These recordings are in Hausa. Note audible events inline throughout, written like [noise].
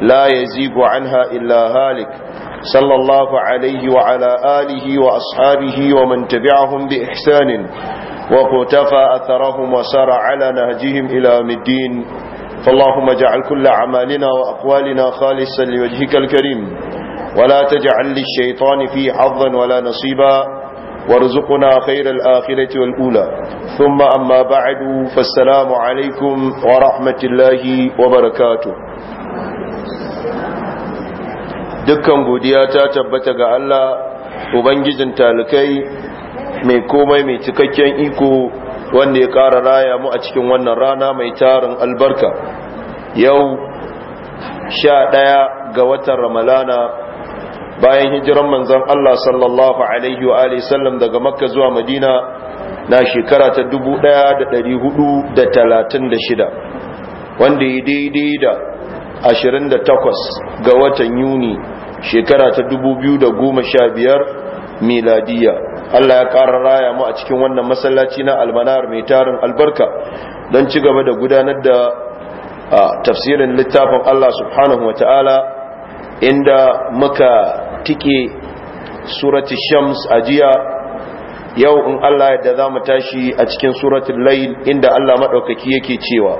لا يزيغ عنها إلا هالك صلى الله عليه وعلى آله وأصحابه ومن تبعهم بإحسان وقتفى أثرهم وسار على نهجهم إلى مدين فاللهم اجعل كل عمالنا وأقوالنا خالصا لوجهك الكريم ولا تجعل للشيطان فيه حظا ولا نصيبا وارزقنا خير الآخرة والأولى ثم أما بعد فالسلام عليكم ورحمة الله وبركاته dukkan godiya ta tabbata ga Allah ubangijin talikai mai komai mai cikakken iko wanda ya ƙara raya mu a cikin wannan rana mai tarin albarka yau sha ɗaya ga watan ramalana bayan hijiran manzon Allah sallallahu alaihi wa alihi sallam daga makka zuwa madina na shekara ta 1436 wanda ya daidai da 28 ga watan yuni shekara ta 2015 miladiya Allah ya ƙara raya mu a cikin wannan masallaci na almanar mai tarin albarka don ci gaba da gudanar da tafsirin littafin Allah subhanahu wa ta'ala inda muka tike surati shams a jiya yau in Allah yadda za mu tashi a cikin suratul layl inda Allah maɗaukaki yake cewa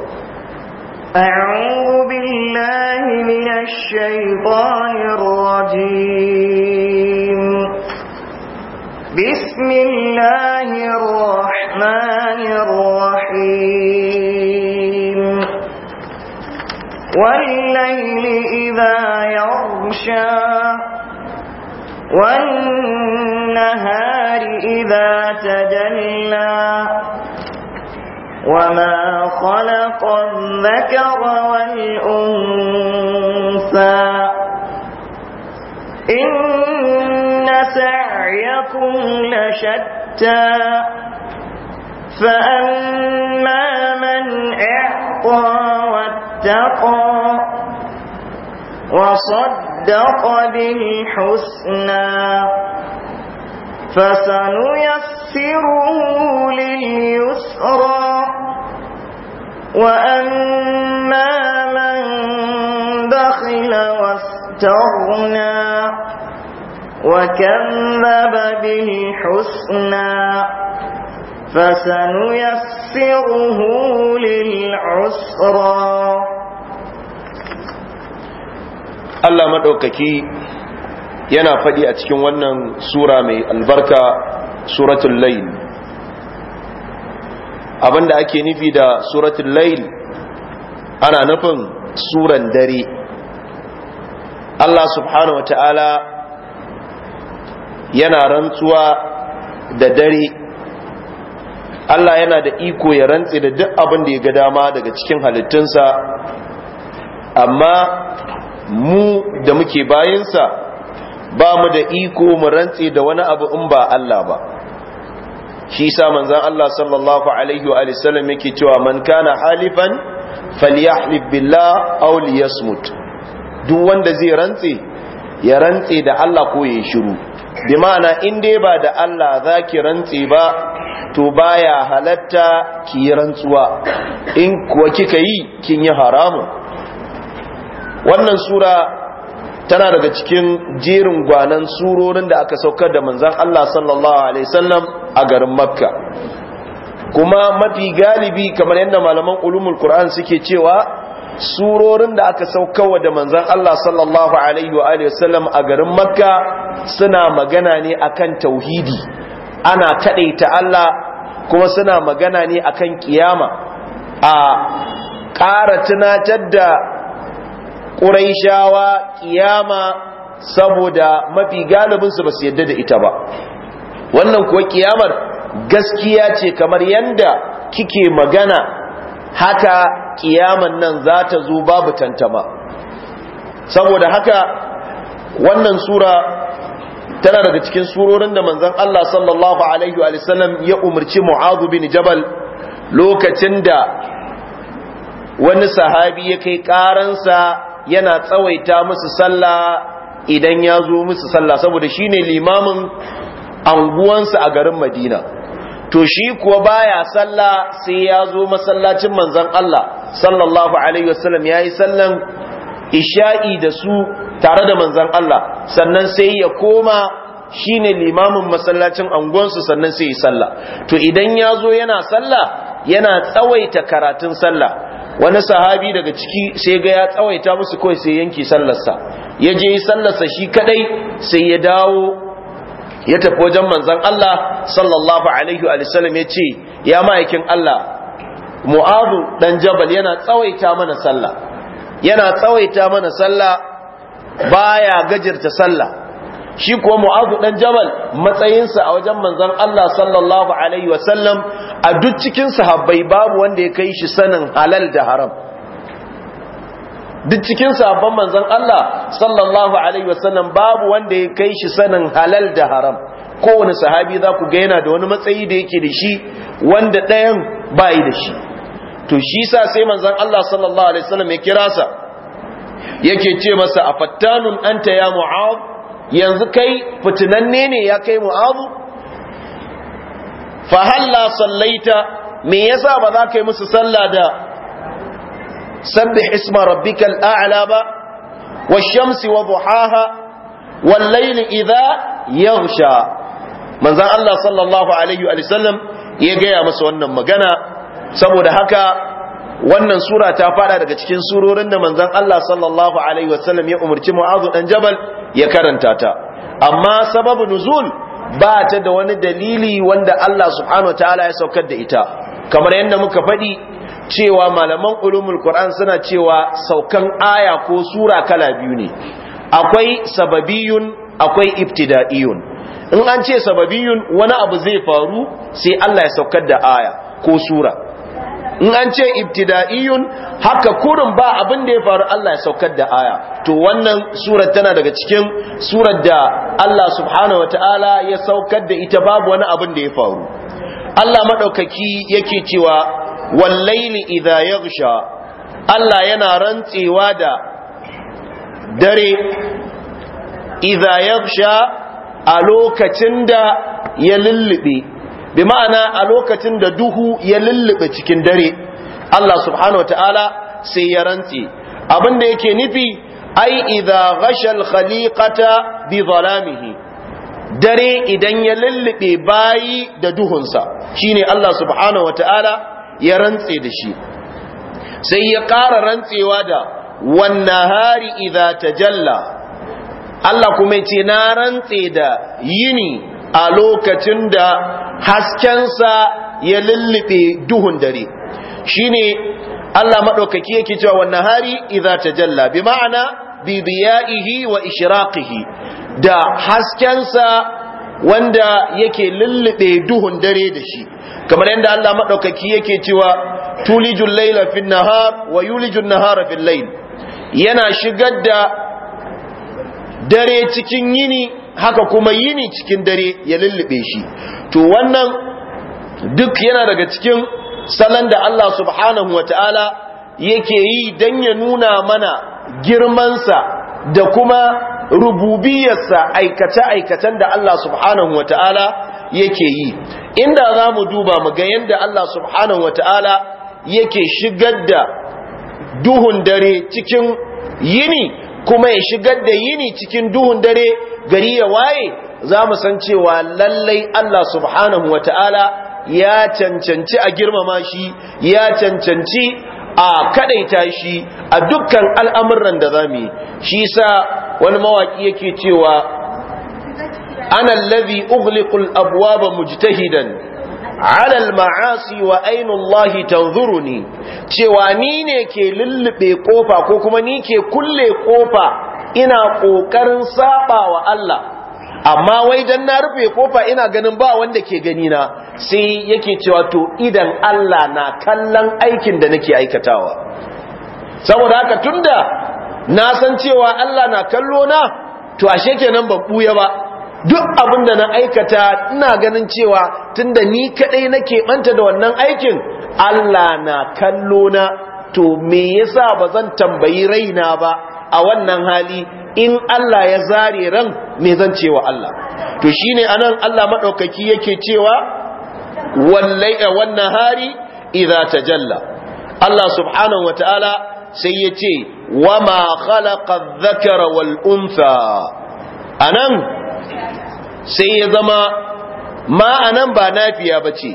أعوذ بالله من الشيطان الرجيم بسم الله الرحمن الرحيم والليل إذا يغشى والنهار إذا تجلى وما خلق الذكر والأنثى إن سعيكم لشتى فأما من أعطى واتقى وصدق بالحسنى فسنيسره لليسرى وأما من بخل واستغنى وكذب بالحسنى فسنيسره للعسرى Allah maɗaukaki yana faɗi a cikin wannan sura mai albarka suratul lail abinda ake nufi da suratun lail ana nufin suran dare Allah subhanahu wa ta'ala yana rantsuwa da dare Allah yana da iko ya rantsi da duk abin da ya ga dama daga cikin halittunsa amma mu da muke bayansa ba mu da iko mu rantse da wani abu in ba Allah ba shi sa manzan Allah sallallahu alaihi wa sallam yake cewa man kana halifan falyahlif billah aw liyasmut duk wanda zai rantse ya rantse da Allah ko ya shiru bi ma'ana in dai ba da Allah zaki rantse ba to baya halatta ki rantsuwa in kuwa kika yi kin yi haramun wannan sura tana daga cikin jerin gwanan surorin da aka saukar da manzan Allah sallallahu alaihi wasallam a garin makka kuma mafi galibi kamar yadda malaman ulumul qur'an suke cewa surorin da aka saukawa da manzan Allah sallallahu alaihi wasallam a garin makka suna magana ne akan tauhidi ana ta Allah kuma suna magana ne akan kiyama a ƙara tunatar da ƙuraishawa ƙiyama saboda mafi galibinsu ba su yadda da ita ba wannan kuwa ƙiyamar gaskiya ce kamar yanda kike magana haka kiyaman nan za ta zo babu tantama saboda haka wannan sura tana daga cikin surorin da manzon Allah sallallahu alaihi wa ya umarci Mu'adh bin Jabal lokacin da wani sahabi ya kai karansa yana tsawaita musu sallah idan ya zo musu sallah saboda shi ne limamin anguwansu a garin madina to shi kuwa baya sallah sai ya zo masallacin manzan Allah sallallahu alaihi wasallam ya yi sallan isha'i da su tare da manzan Allah sannan sai ya koma shine limamin masallacin anguwansu sannan sai ya sallah to idan ya zo yana sallah yana tsawaita karatun sallah wani sahabi daga ciki sai ga ya tsawaita musu kawai sai yanki sallarsa ya je sallarsa shi kadai sai ya dawo ya tafi wajen manzon Allah sallallahu alaihi wa sallam ya ce ya ma'aikin Allah mu'adu dan jabal yana tsawaita mana sallah yana tsawaita mana sallah baya gajirta sallah shi kuwa mu'azu ɗan jabal matsayinsa a wajen manzan Allah sallallahu alaihi wasallam a duk cikin sahabbai babu wanda ya kai shi sanin halal da haram duk cikin sahabban manzan Allah sallallahu alaihi wasallam babu wanda ya kai shi sanin halal da haram kowane sahabi za ku gaina da wani matsayi da yake da shi wanda ɗayan bayi da shi to shi sa sai manzan Allah sallallahu alaihi wasallam ya kira sa yake ce masa a afattanun anta ya mu'adh yanzu kai fitinanne ne ya kai mu'azu fa halla sallaita me yasa ba za ka musu sallah da sabbih isma rabbikal a'la ba wash-shamsi wa duhaha wal-layli idha yaghsha manzon Allah sallallahu alaihi wa sallam ya gaya masa wannan magana saboda haka wannan sura ta fada daga cikin surorin da manzon Allah sallallahu alaihi wasallam ya umarci Mu'adh dan Jabal ya karanta ta amma sababu nuzul ba ta da wani dalili wanda Allah subhanahu wataala ya saukar da ita kamar yadda muka faɗi cewa malaman ulumul Qur'an suna cewa saukan aya ko sura kala biyu ne akwai sababiyun akwai ibtida'iyun in an ce sababiyun wani abu zai faru sai Allah ya saukar da aya ko sura in an ce ibtida'iyun haka kurin ba abin da ya faru Allah ya saukar da aya to wannan surar tana daga cikin surar da Allah subhanahu wataala ya saukar da ita babu wani abin da ya faru Allah madaukaki yake cewa wallaili idza yaghsha Allah yana rantsewa da dare idza yaghsha a lokacin da ya lullube bi ma'ana a lokacin da duhu ya lullube cikin dare Allah subhanahu wataala sai ya rantsi abinda yake nufi ai idza ghashal khaliqata bi zalamihi dare idan ya lullube bayi da duhunsa shine Allah subhanahu wataala ya rantse da shi sai ya ƙara rantsewa da wannahari idza tajalla Allah kuma ce na rantse da yini a lokacin da haskensa ya lullube duhun dare shine Allah madaukaki yake cewa wan nahari idza tajalla bi ma'ana bi diya'ihi wa ishraqihi da haskensa wanda yake lullube duhun dare da shi kamar yadda Allah maɗaukaki yake cewa tulijul layla fi nahar wa yulijun nahara fi layl yana shigar da dare cikin yini haka kuma yini cikin dare ya lullube shi to wannan duk yana daga cikin salon da Allah subhanahu wataala yake yi dan ya nuna mana girmansa da kuma rububiyarsa aikace-aikacen da Allah subhanahu wataala yake yi inda za mu duba mu ga yadda Allah subhanahu wataala yake shigar da duhun dare cikin yini kuma ya shigar da yini cikin duhun dare gari ya waye za mu san cewa lallai Allah subhanahu wa ta'ala ya cancanci a girmama shi ya cancanci a kadaita shi a dukkan al'amuran da za mu yi shi sa wani mawaƙi yake cewa ana lazi ughliqul abwaba mujtahidan alal ma'asi wa ainullahi ne. cewa ni ne ke lulluɓe ƙofa ko kuma ni ke kulle ƙofa. ina ƙoƙarin saɓa wa Allah amma wai dan na rufe kofa ina ganin ba wanda ke gani na sai yake cewa to idan Allah na kallon aikin da nake aikatawa saboda haka tunda na san cewa Allah na kallo na to ashe kenan ban buya ba duk abin da na aikata ina ganin cewa tunda ni kadai nake manta da wannan aikin Allah na kallo na to me yasa bazan tambayi raina ba a wannan hali in Allah ya zare ran me zan cewa Allah to shine anan Allah madaukaki yake cewa wallai eh, wannan hari idza tajalla Allah subhanahu wataala sai ya ce wama khalaqa adh-dhakara wal untha anan sai ya zama ma anan ba nafiya bace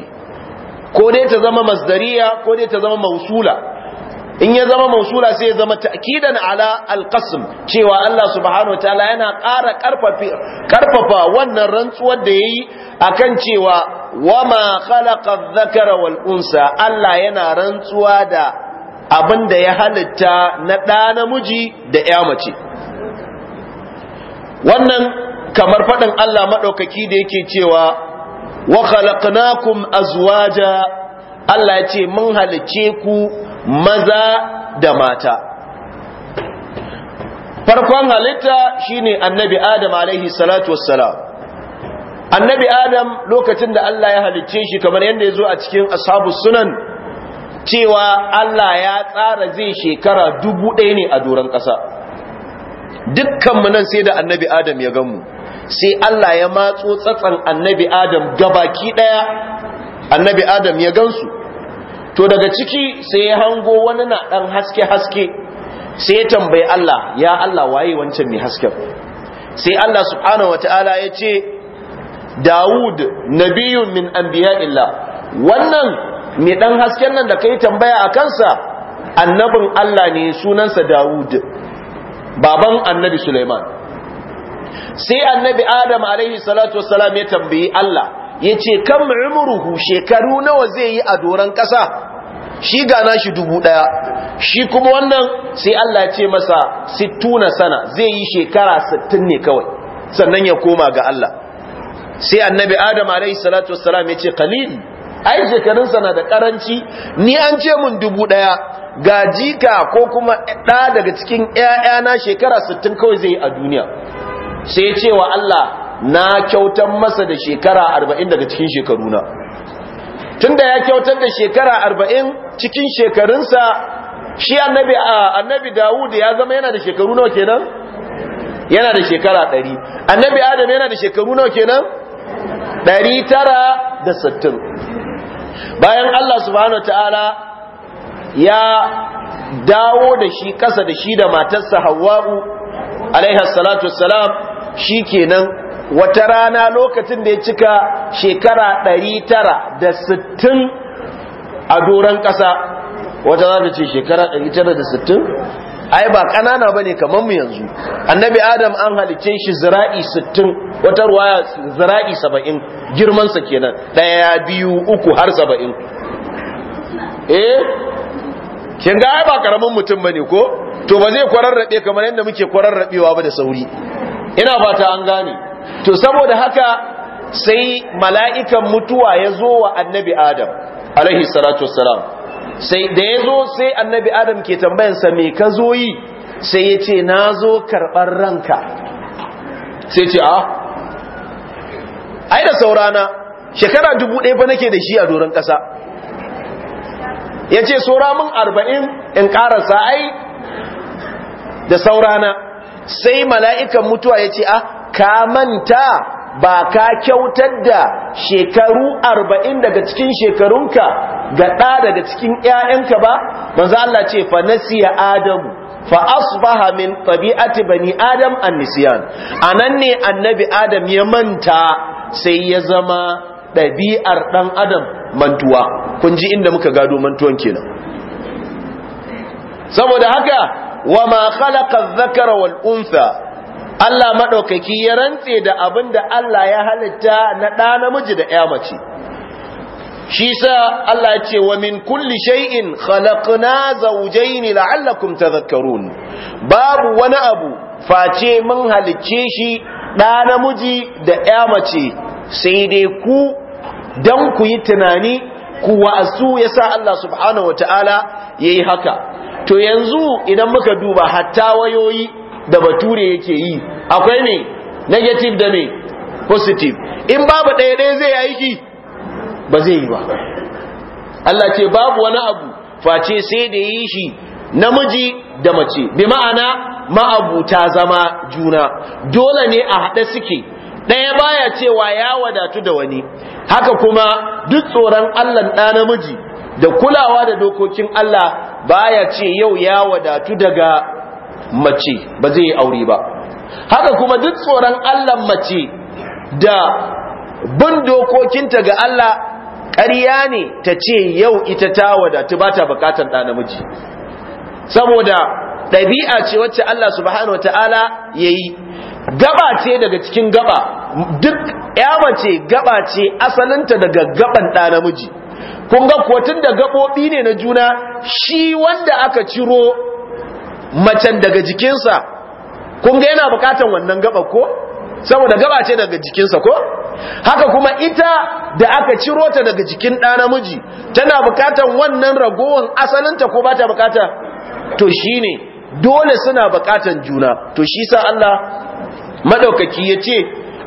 ko dai ta zama masdariya ko dai ta zama mausula in ya zama mausula sai ya zama ta'kidan ala alqasm cewa Allah subhanahu wataala yana ƙara ƙarfafa wannan rantsuwar da yayi akan cewa wama khalaqa adh-dhakara wal unsa Allah yana rantsuwa da abinda ya halitta na ɗa namiji da ƴa mace wannan kamar faɗin Allah maɗaukaki da yake cewa wa khalaqnakum azwaja Allah ya ce mun halice ku maza da mata farkon halitta shine annabi adam alaihi salatu wassalam annabi adam lokacin da Allah ya halicce shi kamar yadda ya zo a cikin ashabu sunan cewa Allah ya tsara zai shekara dubu ɗaya ne a doron ƙasa dukkanmu nan sai da annabi adam ya ganmu sai Allah ya matso tsatsan annabi adam gabaki ɗaya annabi adam ya gansu to daga ciki sai ya hango wani na ɗan haske-haske sai ya tambayi Allah ya Allah waye wancan mai hasken sai Allah subhanahu wa ta'ala ya ce Dawud nabiyun min anbiya'illah wannan mai ɗan hasken nan da kai tambaya a kansa annabin Allah ne sunansa Dawud baban annabi Sulaiman sai annabi Adam alaihi salatu wassalam ya tambayi Allah ya ce kan ma'amuruhu shekaru nawa zai yi a doron ƙasa shi gana shi dubu ɗaya shi kuma wannan sai Allah ce masa sittuna sana zai yi shekara sittin ne kawai sannan ya koma ga Allah sai annabi adam alaihi salatu wassalam ya ce qalil ai shekarunsa na da karanci ni an ce mun dubu ɗaya ga jika ko kuma ɗa daga cikin ‘ya'yana shekara sittin kawai zai yi a duniya sai ce wa Allah na kyautar masa da shekara arba'in daga cikin shekaruna tunda ya kyautar da shekara arba'in cikin shekarunsa shi annabi annabi dawud ya zama yana da shekaru nawa kenan yana da shekara ɗari annabi adam yana da shekaru nawa kenan ɗari tara da sittin bayan allah subhanahu ta'ala ya dawo da shi kasa da shi da matarsa hawa'u alaihi salatu wassalam shi kenan wata rana lokacin da ya cika shekara ɗari tara da sittin a doron ƙasa wata za ta ce shekara ɗari tara da sittin? ai ba ƙanana ba ne mu yanzu annabi adam an halice shi zira'i sittin wata ruwaya zira'i saba'in girmansa kenan ɗaya biyu uku har saba'in eh kin ga ai ba karamin mutum bane ko to ba zai kwararrabe kamar yadda muke kwararrabewa ba da sauri ina fata an gane to saboda haka sai mala'ikan mutuwa ya zo wa annabi adam alaihi salatu wassalam sai da ya zo sai annabi adam ke tambayansa me ka zo yi sai ya ce na zo karɓar ranka sai ce a ah, ai da saurana shekara dubu ɗaya ba nake da shi a doron ƙasa ya ce saura min arba'in in ƙarasa ai da saurana sai mala'ikan mutuwa ya ce a ah, ka manta ba ka kyautar da shekaru arba'in daga cikin shekarunka ga ɗa daga cikin ‘ya'yanka ba manzo Allah ce fa nasiya adamu fa asbaha min tabi'ati bani adam an A anan ne annabi adam ya manta sai ya zama ɗabi'ar ɗan adam mantuwa kun ji inda muka gado mantuwan kenan saboda haka wa ma khalaqa adh-dhakara wal untha Allah maɗaukaki ya rantse da abin da Allah ya halitta na ɗa namiji da ‘ya mace. Shi sa Allah ya ce, wa min kulli shay'in khalaqna zawjayn la'allakum tadhakkarun. Babu wani abu face mun halicce shi ɗa namiji da ‘ya mace sai dai ku dan ku yi tunani ku wa'asu yasa Allah subhanahu wa ta'ala yayi haka. To yanzu idan muka duba hatta wayoyi da bature yake yi akwai ne negative da me positive in babu ɗaya ɗaya zai aiki ba zai yi ba Allah ce babu wani abu face sai da yi shi namiji da mace bi ma'ana ma'abuta zama juna dole ne a haɗe suke ɗaya baya cewa ya wadatu da wani haka kuma duk tsoron Allah ɗa namiji da kulawa da dokokin Allah baya ce yau ya wadatu daga mace ba zai yi aure ba haka kuma duk tsoron Allah mace da bin dokokinta ga Allah ƙarya ne ta ce yau ita ta wadatu ba ta bukatar ɗa namiji saboda ɗabi'a ce wacce Allah subhanahu wa ta'ala ya yi gaba ce daga cikin gaba duk ya mace gaba ce asalinta daga gaban ɗa namiji kun ga kotun da gaɓoɓi ne na juna shi wanda aka ciro macen daga jikinsa kun ga yana bukatan wannan gaba ko saboda gaba ce daga jikinsa ko haka kuma ita da aka ciro ta daga jikin ɗa namiji tana bukatan wannan ragowar asalinta ko ba ta bukata to shine dole suna bukatan juna to shi sa Allah madaukaki ya ce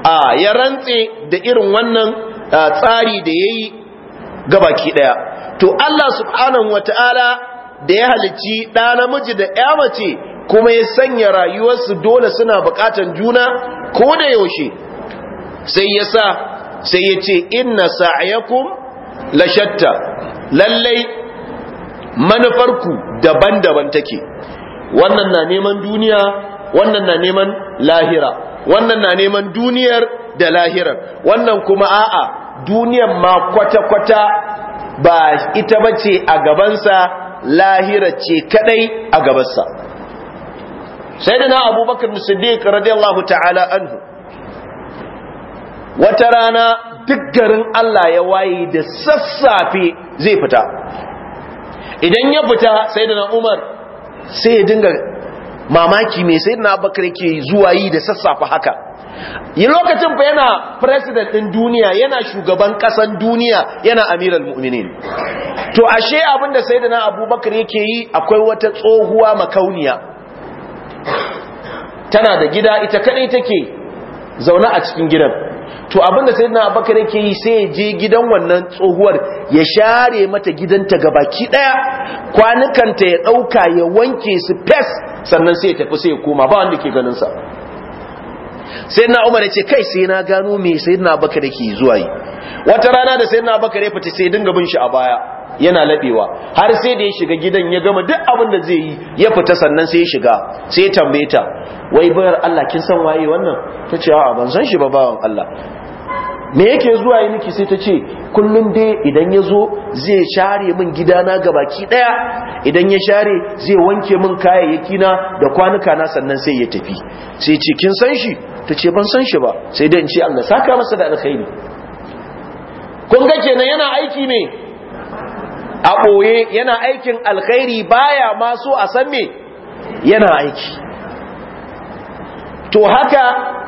a ya rantse da irin wannan tsari da ya yi gabaki ɗaya to Allah subhanahu wata'ala da ya halici ɗa namiji da ya mace kuma ya sanya rayuwarsu dole suna buƙatan juna ko da yaushe sai ya sa sai ya ce inna sa'ayakum la shatta lallai manufarku daban-daban take wannan na neman duniya wannan na neman lahira wannan na neman duniyar da lahirar wannan kuma a'a duniyar ma kwata-kwata ba ita bace a gabansa lahira ce kadai a gabarsa sayyidina abubakar siddiq radiyallahu ta'ala anhu wata rana duk garin Allah ya waye da sassafe zai fita idan ya fita na umar sai ya dinga mamaki me sayyidina abubakar yake zuwa yi da sassafe haka yi lokacin fa yana president din duniya yana shugaban kasan duniya yana amiral mu'minin to ashe abinda na abubakar yake yi akwai wata tsohuwa makauniya tana da gida ita kadai take zaune a cikin gidan to abinda na abubakar yake yi sai ya je gidan wannan tsohuwar ya share mata gidanta gabaki daya kwanukanta ya dauka ya wanke su fes sannan sai ya tafi sai ya koma ba wanda ke ganin sa Sai na umar ya ce kai sai na gano me na bakar ke zuwa yi wata rana da na bakar ya fita sai dinga bin shi a baya yana laɓewa, har sai da ya shiga gidan ya gama duk abin da zai yi ya fita sannan sai ya shiga sai ya tambaye ta wai bayar Allah kin san waye wannan ta ce a'a ban san shi ba bawan Allah me yake zuwa yi miki sai ta ce kullum dai idan ya zo zai share min gidana baki daya idan ya share zai wanke min kayayyaki na da kwanuka na sannan sai ya tafi sai ce kin san shi ta ce ban san shi ba sai dai in ce Allah saka masa da alkhairi kun ga kenan yana aiki me a boye yana aikin alkhairi baya ma so a san me yana aiki to haka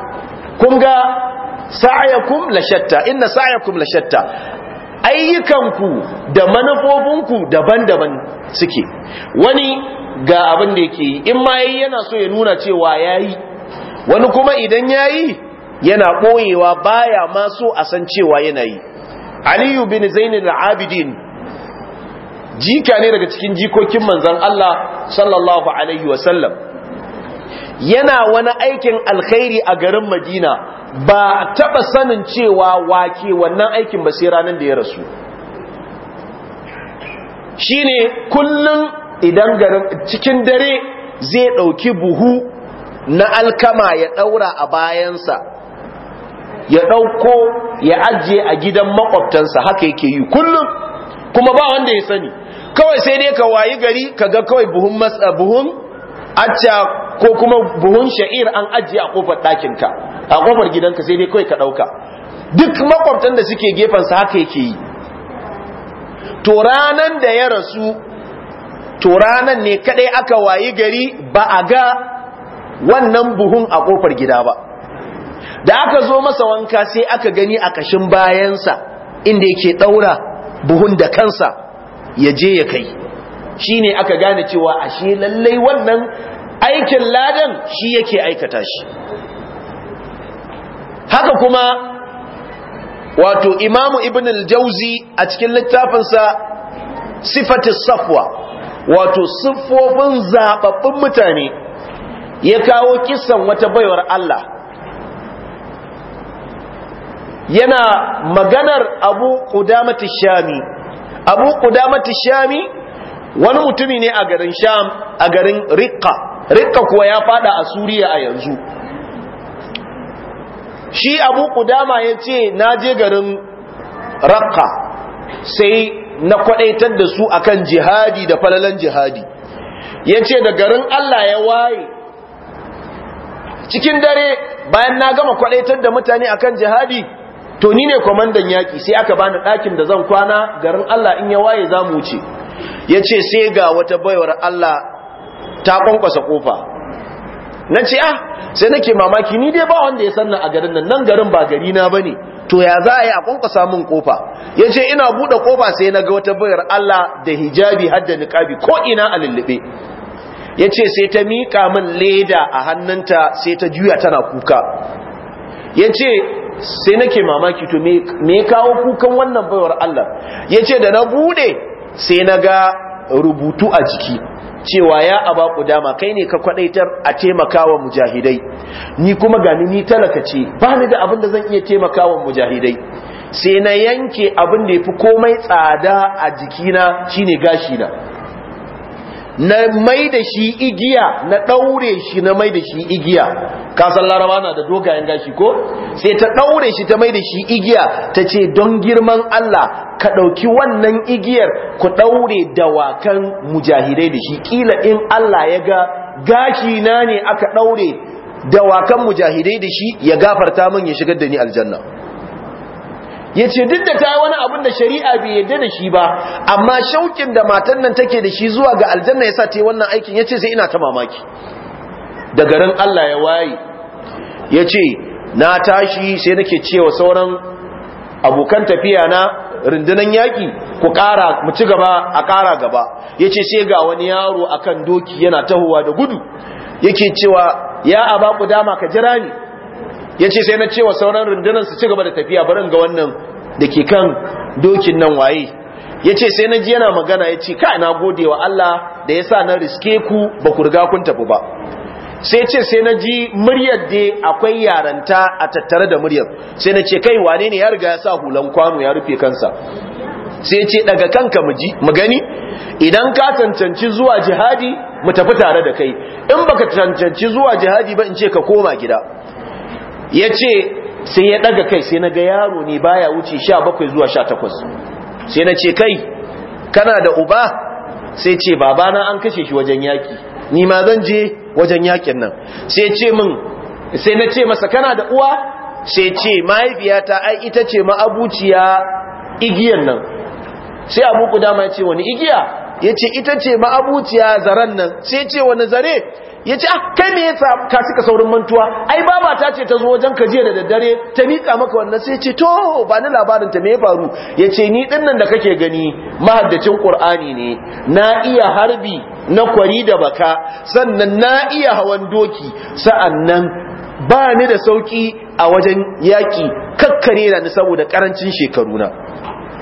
kun ga sa'ayakum la shatta inna sa'ayakum la shatta ayyukanku da manufofinku daban-daban suke wani ga abin da yake yi in ma yayi yana so ya nuna cewa yayi wani kuma idan yayi yana ɓoyewa, baya ma so a san cewa yana yi aliyu bin zainul abidin jika ne daga cikin jikokin manzon Allah sallallahu alaihi wasallam yana wani aikin alkhairi a garin madina ba taba sanin cewa wake wannan aikin ba sai ranar da ya rasu shine kullum idan garin cikin dare zai ɗauki buhu na alkama ya ɗaura a bayansa ya ɗauko ya ajiye a gidan makwabtansa haka yake yi kullum kuma ba wanda ya sani kawai sai dai ka wayi gari ka ga kawai buhun buhun ko kuma buhun sha'ir an ajiye a kofar ka a kofar gidanka sai dai kawai ka ɗauka duk makwabtan da suke sa haka yake yi to ranan da ya rasu to ranan ne kadai aka wayi gari ba a ga wannan buhun a kofar gida ba da aka zo masa wanka sai aka gani a kashin bayansa inda yake ɗaura buhun da kansa ya je ya kai shine aka gane cewa ashe lallai wannan aikin ladan shi yake aikata shi haka kuma wato imamu ibn al-jauzi a cikin littafinsa sifatis safwa wato siffofin zababbin mutane ya kawo kisan wata baiwar Allah yana maganar abu kudamati shami abu kudamati shami wani mutumi ne a garin sham a garin rikka rikka kuwa ya fada a suriya a yanzu shi abu kudama ya ce na je garin rakka sai na kwadaitar da su akan jihadi da falalan jihadi ya ce da garin allah ya waye cikin dare bayan na gama kwadaitar da mutane akan jihadi to ni ne kwamandan yaƙi sai aka bani ɗakin da zan kwana garin allah in ya waye za mu wuce ya ce sai ga wata baiwar allah ta kwankwasa kofa na ce ah sai nake mamaki ni dai ba wanda ya sanna a garin nan nan garin ba gari na bane to ya za a yi a kwankwasa min kofa yace ina buɗe kofa sai na ga wata bayar Allah da hijabi har da niƙabi ko ina a lullube ya sai ta mika min leda a hannunta sai ta juya tana kuka ya sai nake mamaki to me kawo kukan wannan bayar Allah yace da na buɗe sai na ga rubutu a jiki cewa ya aba dama kai ne ka kwadaitar a taimakawa mujahidai ni kuma gani ni talaka ce ba ni da abin da zan iya taimakawa mujahidai sai na yanke abin da yafi komai tsada a jikina shine gashi na na mai da shi igiya na daure shi na mai da shi igiya ka san laraba na da dogayen gashi ko sai ta daure shi ta mai da shi igiya ta ce don girman Allah ka ɗauki wannan igiyar ku daure dawakan mujahidai da shi kila in Allah ya ga gashi na ne aka daure dawakan mujahidai da shi ya gafarta min ya shigar da ni aljanna ya ce duk da ta yi wani abin da shari'a bai yadda da shi ba amma shaukin da matan nan take da shi zuwa ga aljanna ya sa ta yi wannan aikin ya ce sai ina ta mamaki da garin Allah ya waye ya ce na tashi sai nake cewa sauran abokan tafiya na rundunan yaƙi ku ƙara mu ci gaba a ƙara gaba ya ce sai ga wani yaro akan doki yana tahowa da gudu yake cewa ya aba ku dama ka jira ni ya ce sai na ce wa sauran rundunar su ci gaba da tafiya barin ga wannan da ke kan dokin nan waye ya ce sai na ji yana magana ya ce kai gode wa Allah da ya sa na riske ku ba ku riga kun tafi ba sai ce sai na ji muryar da akwai yaranta a tattare da muryar sai na ce kai wane ne ya riga ya sa hulan kwano ya rufe kansa sai ce daga kanka mu gani idan ka cancanci zuwa jihadi mu tafi tare da kai in baka cancanci zuwa jihadi ba in ce ka koma gida ya ce sai ya ɗaga kai sai na ga yaro ne baya wuce sha bakwai zuwa sha takwas sai na ce kai kana da uba sai ce babana an kashe shi wajen yaki ni ma zan je wajen yakin nan sai ce min sai na ce masa kana da uwa sai ce mahaifiyata ai ita ce ma'abuciya igiyan nan sai abu kudama ya ce wani igiya ya ce ita ce ma'abuciya zaren nan sai ce wani zare ya ce ah kai me yasa ka suka saurin mantuwa ai baba ta ce ta zo wajen ka jiya da daddare ta miƙa maka wannan sai ce to ba ni labarin ta me ya faru ya ce ni din nan da kake gani mahaddacin qur'ani ne na iya harbi na kwari da baka sannan na iya hawan doki sa'annan ba ni da sauki a wajen yaki kakkare na ni saboda karancin shekaruna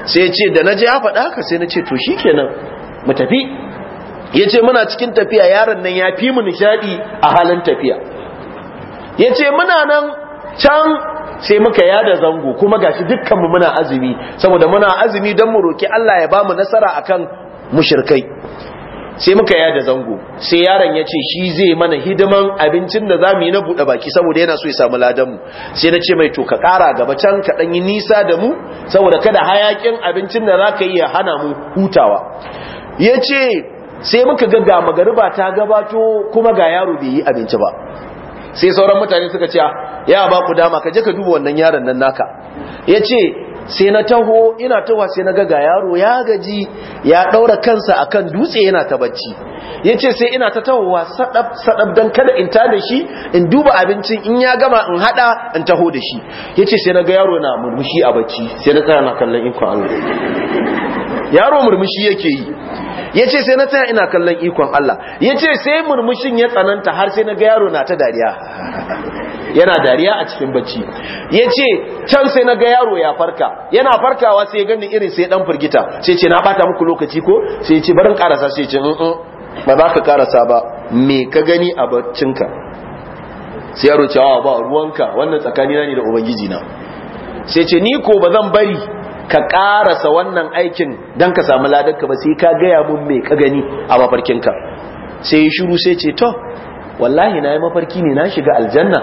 sai ce da naje ya faɗa ka sai na ce to shikenan mu tafi ya ce muna cikin tafiya yaron nan ya fi mu nishadi a halin tafiya ya ce muna nan can sai muka yada zango kuma gashi dukkanmu muna azumi saboda muna azumi don mu roki Allah ya ba mu nasara akan mushirkai. sai muka yada zango sai yaron ya ce shi zai mana hidiman abincin da za mu yi na buɗe baki saboda yana so ya samu ladanmu sai na ce mai to ka ƙara gaba can ka ɗan yi nisa da mu saboda kada hayakin abincin da za ka yi hana mu hutawa ya ce sai muka ga ga magariba ta gabato kuma ga yaro bai yi abinci ba sai sauran mutane suka ce ah, ya ba ku dama ka je ka duba wannan yaron nan naka yace ce sai na taho ina tawa sai na ga yaro ya gaji ya ɗaura kansa akan dutse yana ta bacci yace ce sai ina ta taho sadab sadab don kada in ta da shi in duba abincin in ya gama in hada in taho da shi ya ce sai na ga yaro na murmushi a bacci sai na tsaya na kallon ikon Allah yaro murmushi yake yi ya ce sai na taya ina kallon ikon Allah ya ce sai murmushin ya tsananta har sai na ga yaro na ta dariya yana dariya a cikin bacci ya ce can sai na ga yaro ya farka yana farkawa sai ya gani irin sai dan firgita sai ce na bata muku lokaci ko sai ya ce barin karasa sai ce ba za ka karasa ba me ka gani a baccinka sai yaro cewa ba ruwanka wannan tsakanina ne da ubangiji na sai ce ni ko ba zan bari ka ƙarasa wannan aikin dan ka samu ladarka ba sai ka gaya mun mai ka gani a mafarkinka sai ya shiru sai ce to wallahi na yi mafarki ne na shiga aljanna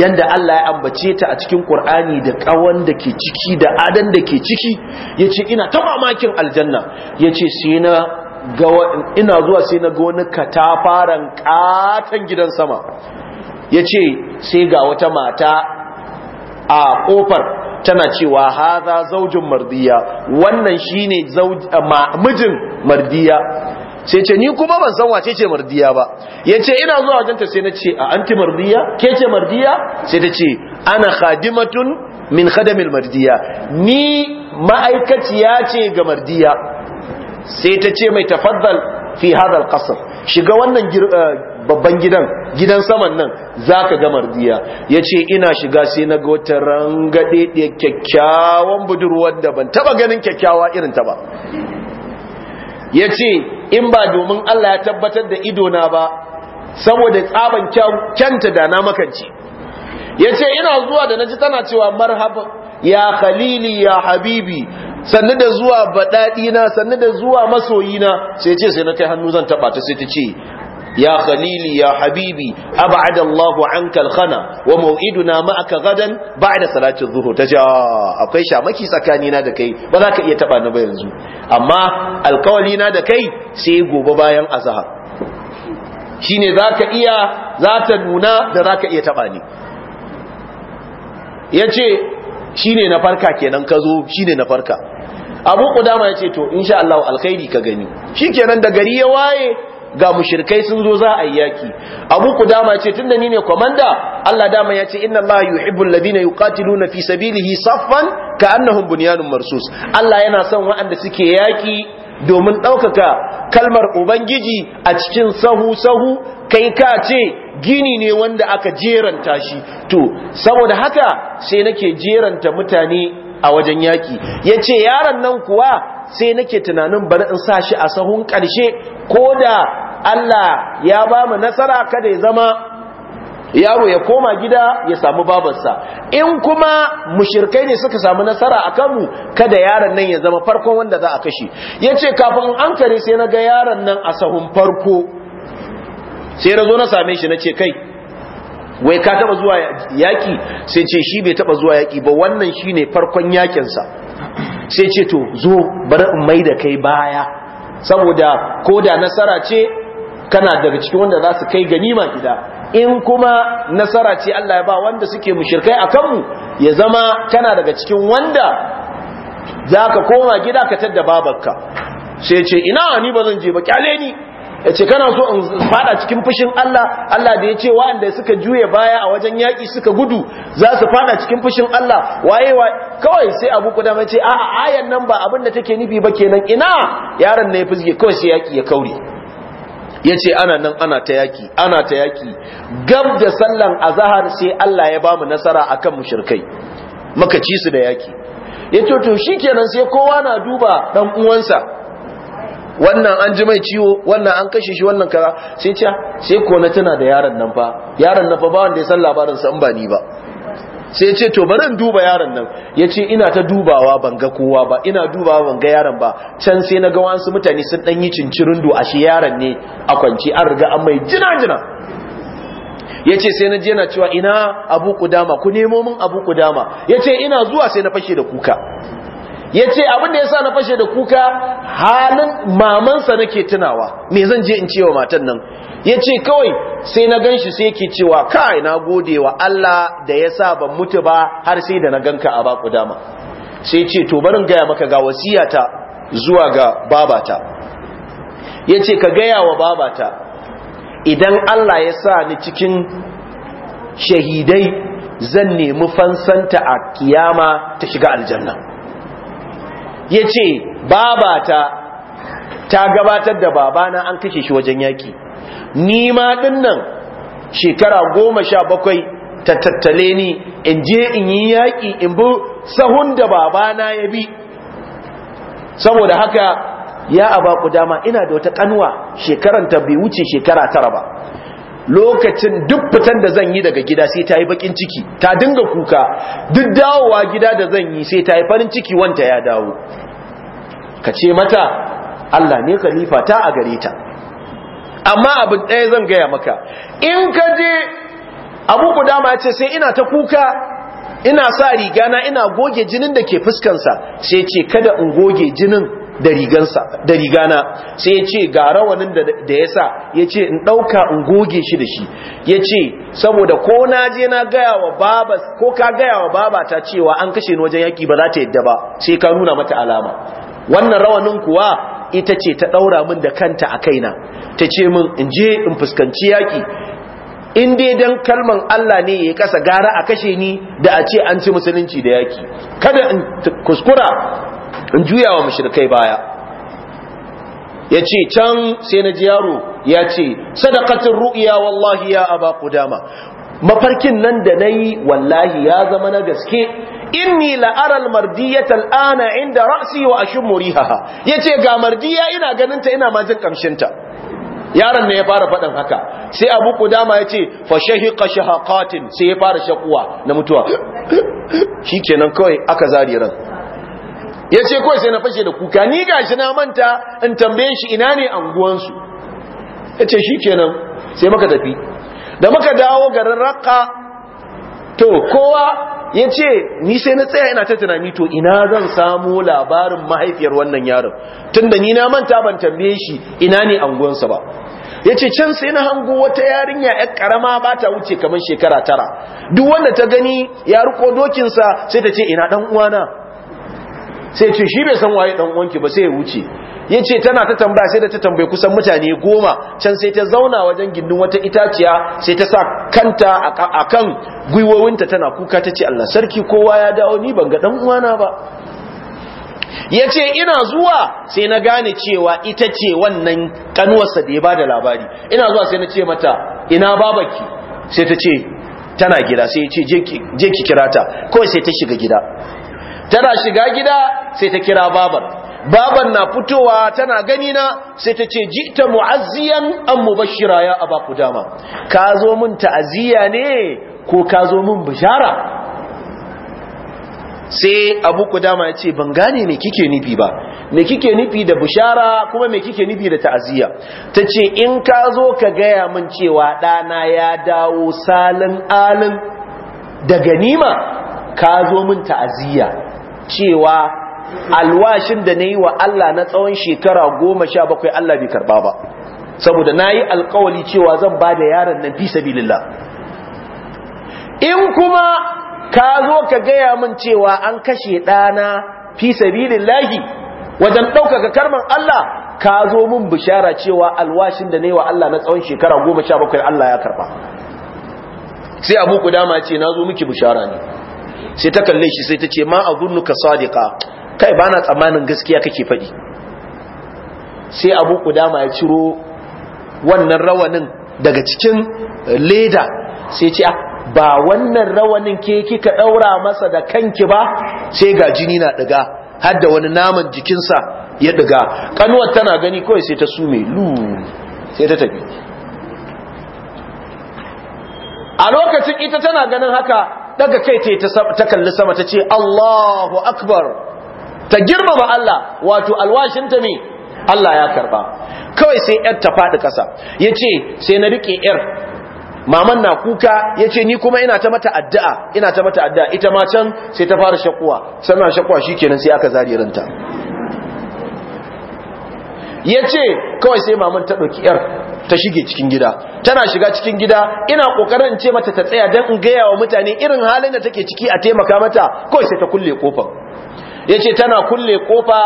yanda Allah ya ambace ta a cikin Qur'ani da kawan da ke ciki da adan da ke ciki yace ina ta mamakin aljanna yace sai ina zuwa sai na ga wani katafaran katan gidan sama yace sai ga wata mata a ƙofar. tana cewa haza zaujin mardiya wannan shine eh, mijin mardiya sai ce ni kuma ban san wace ce mardiya ba yace ina zuwa wajenta sai na ce a anti mardiya ke ce mardiya sai ta ce ana khadimatun min khadamil mardiya ni ma'aikaciya ce ga mardiya sai ta ce mai tafaddal fi hadal qasr shiga wannan eh, babban gidan gidan saman nan za ka ga mardiya ya ce ina shiga sai na ga wata rangaɗe kyakkyawan budurwar da ban taɓa ganin kyakkyawa irin ta ba ya ce in ba domin Allah ya tabbatar da idona ba saboda tsaban kyanta da na makanci ya ce ina zuwa da na ji tana cewa marhaba ya khalili ya habibi sannu da zuwa baɗaɗina sannu da zuwa masoyina sai ce sai na kai hannu zan taɓa ta sai ta ce يا خليلي يا حبيبي أبعد الله عنك الخنا وموئدنا معك غدا بعد صلاة الظهر تجا أقوي شامكي سكانينا دكي وذاك يتبع kai أما القولينا دكي سيقو ببايا أزهر shine ka iya ta nuna da ka iya taɓa ni yace shine na farka kenan kazo shine na farka Abu ya yace to insha Allah alkhairi ka gani Shi kenan da gari ya waye ga mushrikai sun zo za a yi yaki abu dama ce tunda ni ne komanda Allah dama ya ce inna Allah yuhibbul ladina yuqatiluna fi sabilihi saffan ka'annahum bunyanun marsus Allah yana son waɗanda suke yaki domin ɗaukaka kalmar ubangiji a cikin sahu sahu kai ka ce gini ne wanda aka jeranta shi to saboda haka sai nake jeranta mutane a wajen yaki yace yaron nan kuwa sai nake tunanin bari in sa shi a sahun ƙarshe ko da Allah ya ba mu nasara kada ya zama yaro ya koma gida ya samu babansa in kuma mushirkai ne suka samu nasara a kanmu kada yaron nan ya zama farkon wanda za a kashe ya ce kafin an kare sai na ga yaron nan a sahun farko sai na zo na same shi na ce kai wai ka taba zuwa yaki sai ce shi bai taba zuwa yaki ba wannan shine farkon yakinsa sai ce to zo bari in mai da kai baya saboda koda nasara ce kana daga cikin wanda za su kai ganima gida in kuma nasara ce Allah ya ba wanda suke mushirkai a kanmu ya zama kana daga cikin wanda za ka koma gida ka tadda babarka sai ce ina ni ba zan je ba kyale ni ya ce kana so in fada cikin fushin Allah Allah da ya ce wa'anda suka juya baya a wajen yaƙi suka gudu za su fada cikin fushin Allah waye wa kawai sai Abu mai ce a'a ayan nan ba abin da take nufi ba kenan ina yaron ne ya fizge kawai sai yaƙi ya kaure ya ce ana nan ana ta yaki ana ta yaki gab da sallan azahar sai Allah ya bamu nasara akan mushirkai muka ci su da yaki ya ce to shi kenan sai kowa na duba dan uwansa wannan an ji mai ciwo wannan an kashe shi wannan kaza sai ce ah, sai ko tana da yaron nan fa yaron nan fa ba wanda ya san labarin sa in ba ni ba sai ce to bari in duba yaron nan ya ce ina ta dubawa ban ga kowa ba ina dubawa ban ga yaron ba can sai na ga wasu mutane sun dan yi cincirin do ashe yaron ne a kwanci an riga an mai jina jina ya ce sai na je na cewa ina abu kudama ku nemo min abu kudama ya ce ina zuwa sai na fashe da kuka ya ce abin da ya sa na fashe da kuka halin mamansa nake tunawa me zan je in ce wa matan nan ya ce kawai sai na gan shi sai yake cewa kai na gode wa Allah da ya sa ban mutu ba har sai da na ganka a baku dama sai ce to barin gaya maka ga wasiyata zuwa ga babata ya ce ka gaya wa babata idan Allah ya sa ni cikin shahidai zan nemi fansanta a kiyama ta shiga aljanna ya ce babata ta gabatar da babana an kashe shi wajen yaki nima ma dinnan shekara goma sha bakwai ta tattale ni in je in yi yaƙi in bi sahun da babana ya bi saboda haka ya aba ku dama ina da wata kanwa ta bai wuce shekara tara ba lokacin duk fitan da zan yi daga gida sai ta yi bakin ciki ta dinga kuka duk dawowa gida da zan yi sai ta yi farin ciki wanta ya dawo ka ce mata Allah ne khalifa ta a gare ta amma abun ɗaya zan gaya maka in ka je abu ya ce sai ina ta kuka ina sa rigana ina goge jinin da ke fuskansa sai ce kada in goge jinin da rigana sai ya ce ga rawanin da ya sa ya ce in ɗauka in goge shi da shi ya ce saboda ko na je na gaya wa baba ko ka gaya wa baba ta cewa an kashe ni wajen yaki ba za ta yadda ba sai ka nuna mata alama wannan rawanin kuwa ita ce ta ɗaura min da kanta a kaina ta ce min in je in fuskanci yaƙi in dai dan kalman Allah ne ya kasa gara a kashe ni da a ce an ci musulunci da yaki kada in kuskura in juya wa mushrikai baya ya ce can sai na ji yaro ya ce sadakatun ru'iya wallahi ya aba dama. mafarkin nan da na yi wallahi ya zama na gaske inni la'aral mardiyata al'ana inda ra'si wa ashmu rihaha yace ga mardiya ina ganin ta ina ma jin kamshin ta yaron ne ya fara faɗin haka sai Abu Kudama yace fa shahiqa shahaqatin sai ya fara shakuwa na mutuwa shikenan kawai aka zari ran yace kawai sai na fashe da kuka ni gashi na manta in tambaye shi ina ne anguwan su yace shikenan sai muka tafi da muka dawo garin Raqqa to kowa ya ce ni sai na tsaya ina ta tunani to ina zan samu labarin mahaifiyar wannan yaron tunda ni na manta ban tambaye shi ina ne anguwansa ba ya ce can sai na hango wata yarinya yar karama ba ta wuce kamar shekara tara duk wanda ta gani ya riko dokinsa sai ta ce ina dan uwana sai ce shi bai san waye dan uwanki ba sai ya wuce ya ce tana ta tambaya sai da ta tambayi kusan mutane goma can sai ta zauna wajen gindin wata itaciya sai ta sa kanta a kan gwiwowinta tana kuka ta ce allah sarki kowa ya dawo ni ban ga ɗan uwana ba ya ce ina zuwa sai na gane cewa ita ce wannan kanuwarsa da ya ba da labari ina zuwa sai na ce mata ina babaki sai ta ce tana gida sai ya ce je ki kira ta kawai sai ta shiga gida tana shiga gida sai ta kira babar baban na fitowa tana gani na sai ta ce jita mu'aziyan an mubashira ya aba kudama ka zo min ta'aziyya ne ko ka zo min bishara sai abu kudama ya ce ban gane me kike nufi ba me kike nufi da bishara kuma me kike nufi da ta'aziyya ta ce in ka zo ka gaya min cewa ɗana ya dawo salin alin da ganima ka zo min ta'aziyya cewa alwashin da na yi wa Allah na tsawon shekara goma sha bakwai Allah bai karba ba saboda na yi alkawali cewa zan ba da yaron nan fi sabilillah in kuma ka zo ka gaya min cewa an kashe ɗana fi sabilillahi wajen ɗaukaka karman Allah ka zo min bishara cewa alwashin da na yi wa Allah na tsawon shekara goma sha bakwai Allah ya karba sai abu kudama ce na zo miki bishara ne sai ta kalle shi sai ta ce ma a zunnuka sadiqa kai ba na tsammanin gaskiya kake faɗi sai abu kudama ya ciro wannan rawanin daga cikin leda sai ce ah, ba wannan rawanin ke kika ɗaura masa da kanki ba sai ga jini na ɗiga har da wani naman jikinsa ya ɗiga kanuwar tana gani kawai sai ta sume lu sai ta tafi a lokacin ita tana ganin haka daga kai ta kalli sama ta ce Allahu akbar ta girmama Allah wato alwashinta me Allah ya karba kawai sai yar ta fadi kasa yace ce sai na riƙe yar maman na kuka yace ni kuma ina ta mata addu'a ina ta mata addu'a ita ma can sai ta fara shakuwa sannan shakuwa shi kenan sai aka zari ya ce kawai sai maman ta ɗauki yar ta shige cikin gida tana shiga cikin gida ina kokarin ce mata ta tsaya dan in gaya wa mutane irin halin da take ciki a taimaka mata kawai sai ta kulle kofar ya ce tana kulle kofa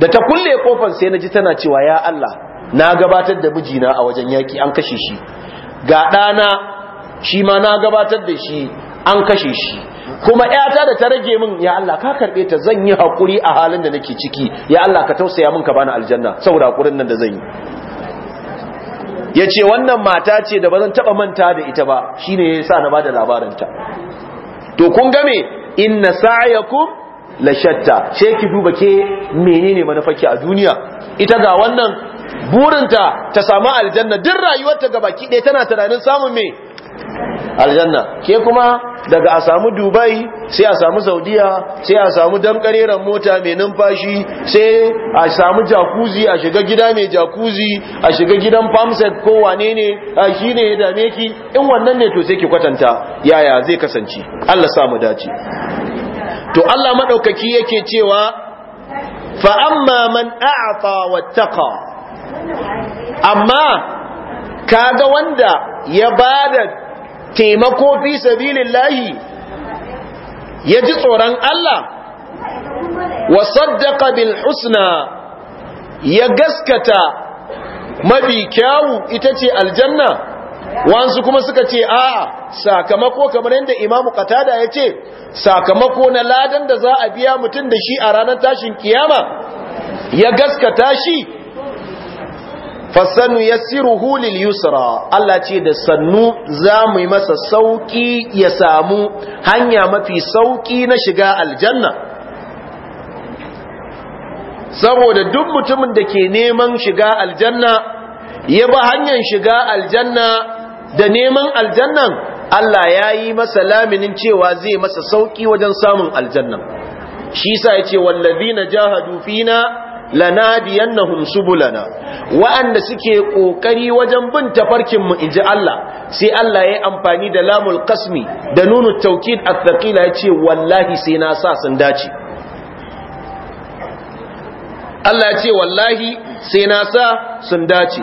da ta kulle kofan sai na ji tana cewa ya Allah na gabatar da mijina a wajen yaki an kashe shi ga ɗana shi ma na gabatar da shi an kashe shi kuma ƴata da ta rage min ya Allah ka karɓe ta zan yi haƙuri a halin da nake ciki ya Allah ka tausaya min ka bani aljanna saboda haƙurin nan da zan yi Yace wannan mata ce da ba zan taɓa manta da ita ba shine ya sa na bada da labarinta to kun game inna sa'yakum la shatta sai ki duba ke menene manufarki a duniya ita ga wannan burinta ta samu aljanna duk rayuwarta baki ɗaya tana tunanin samun me aljanna ke kuma daga a samu dubai sai a samu saudiya sai a samu damkareren mota mai numfashi sai a samu jakuzi a shiga gida mai jakuzi a shiga gidan famset ko wane ne a shi ne ya dame ki in wannan ne to sai ki kwatanta yaya zai kasance allah samu dace to allah maɗaukaki yake cewa fa'amma man a'afa taka, amma kaga wanda ya bada taimako fi sabilin lahi ya ji tsoron Allah wa saddaka bil husna ya gaskata mafi kyawu ita ce aljanna wansu kuma suka ce a'a sakamako kamar yadda imamu katada ya ce sakamako na ladan da za a biya mutum da shi a ranar tashin kiyama ya gaskata shi fasanu siru lil yusra Allah ce da sannu mu yi masa sauƙi ya samu hanya mafi sauƙi na shiga aljanna saboda duk mutumin da ke neman shiga aljanna ya ba hanyar shiga aljanna da neman aljannan Allah ya yi masa laminin cewa zai masa sauƙi wajen samun aljannan shi sa ya ce wallazina jahadu fina lanadiyannahum subulana wa'anda suke kokari wajen bin tafarkin mu inji Allah sai Allah yayi amfani da lamul qasmi da nunu tawkid at-thaqila yace wallahi sai na sa sun dace Allah ya wallahi sai na sa sun dace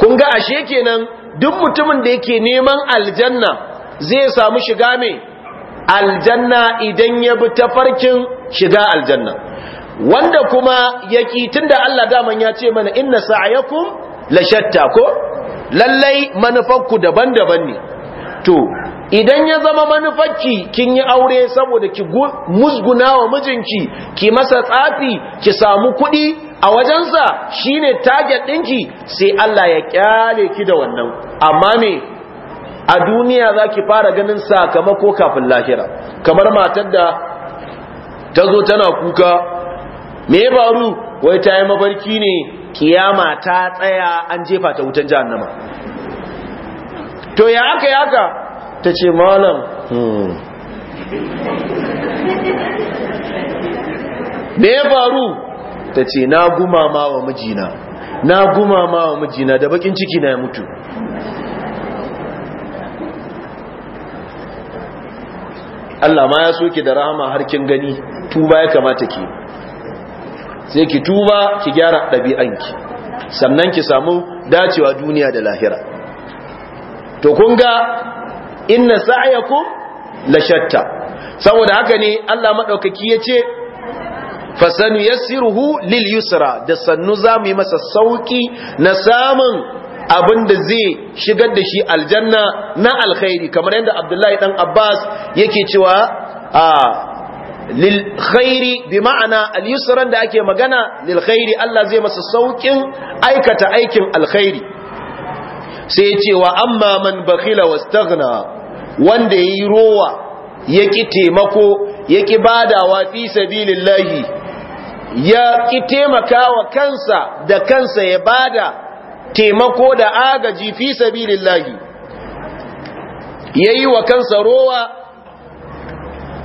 kun ga ashe kenan duk mutumin da yake neman aljanna zai samu shiga me aljanna idan ya bi tafarkin shiga aljanna wanda kuma yaki tunda Allah daman ya ce mana inna sa'yakum la shatta ko lallai manufanku daban-daban ne to idan ya zama manufarki kin yi aure saboda ki musguna wa mijinki ki masa tsafi ki samu kuɗi a wajensa shine target ɗinki sai Allah ya kyale ki da wannan amma me a duniya zaki fara ganin sakamako kafin lahira kamar matar da ta zo tana kuka me ya faru wai ta yi mafarki ne kiyama ta tsaya an jefa ta wutan jahannama to ya aka ya aka ta ce malam hmm. me ya faru ta ce na gumama wa mijina na gumama wa mijina da bakin ciki na ya mutu Allah ma ya soke da rahama har kin gani tuba ya kamata ke. sai ki tuba ki gyara ɗabi'anki sannan ki samu dacewa duniya da lahira to kun ga inna sa'yakum la shatta saboda haka ne Allah madaukaki ce. fasanu yassiruhu lil yusra da sannu zamu yi masa sauki na samun abin da zai shigar da shi aljanna na alkhairi kamar yadda abdullahi dan abbas yake cewa a ah, Lilkhairi bi ma'ana al yusran da ake magana lilkhairi Allah zai masa saukin aikata aikin alkhairi sai ya ce wa amma man bakhila wastaghna wanda yayi rowa yaki taimako yaki badawa fi sabilillahi ya ki taimakawa kansa da kansa ya bada taimako da agaji fi sabilillahi yayi wa kansa rowa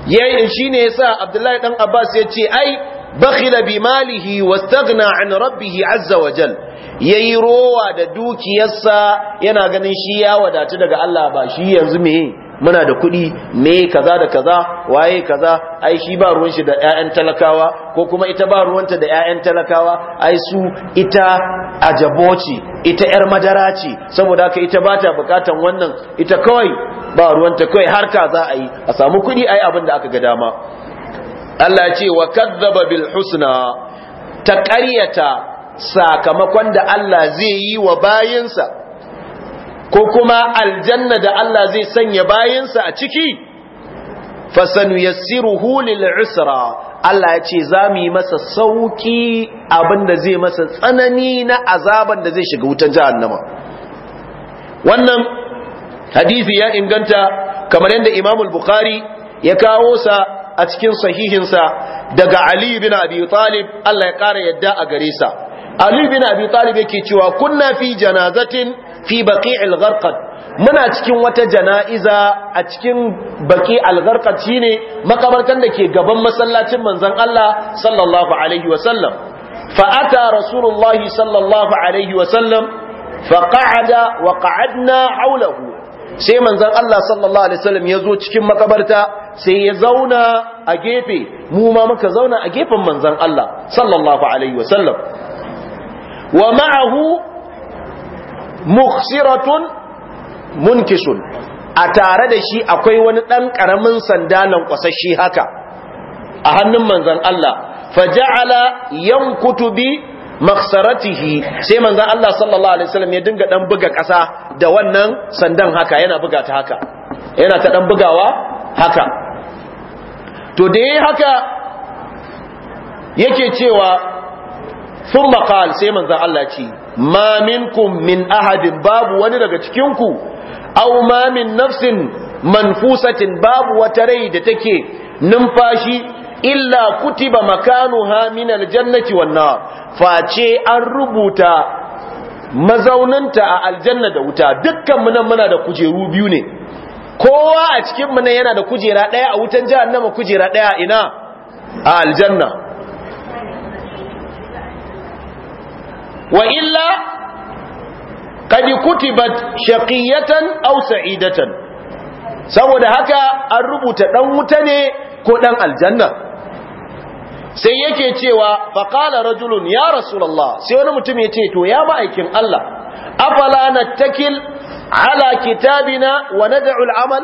yayin shine yasa Abdullahi dan Abbas ya ce ai bakhila bi malihi wastaghna an rabbihi azza wa jal yayi rowa da dukiyarsa yana ganin shi ya wadatu daga Allah ba shi yanzu me muna da kuɗi me kaza da kaza waye kaza ai shi ba ruwan shi da ƴaƴan talakawa ko kuma ita ba ruwanta da ƴaƴan talakawa ai su ita ajaboci ita ƴar madara ce saboda ka ita bata ta bukatan wannan ita kawai ba ruwanta kawai har kaza a yi a samu kuɗi ai abin da aka ga dama Allah ce wa kadzaba bil husna ta ƙaryata sakamakon da Allah zai yi wa bayinsa ko kuma aljanna da Allah zai sanya bayansa a ciki fasanu yassiruhu lil usra Allah ya ce za mu yi masa sauki abinda zai masa tsanani na azaban da zai shiga wutan jahannama wannan hadisi ya inganta kamar yadda Imam al-Bukhari ya kawo sa a cikin sahihinsa daga Ali bin Abi Talib Allah ya kara yadda a gare sa Ali bin Abi Talib yake cewa kunna fi janazatin fi baki gharqad muna cikin wata jana'iza a cikin baki al shine makabartan da ke gaban masallacin manzon Allah sallallahu alaihi wa sallam fa ata rasulullah sallallahu alaihi wa sallam fa qa'ada wa qa'adna hawlahu sai manzon Allah sallallahu alaihi wasallam ya zo cikin makabarta sai ya zauna a gefe mu ma muka zauna a gefen manzon Allah sallallahu alaihi wa sallam. wa ma'ahu mukhsiratun munkisun a tare da shi akwai wani ɗan ƙaramin sanda lankwasashe haka a hannun manzan Allah faja'ala yankutu bi maksaratihi sai manzan Allah sallallahu alaihi wasallam ya dinga dan buga ƙasa da wannan sandan haka yana buga ta haka yana ta dan bugawa haka to da haka yake cewa thumma qal sai manzan Allah ce ma minkum min ahadin babu wani daga cikinku aw ma min nafsin manfusatin babu wata rai da take numfashi illa kutiba makanuha min aljannati wan nar face an rubuta mazauninta a aljanna da wuta dukkan mu nan muna da kujeru biyu ne kowa a cikin mun nan yana da kujera daya a wutan jahannama kujera daya ina a aljanna wa illa qad kutibat shaqiyatan aw sa'idatan saboda haka an rubuta dan wuta ne ko dan aljanna sai yake cewa faqala rajulun ya rasulullah sai wani mutum ya ce to ya ma'aikin Allah afala nattakil ala kitabina wa nad'u al'amal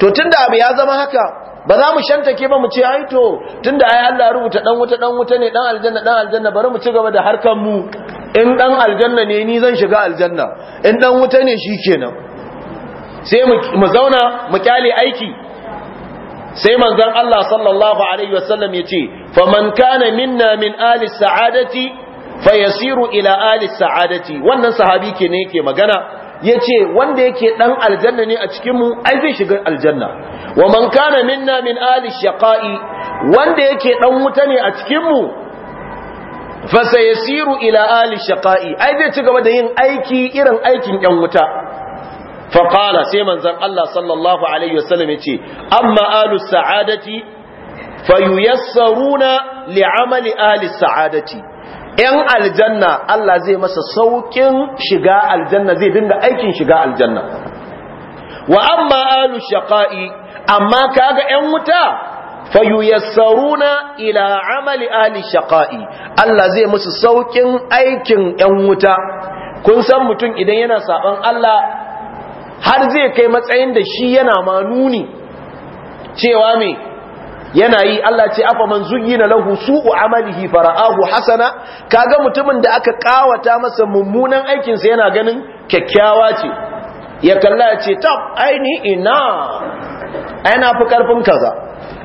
to tunda abu ya zama haka ba za mu shantake ba mu ce ai to tunda ai Allah rubuta dan wuta dan wuta ne dan aljanna dan aljanna bari mu ci gaba da harkar mu in dan aljanna ne ni zan shiga aljanna in dan wuta ne shi kenan sai mu zauna mu kyale aiki sai manzon Allah sallallahu alaihi wasallam ya ce faman kana minna min ali sa'adati fayasiru ila ali sa'adati wannan sahabi ke ne yake magana yace wanda yake dan aljanna ne a cikin mu ai zai shiga aljanna wa man kana minna min ali shaqai wanda yake dan wuta ne a cikin mu yasiru ila ali shaqa'i ai zai ci gaba da yin aiki irin aikin yan wuta fa qala sai manzon Allah sallallahu alaihi wasallam ce, amma alu sa'adati fayuyassaruna li'amali ali sa'adati yan aljanna Allah zai masa sauƙin shiga aljanna zai dinga aikin shiga aljanna wa amma alu shaqa'i amma kaga yan wuta fayuyassaruna ila amali ahli shaqa'i Allah zai musu saukin aikin yan wuta kun san mutum idan yana saban Allah har zai kai matsayin da shi yana ma nuni cewa me yana yi Allah ce afa man zuyyina lahu su'u amalihi fara'ahu hasana kaga mutumin da aka kawata masa mummunan aikin sa yana ganin kyakkyawa ce ya kalla ya ce tab aini ina ai na fi karfin kaza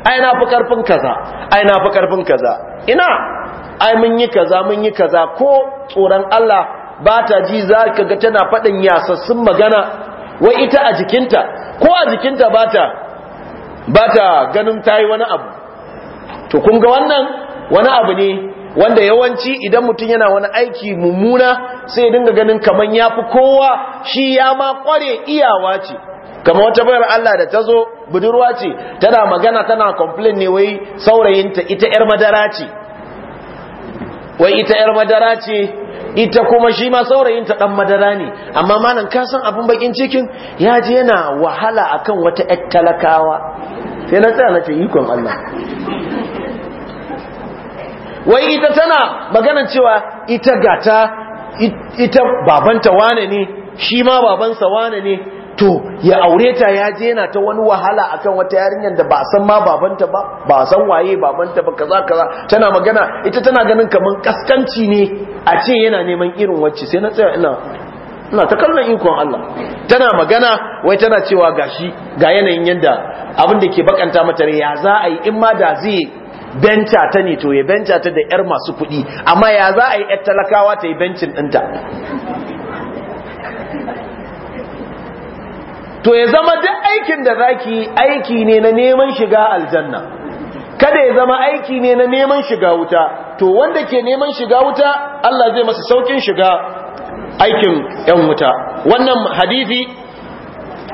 ai na fi karfin kaza ai na fi karfin kaza ina ai mun yi kaza mun yi kaza ko tsoron Allah ba ta ji za ka ga tana faɗin yasassun magana wai ita a jikinta ko a jikinta ba ta ba ta ganin ta yi wani abu to kun ga wannan wani abu ne wanda yawanci idan mutum yana wani aiki mummuna sai dinga ganin kaman yafi kowa shi ya ma kware iyawa ce kama wata bayar Allah da ta zo budurwa ce tana magana tana complain ne wai saurayinta ita yar madara ce wai ita yar madara ce ita kuma shi ma saurayinta dan madara ne amma malam ka san abin bakin cikin ya je yana wahala akan wata ƴar talakawa sai na tsaya na ce ikon Allah wai ita tana maganan cewa ita gata ita babanta wane ne shi ma babansa wane ne to ya aure ta ya je yana ta wani wahala akan wata yarinyar da ba san ma babanta ba ba san waye babanta ba kaza kaza tana magana ita tana ganin kaman kaskanci ne a ce yana neman irin wacce sai na tsaya ina ina ta kallon ikon Allah tana magana wai tana cewa gashi ga yanayin yanda abin da ke bakanta mata ya za a yi in ma da zai benca ta ne to ya benca ta da yar masu kuɗi amma ya za a yi yar talakawa ta yi bencin ɗinta to ya zama duk aikin da zaki aiki ne na neman shiga aljanna kada ya zama aiki ne na neman shiga wuta to wanda ke neman shiga wuta Allah zai masa saukin shiga aikin yan wuta wannan hadisi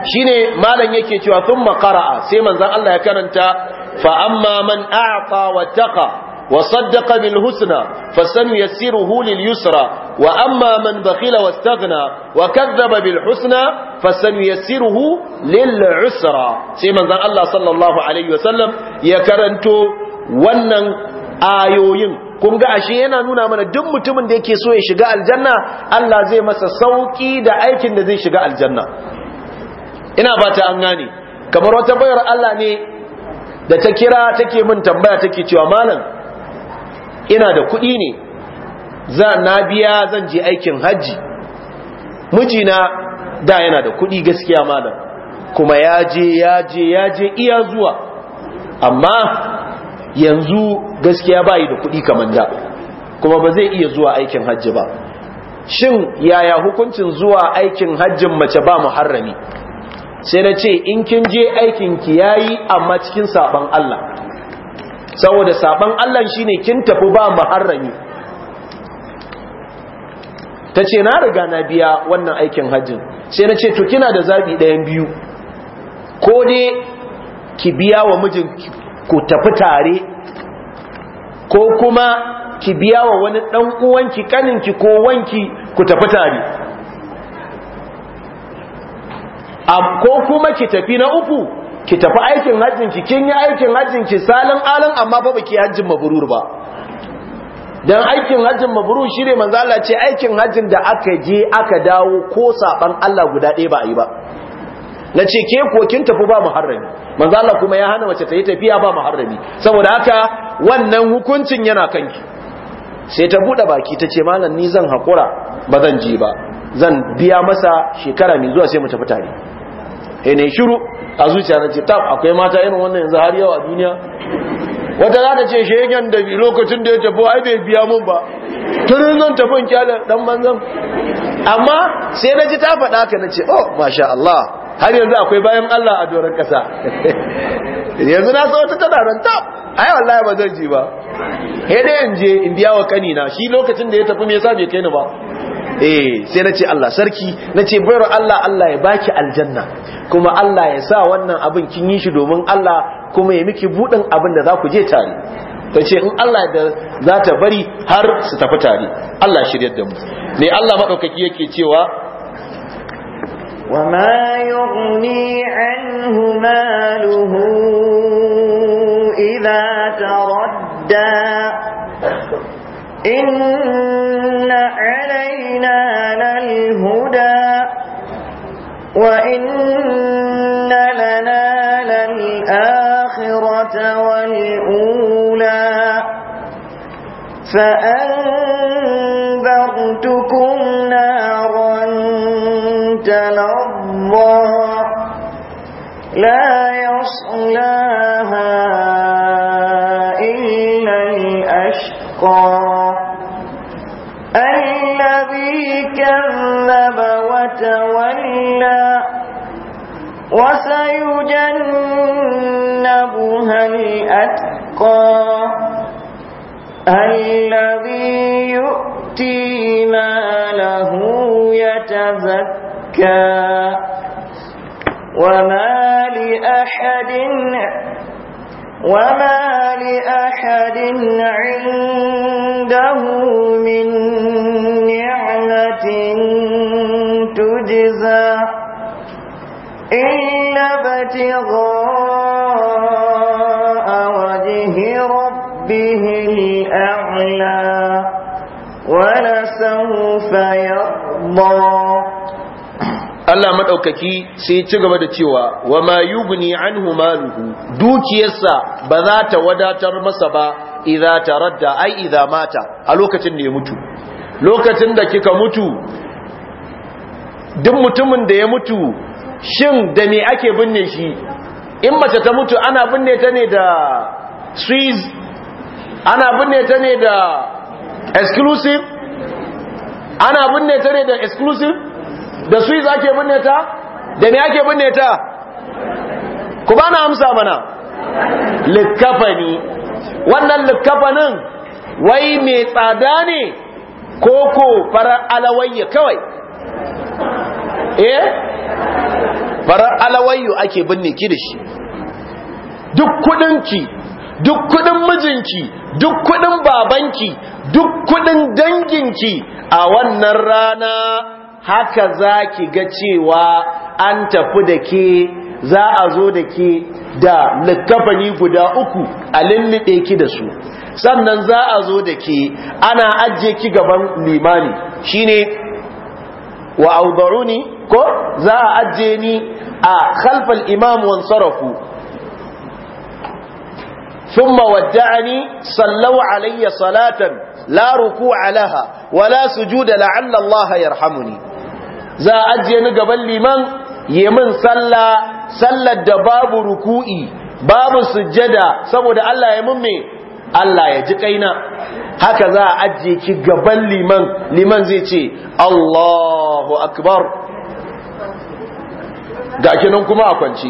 shine malam yake cewa thumma makara'a sai manzan Allah ya karanta fa man a'ta wa taqa wa saddaqa bil husna fasanuyassiruhu lil yusra wa amma man bakhila wastaghna wa kadhaba bil husna fasanuyassiruhu lil usra sai manzon Allah sallallahu alaihi wasallam ya karanto wannan ayoyin kun ga ashe yana nuna mana duk mutumin da yake so ya shiga aljanna Allah zai masa sauki da aikin da zai shiga aljanna ina ba ta an gane kamar wata bayar Allah ne da ta kira take min tambaya take cewa malam ina da kuɗi ne za na biya zan je aikin hajji mijina da yana da kuɗi gaskiya malam kuma ya je ya je ya je iya zuwa amma yanzu gaskiya bayi da kuɗi kamar da kuma ba zai iya zuwa aikin hajji ba shin yaya hukuncin zuwa aikin hajjin mace ba muharrami sai na ce in kin je aikin ki yayi amma cikin saban Allah saboda saban Allah shine kin tafi ba muharrami ta ce na riga na biya wannan aikin hajjin sai na ce to kina da zabi ɗayan biyu ko dai ki biya wa mijin ku tafi tare ko kuma ki biya wa wani ɗan uwanki kaninki ko wanki ku tafi tare ko kuma ki tafi na uku ki tafi aikin hajjin ki kin yi aikin hajjin ki salin alan amma fa baki hajjin mabrur ba dan aikin hajjin mabrur shine manzo Allah ce aikin hajjin da aka je aka dawo ko saban Allah guda ɗaya ba a yi ba nace ke ko kin tafi ba muharrami manzo Allah kuma ya hana wace ta yi tafiya ba muharrami saboda haka wannan hukuncin yana kanki sai ta bude baki ta ce malam ni zan hakura ba zan ji ba zan biya masa shekara mai zuwa sai mu tafi tare sai eh, ne shiru a zuciya na ce tab akwai mata irin wannan yanzu har yau a duniya wata za ta ce shegen da lokacin da ya tafi ai bai biya mun ba turin zan tafi in dan banzan amma sai na ji ta faɗa ka na ce oh masha Allah har yanzu akwai bayan Allah a doron kasa yanzu na wata tana ta. ai wallahi ba zan je ba he dai in je in biya wa kanina shi lokacin da ya tafi me yasa bai kai ni ba eh sai na ce Allah sarki na ce bayar Allah Allah ya baki aljanna kuma Allah ya sa wannan abin kin yi shi domin Allah kuma ya miki budin abin da za ku je tare tace in Allah da za ta bari har su tafi tare Allah shiryar da mu ne Allah madaukaki yake cewa وما يغني عنه ماله إذا تردى إن علينا للهدى وإن لنا للآخرة والأولى فأنذرتكم الكبرى لا يصلاها إلا الأشقى الذي كذب وتولى وسيجنبها الأتقى الذي يؤتي ماله يتزكى وما لأحد وما لأحد عنده من نعمة تجزى إلا ابتغاء وجه ربه الأعلى ولسوف يرضى Allah madaukaki sai ci gaba da cewa wa ma yughni anhu maluhu dukiyarsa ba za ta wadatar masa ba idza taradda ai idza mata a lokacin da ya mutu lokacin da kika mutu duk mutumin da ya mutu shin da me ake binne shi in mace ta mutu ana binne ta ne da swiss ana binne ta ne da exclusive ana binne ta ne da exclusive da su za ke binne ta da me ake binne ta ku bana amsa mana Likafani. wannan likafanin wai mai tsada ne Ko ko farar alawayya kawai eh farar alawayyo ake binne ki da shi duk kudinki duk kudin mijinki duk kudin babanki duk kudin danginki a wannan rana haka za ki ga cewa an tafi da ke za a zo da ke da likafani guda uku a lullube ki da su sannan za a zo da ke ana ajiye ki gaban limani shine wa audaruni ko za a ajiye ni a khalfal imam wan sarafu ثم ودعني صلوا علي صلاة لا ركوع لها ولا سجود لعل الله يرحمني za a ajiye ni gaban liman ya min sallah sallar da babu ruku'i babu sujjada saboda Allah ya mun Allah ya ji kaina haka za a ajiye ki gaban liman liman zai ce Allahu akbar ga kinan kuma a kwance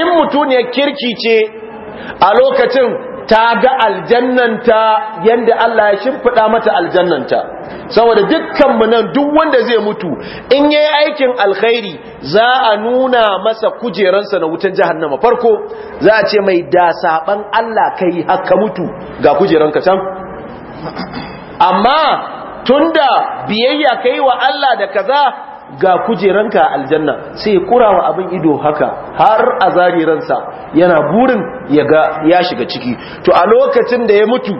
in mutuniyar kirki ce a lokacin ta ga aljannanta yadda Allah ya shimfiɗa mata aljannanta saboda dukkan mu nan duk wanda zai mutu in ya yi aikin alkhairi za a nuna masa kujeransa na wutan jahannama farko za a ce mai da saban Allah kai yi haka mutu ga kujeranka can amma tunda biyayya ka wa Allah da kaza ga kujeranka a aljanna sai ya kurawa abin ido haka har a zariransa yana burin ya ga ya shiga ciki to a lokacin da ya mutu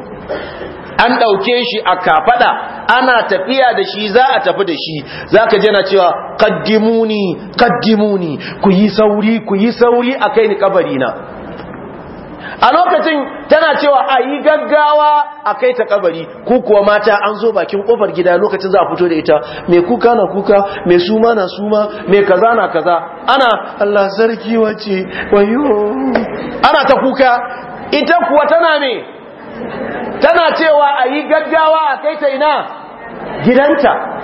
an ɗauke shi a kafaɗa ana tafiya da shi za a tafi da shi za ka jana cewa kaddimuni kaddimuni ku yi sauri ku yi sauri a kai ni kabarina a lokacin tana cewa a yi gaggawa a kai ta kabari ku kuwa mata an zo bakin kofar gida lokacin za a fito da ita mai kuka na kuka mai suma na suma mai kaza na kaza ana Allah sarki wace wayo ana ta kuka ita kuwa tana ne tana cewa a yi gaggawa a kai ta ina gidanta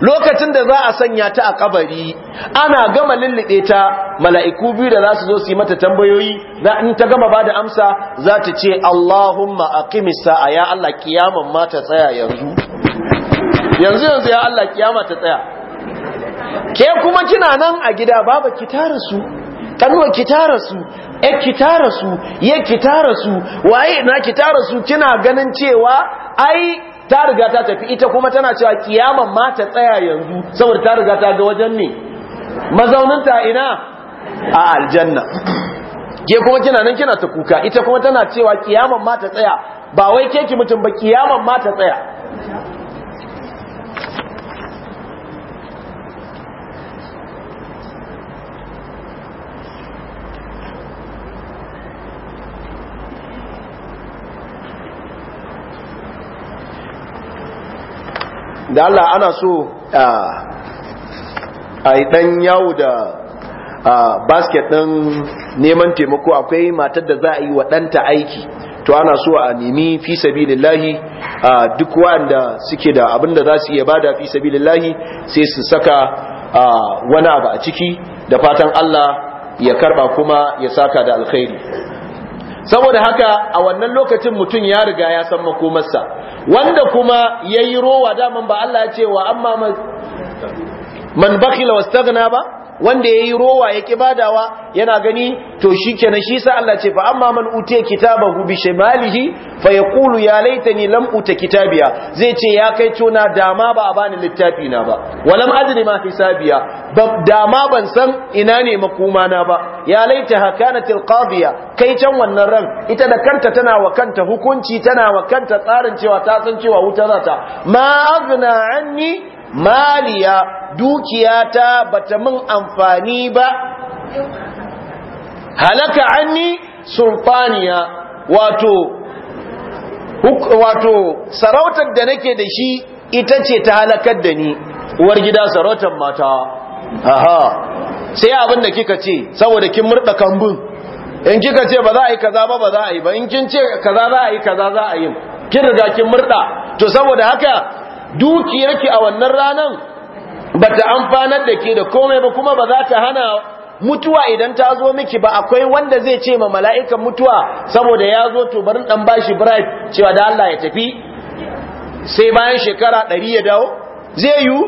lokacin da za a sanya ta a kabari ana gama lullube ta mala'iku biyu da za su zo su yi mata tambayoyi za in ta gama ba da amsa za ta ce Allahumma aqimis ya Allah kiyaman ma ta tsaya yanzu yanzu yanzu ya Allah kiyama ta tsaya ke kuma kina nan a gida baba ki tara su kanuwa ki tara su e ki su ye ki su waye na ki tara su kina ganin cewa ai ta riga ta tafi ita kuma tana cewa kiyaman ma ta tsaya yanzu saboda ta riga ta ga wajen ne mazauninta ina a aljanna ke kuma kina nan kina ta kuka ita kuma tana cewa kiyaman ma ta tsaya ba wai keki mutum ba kiyaman ma ta tsaya da Allah ana so a yi dan yawo da basket ɗin neman taimako akwai matar da za a yi wa ɗanta aiki to ana so a nemi fi sabilillahi duk wanda suke da da za su iya bada fi sabilillahi sai su saka wani abu a ciki da fatan Allah ya karba kuma ya saka da alkhairi saboda haka a wannan lokacin mutum ya riga ya san makomarsa wanda kuma yayi rowa daman ba Allah ya ce wa amma man bakhila wastagna ba wanda ya yi rowa ya ki badawa yana gani to shikenan shi sa Allah ce fa amma man utiya kitabahu bi shimalihi fa ya yaqulu ya laita ni lam uta kitabiya zai ce ya kai tona dama ba a bani littafi na ba walam adri ma hisabiya dama ban san ina ne makoma na ba ya laita Hakana qadiya kai can wannan ran ita da kanta tana wa kanta hukunci tana wa kanta tsarin cewa ta san cewa wuta za ta ma aghna anni maliya dukiyata bata min amfani ba halaka anni sulfaniya wato wato sarautar da nake da shi ita ce ta halakar da ni uwar gida sarautar mata aha sai abin da kika ce saboda kin murda kambun in kika ce ba za a yi kaza ba ba za a yi ba in kin ce kaza za a yi kaza za a yi kin riga kin murda to saboda haka dukiyarki a wannan ranan ba ta amfanar da ke da komai ba kuma ba za ta hana mutuwa idan ta zo miki ba akwai wanda zai ce ma mala'ikan mutuwa saboda ya zo to barin dan bashi bribe cewa da Allah ya tafi sai bayan shekara 100 ya dawo zai yi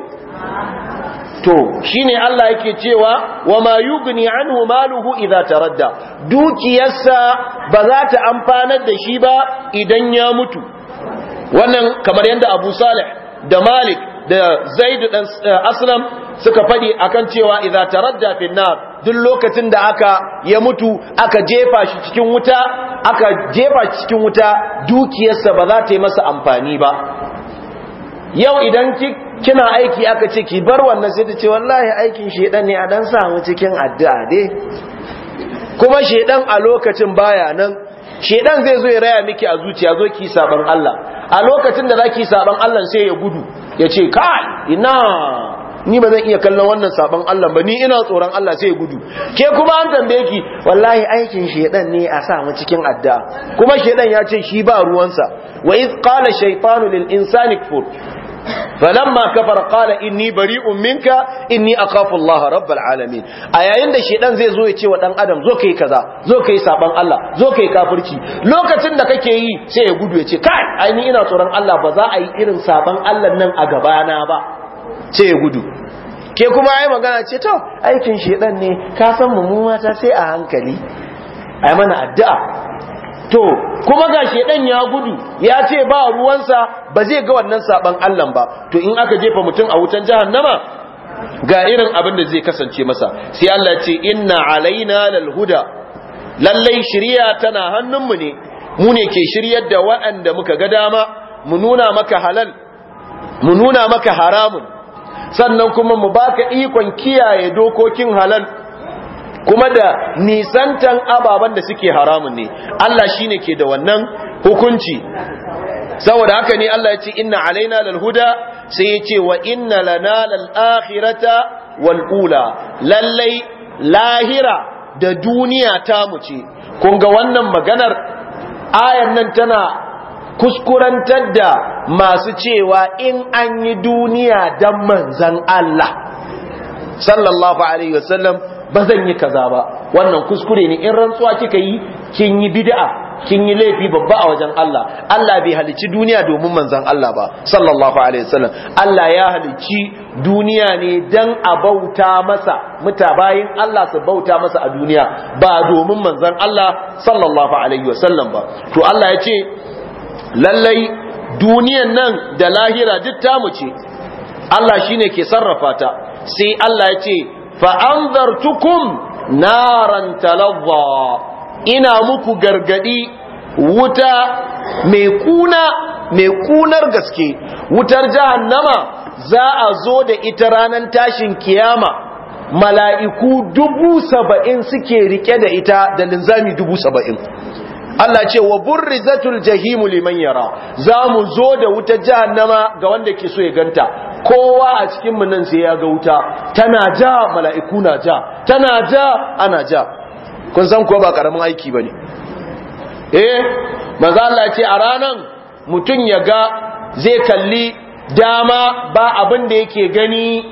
to shine Allah yake cewa wa wama yughni anhu maluhu idza taradda dukiyarsa ba za ta amfanar da shi ba idan ya mutu wannan kamar yadda Abu Salih da malik da zaid dan eh, aslam suka fadi akan cewa idza taradda fi nar duk lokacin da aka ya mutu aka jefa shi cikin wuta aka jefa shi cikin wuta dukiyarsa ba za ta yi masa amfani ba yau idan kina aiki aka ce ki bar wannan sai ta ce wallahi aikin shedan ne a dan samu cikin addu'a dai kuma shedan a lokacin baya nan shedan zai zo ya raya miki a zuciya zo ki saban Allah a lokacin da zaki saban Allah sai ya gudu ya ce kai ina ni ba zan iya kallon wannan saban Allah ba ni ina tsoron Allah sai ya gudu ke kuma an tambaye ki wallahi aikin shedan ne a sa mu cikin adda kuma shedan ya ce shi ba ruwansa wa iz qala shaytanu lil insani kfur falamma kafara qala inni bari'un minka inni akhafu Allah rabbul alamin a yayin da shedan zai zo ya ce wa dan adam zo kai kaza zo kai saban Allah zo kai kafirci lokacin da kake yi sai ya gudu ya ce kai ai ni ina tsoron Allah ba za a yi irin saban Allah nan a gaba na ba sai ya gudu ke kuma ai magana ce to aikin shedan ne ka san mu mata sai a hankali ai mana addu'a to kuma ga shedan ya gudu ya ce ba ruwansa ba zai ga wannan saban Allah ba to in aka jefa mutum a wutan jahannama ga irin abin da zai kasance masa sai Allah ce inna alaina lal huda lallai shiriya tana hannunmu ne mu ne ke shiryar da waɗanda muka ga dama mu nuna maka halal mu nuna maka haramun sannan kuma mu baka ikon kiyaye dokokin halal kuma da nisantan ababen da suke haramun ne Allah shine ke da wannan hukunci saboda haka ne Allah ya ce inna alaina lal huda sai ya ce wa inna lana lal akhirata lallai lahira da duniya ta mu ce kun wannan maganar ayar nan tana kuskurantar da masu cewa in an yi duniya dan manzan Allah sallallahu alaihi wasallam ba zan yi kaza ba wannan kuskure ne in rantsuwa kika yi kin yi bid'a kin yi laifi babba a wajen Allah Allah bai halici duniya domin manzon Allah ba sallallahu alaihi wasallam Allah ya halici duniya ne dan a bauta masa mutabayin Allah su bauta masa a duniya ba domin manzon Allah sallallahu alaihi wasallam ba to Allah ya ce lallai duniyan nan da lahira duk tamu ce Allah shine ke sarrafa ta sai Allah ya ce tukun naran talazza ina muku gargadi wuta mai kuna mai kunar gaske wutar Nama za a zo da ita ranar tashin kiyama mala'iku dubu saba'in suke rike da ita da linzami dubu saba'in Allah ce wa burrizatul jahim liman yara za mu zo da wuta jahannama ga wanda ke so ya ganta kowa a cikin mu nan sai ya ga wuta tana ja mala'iku na ja tana ja ana ja kun san kuwa ba karamin aiki bane eh maza Allah ce a ranan mutun ya ga zai kalli dama ba abin da yake gani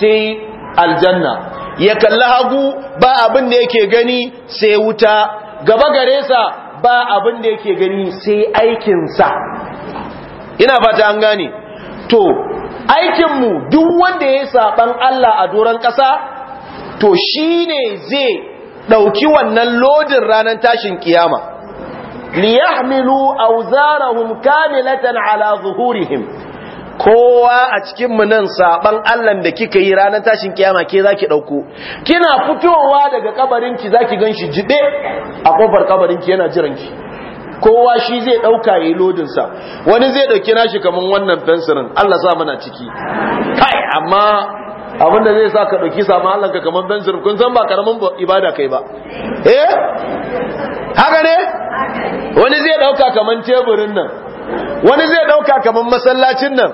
sai aljanna ya kalli hagu ba abin da yake gani sai wuta gaba gare sa ba abin da yake gani sai aikinsa ina fata an gane to aikinmu duk wanda ya saban Allah a doron ƙasa to shi ne zai ɗauki wannan lodin ranar tashin kiyama liyahmilu auzarahum kamilatan ala zuhurihim kowa a cikin mu nan saban Allah da kika yi ranar tashin kiyama ke zaki dauko kina fitowa daga kabarin ki zaki ganshi jibe a kofar kabarin ki yana jiran ki kowa shi zai dauka ya lodin sa wani zai dauki nashi kaman wannan fensirin Allah sa mana ciki kai amma abin da zai sa ka dauki sama Allah ka kaman fensirin kun san ba karamin ibada kai ba eh haka ne wani zai dauka kaman teburin nan wani zai dauka kaman masallacin nan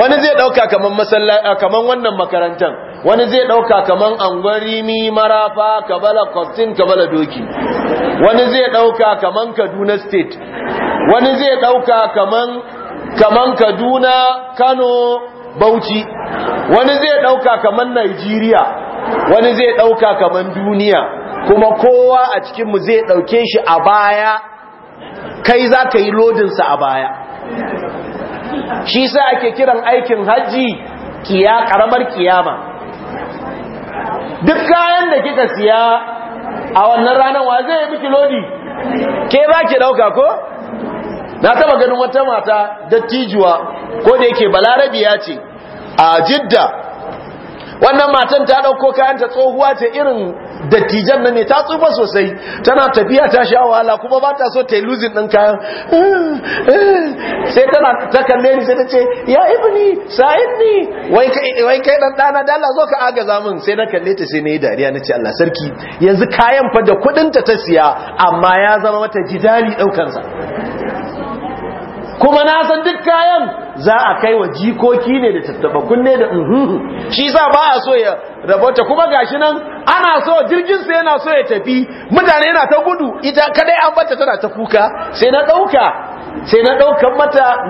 wani zai dauka kaman masallaci kaman wannan makarantan wani zai dauka kaman angwarimi marafa kabala Kostin, kabala doki wani zai dauka kaman kaduna state wani zai dauka kaman kaman kaduna kano bauchi wani zai dauka kaman nigeria wani zai dauka kaman duniya kuma kowa a cikinmu zai dauke shi a baya kai za ka yi lodinsa a baya shi sa ake kiran aikin hajji kiya karamar kiyama duk kayan da kika siya a wannan ranar wa zai miki lodi ke ba ki dauka ko na taba ganin wata mata dattijuwa ko da yake balarabiya ce a jidda wannan matan ta ɗauko kayan ta tsohuwa ce irin dattijan nan ne ta tsufa sosai tana tafiya ta sha wahala kuma ba ta so ta yi luzin ɗin kayan eh, eh. sai tana ta kalle ni sai ta ce ya ibni ni wai kai ɗan ɗana da Allah zo ka agaza min sai na kalle ta sai na yi dariya na ce Allah sarki yanzu kayan fa da kudin ta ta siya amma ya zama mata jidali ɗaukansa kuma na san duk kayan za a kai wa jikoki ne da tattaɓa kunne da uhuhu shi sa ba a so ya rabota kuma gashi nan ana so Jirgin jirginsa yana so ya tafi mutane yana ta gudu ita kadai an bata tana ta kuka sai na ɗauka sai na ɗaukar mata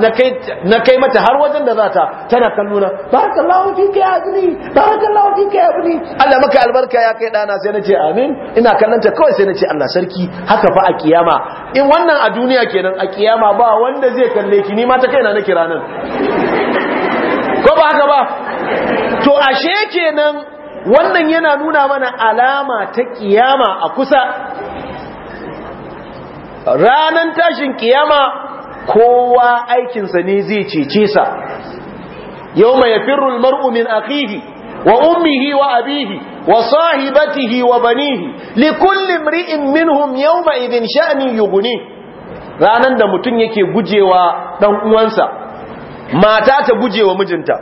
na kai mata har wajen da za ta tana kalluna barakallahu fi kai azumi barakallahu fi kai abuni Allah maka albarka ya kai dana sai na ce amin ina kallanta kawai sai na ce Allah sarki haka fa a kiyama in wannan a duniya kenan a kiyama ba wanda zai kalle ki ni ma ta kaina na kira nan ko ba haka ba to ashe kenan wannan yana nuna mana alama ta kiyama a kusa ranan tashin kiyama kowa aikinsa ne zai cece sa yau mai firul mar'u min akhihi wa ummihi wa abihi wa sahibatihi wa banihi li kulli imri'in minhum yawma idin sha'ni yughni ranan da mutum yake gujewa dan uwansa mata ta gujewa mijinta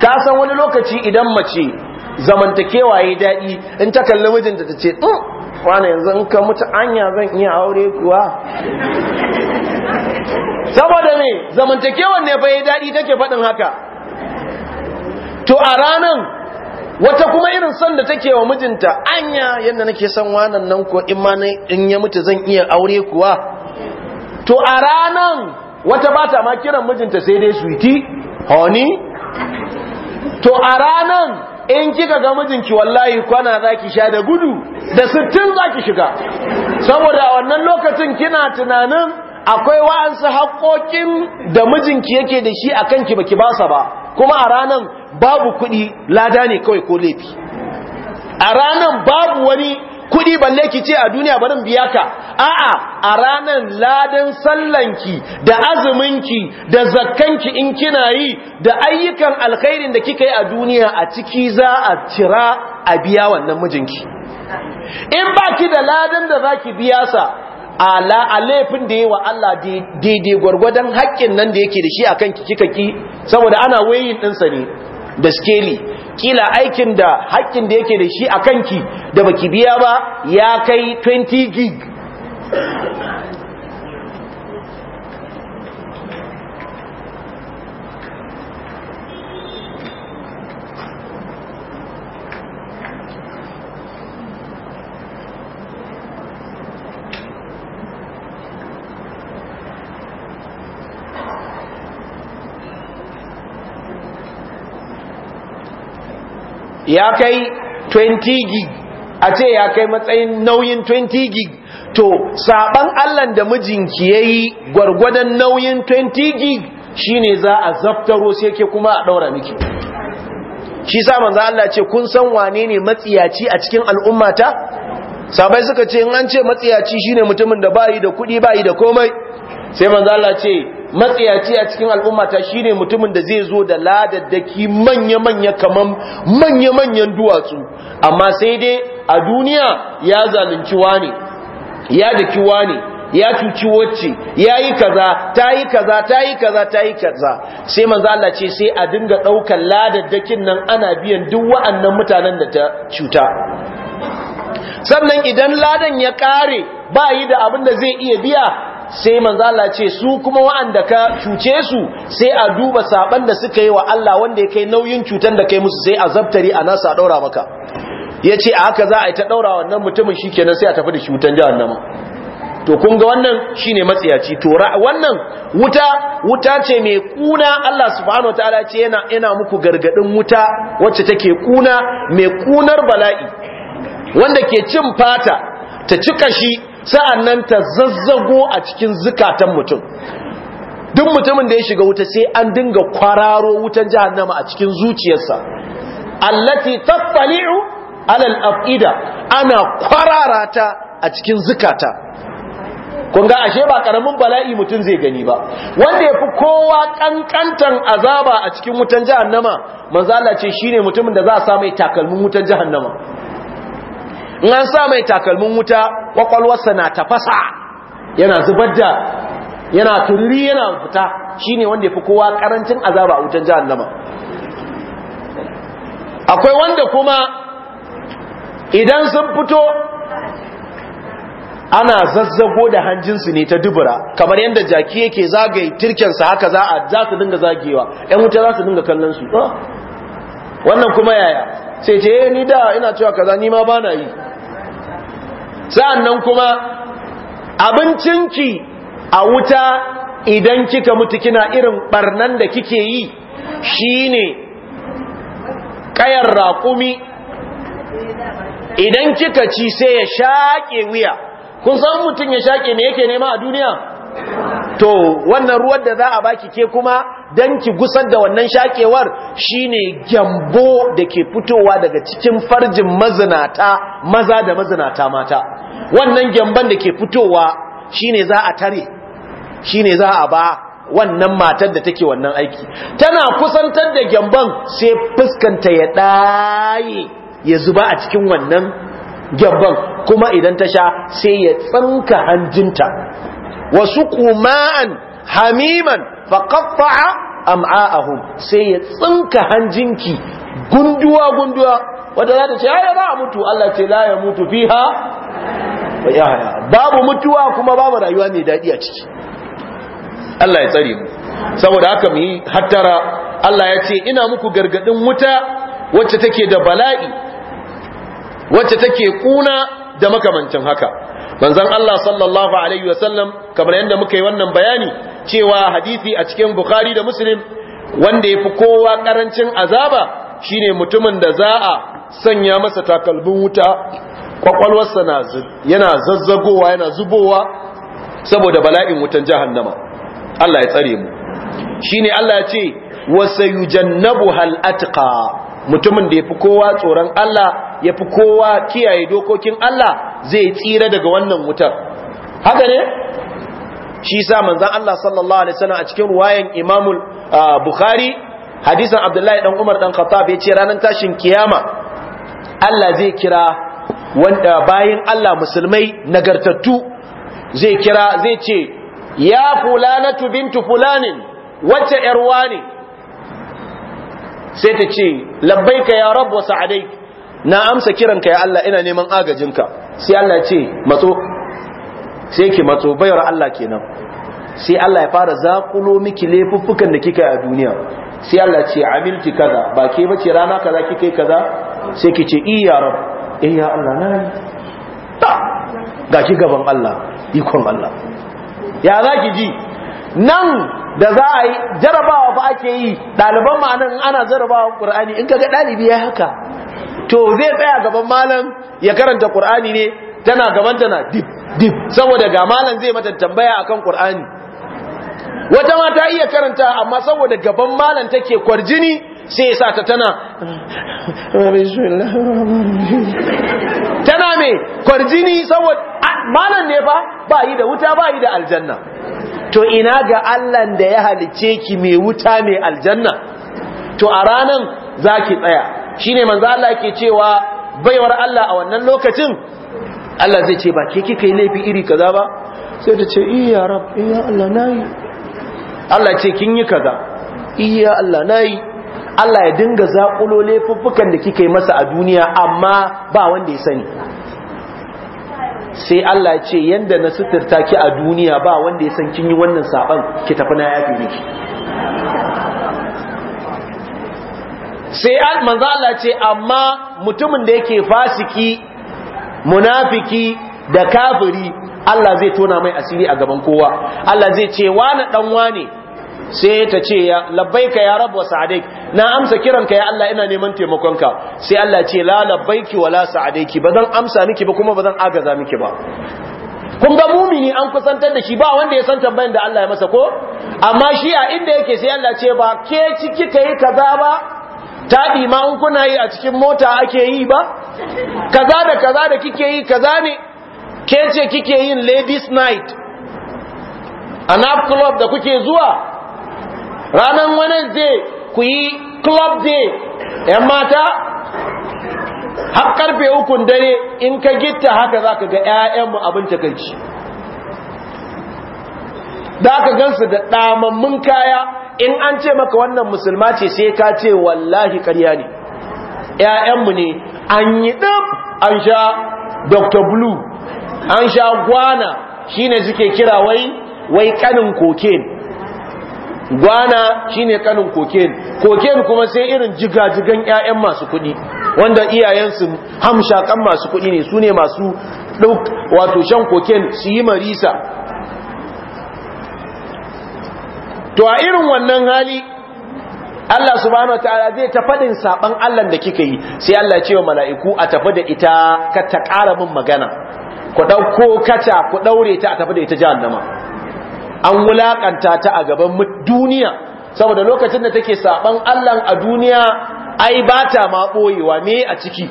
ka san wani lokaci idan mace zamantakewa ya daɗi in ta kalli mijinta ta ce ɗin wani yanzu in ka mutu anya zan iya aure kuwa saboda me zamantakewar ne fa ya daɗi take faɗin haka to a ranan wata kuma irin son da take wa mijinta anya yadda nake son wanan nan ko in ma in ya mutu zan iya aure kuwa to a ranan wata ba ta ma kiran mijinta sai dai suiti honey to a ranan in kika ga mijinki wallahi kwana zaki sha da gudu da 60 zaki shiga saboda a wannan lokacin kina tunanin akwai wa'ansu haƙoƙin da mijinki yake da shi akan ki baki basa ba kuma a ranan babu kuɗi lada ne kawai ko laifi a ranan babu wani kudi balle ki ce a duniya barin biya ka a'a a ranar ladan sallanki da azuminki da zakkanki in kina yi da ayyukan alkhairin da kika yi a duniya a ciki za a cira a biya wannan mijinki in baki da ladan da zaki biya sa ala a laifin da yi wa Allah daidai gwargwadon haƙƙin nan da yake da shi kanki kika ki saboda ana wayin ɗinsa ne da skeli kila aikin da haƙƙin da yake da shi a kanki da baki biya ba ya kai 20 gig ya kai 20 gig a ce ya kai matsayin nauyin 20 gig to saban allan da mijinki ya yi gwargwadon nauyin 20 gig shine za a zaftaro sai ke kuma a ɗaura miki shi sa manzo Allah ce kun san wane ne matsiyaci a cikin al'ummata sabai suka ce in an ce matsiyaci shine mutumin da bayi da kuɗi bayi da komai sai manzo Allah ce matsiyaci a cikin al'ummata shine mutumin da zai zo da ladaddaki manya-manya kamar manya-manyan duwatsu amma sai dai a duniya ya zalunci wani ya daki wani ya cuci wacce ya yi kaza ta yi kaza ta yi kaza ta yi kaza sai manzo ce sai a dinga ɗaukar ladaddakin nan ana biyan duk wa'annan mutanen da ta cuta sannan idan ladan ya ƙare ba yi da abin da zai iya biya sai manzo Allah ce su kuma wa'anda ka cuce su sai a duba saban da suka yi wa Allah wanda ya kai nauyin cutan da kai musu sai a zabtari a nasa a daura maka yace a haka za a yi ta daura wannan mutumin shikenan sai a tafi da wutan jahannama to kun ga wannan shine matsiyaci to wannan wuta wuta ce mai kuna Allah subhanahu wataala ce yana yana muku gargadin wuta wacce take kuna mai kunar bala'i wanda ke cin fata ta cika shi sa'an nan ta zazzago a cikin zukatan mutum duk mutumin da ya shiga wuta sai an dinga kwararo wutan jahannama a cikin zuciyarsa allati tattali'u alal afida ana kwararata a cikin zukata kun ashe ba karamin bala'i mutum zai gani ba wanda ya fi kowa kankantan azaba a cikin wutan jahannama manzala ce shine mutumin da za a sa mai takalmin wutan jahannama in an sa mai takalmin wuta kwakwalwarsa na tafasa yana zubar da yana turiri yana fita shine wanda ya fi kowa karancin azaba a wutan jihar nama akwai wanda kuma idan sun fito ana zazzago da hanjinsu ne ta dubura kamar yadda jaki yake zagaye tirkensa haka za a za su dinga zagewa ‘yan wuta za su dinga kallon su wannan kuma yaya sai ce eh, ni da ina cewa kaza ni ma ba na yi sa'annan kuma abincinki a wuta idan kika mutu kina irin ɓarnan da kike yi shine ƙayar raƙumi idan kika ci sai ya shaƙe wuya kun san mutum ya shaƙe ne yake nema a duniya to wannan ruwan da za a baki ke kuma dan ki gusar da wannan shaƙewar shine gyambo da ke fitowa daga cikin farjin mazinata maza da mazinata mata wannan gyamban da ke fitowa shine za a tare shine za a ba wannan matar da take wannan aiki tana kusantar da gyamban sai fuskanta ya ɗaye ya zuba a cikin wannan gyamban kuma idan ta sha sai ya tsanka hanjinta wasu kuma'an hamiman faƙaƙa'a am'a'ahum sai ya tsanka hanjinki gunduwa-gunduwa wadda za ta ce ya za a mutu Allah ce la ya mutu fiha babu mutuwa kuma babu rayuwa mai daɗi a ciki Allah ya tsare mu saboda haka mu yi hattara Allah ya ce ina muku gargadin wuta wacce take da bala'i wacce take kuna da makamancin haka manzon Allah sallallahu alaihi wasallam kamar yadda muka yi wannan bayani cewa hadisi a cikin Bukhari da Muslim wanda yafi kowa karancin azaba shine mutumin da za a sanya masa takalbin wuta kwakwalwarsa yana zazzagowa yana zubowa saboda bala'in wutan jahannama Allah ya tsare mu shine Allah ya ce wasayujannabu hal atqa mutumin da ya fi kowa tsoron Allah fi kowa kiyaye dokokin Allah zai tsira daga wannan wutar haka ne shi sa manzon Allah sallallahu alaihi wasallam a cikin ruwayan Imam Bukhari hadisin Abdullahi dan Umar dan Khattab ce ranar tashin kiyama Allah zai kira wanda bayan Allah musulmai nagartattu zai kira zai ce ya fulanatu bintu fulanin wacce yarwa ne sai ta ce labbaika ya rabb wa sa'adai na amsa kiranka ya Allah ina neman agajinka sai Allah ce matso sai ki matso bayar Allah kenan sai Allah ya fara zakulo miki laifuffukan da kika yi a duniya sai Allah ce amilti kaza ba ke bace rana kaza kika kaza sai ki ce iya rabb eh ya Allah na yi ta shi gaban Allah ikon Allah ya za ki ji nan da za a yi jarabawa ba ake yi ɗaliban ma'anin ana jarabawa Kur'ani in kaga ɗalibi ya haka to zai tsaya gaban malam ya karanta ƙur'ani ne tana gaban tana dip dip saboda ga malam zai mata tambaya akan ƙur'ani wata ma ta iya karanta amma saboda gaban malam take kwarjini sai sa ta tana tana mai kwarjini saboda malam ne ba ba yi da wuta ba yi da aljanna to ina ga allan da ya halice ki mai wuta mai aljanna to a ranan za ki tsaya Shi ne manza Allah ke cewa baiwar Allah a wannan lokacin Allah zai ce ba ke kika yi laifi iri kaza ba sai ta ce iya rab iya Allah yi Allah ce kin yi kaza iya Allah na yi. Allah ya dinga zaƙulo laifuffukan da kika yi masa a duniya amma ba wanda ya sani sai Allah ya ce yadda na suturta ki a duniya ba wanda ya san kin yi wannan saɓan ki tafi na yafi miki sai manzo Allah ce amma mutumin da yake fasiki munafiki da kafiri Allah zai tona mai asiri a gaban kowa Allah zai ce wani dan wane sai ta ce ya labbaika ya rabu wa adai na amsa kiranka ya Allah ina neman taimakonka sai Allah ce la labbaiki wa la adai ba zan amsa miki ba kuma ba zan agaza miki ba kun ga mumini an kusantar da shi ba wanda ya san tambayin da Allah ya masa ko amma shi a inda yake sai Allah ce ba ke ciki kai kaza ba taɗi ma in kuna yi a cikin mota ake yi ba kaza da kaza da kike yi kaza ne ke ce kike yin ladies night a club da kuke zuwa ranar wednesday ku yi club day ‘yan mata har karfe ukun dare in ka gitta haka za ka ga ‘ya'yanmu abin takanci da ka gansu da damammun kaya in an ce maka wannan musulma ce sai ka ce wallahi karya ne ‘ya'yanmu ne an yi ɗab an sha dr blue an sha gwana shine suke kira wai wai kanin cocaine gwana shine kanin kokain kokain kuma sai irin jigajigan ƴaƴan masu kuɗi wanda iyayensu hamshakan masu kuɗi ne su ne masu ɗauk wato shan kokain su yi marisa to a irin wannan hali Allah subhanahu ta'ala zai ta faɗin saban Allah da kika yi sai Allah ya ce wa mala'iku a tafi da ita ka ta ƙara min magana ku ɗauko kaca ku ɗaure ta a tafi da ita jahannama an wulaƙanta ta a gaban duniya saboda lokacin da take saban Allah a duniya ai ba ta ma boyewa me a ciki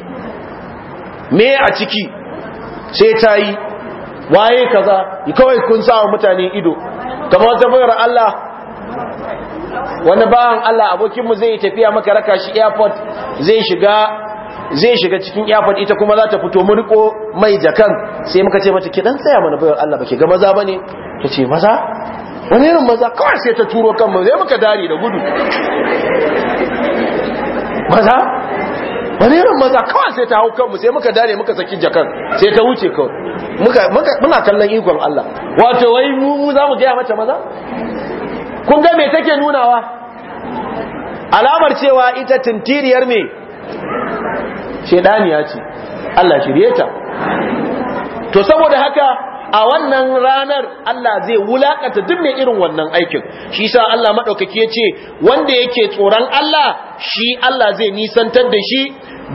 me a ciki sai ta yi waye kaza kawai kun sa wa mutane ido kamar wata bayar Allah wani bawan Allah abokinmu zai tafiya maka raka shi airport zai shiga zai shiga cikin airport ita kuma za ta fito mu riko mai jakan sai muka ce mata ki dan tsaya mana bayan Allah baki ga maza bane ta ce maza wani irin maza kawai sai ta turo kan mu sai muka dare da gudu maza wani irin maza kawai sai ta hau kan mu sai muka dare muka saki jakan sai ta wuce kawai muka muna kallon ikon Allah wato wai mu za mu ga mata maza kun ga me take nunawa alamar cewa ita tintiriyar me ya ce Allah shirye ta to saboda haka a wannan ranar Allah zai wulakata duk mai irin wannan aikin shi sa Allah madaukake yace wanda yake tsoron Allah shi Allah zai nisantar da shi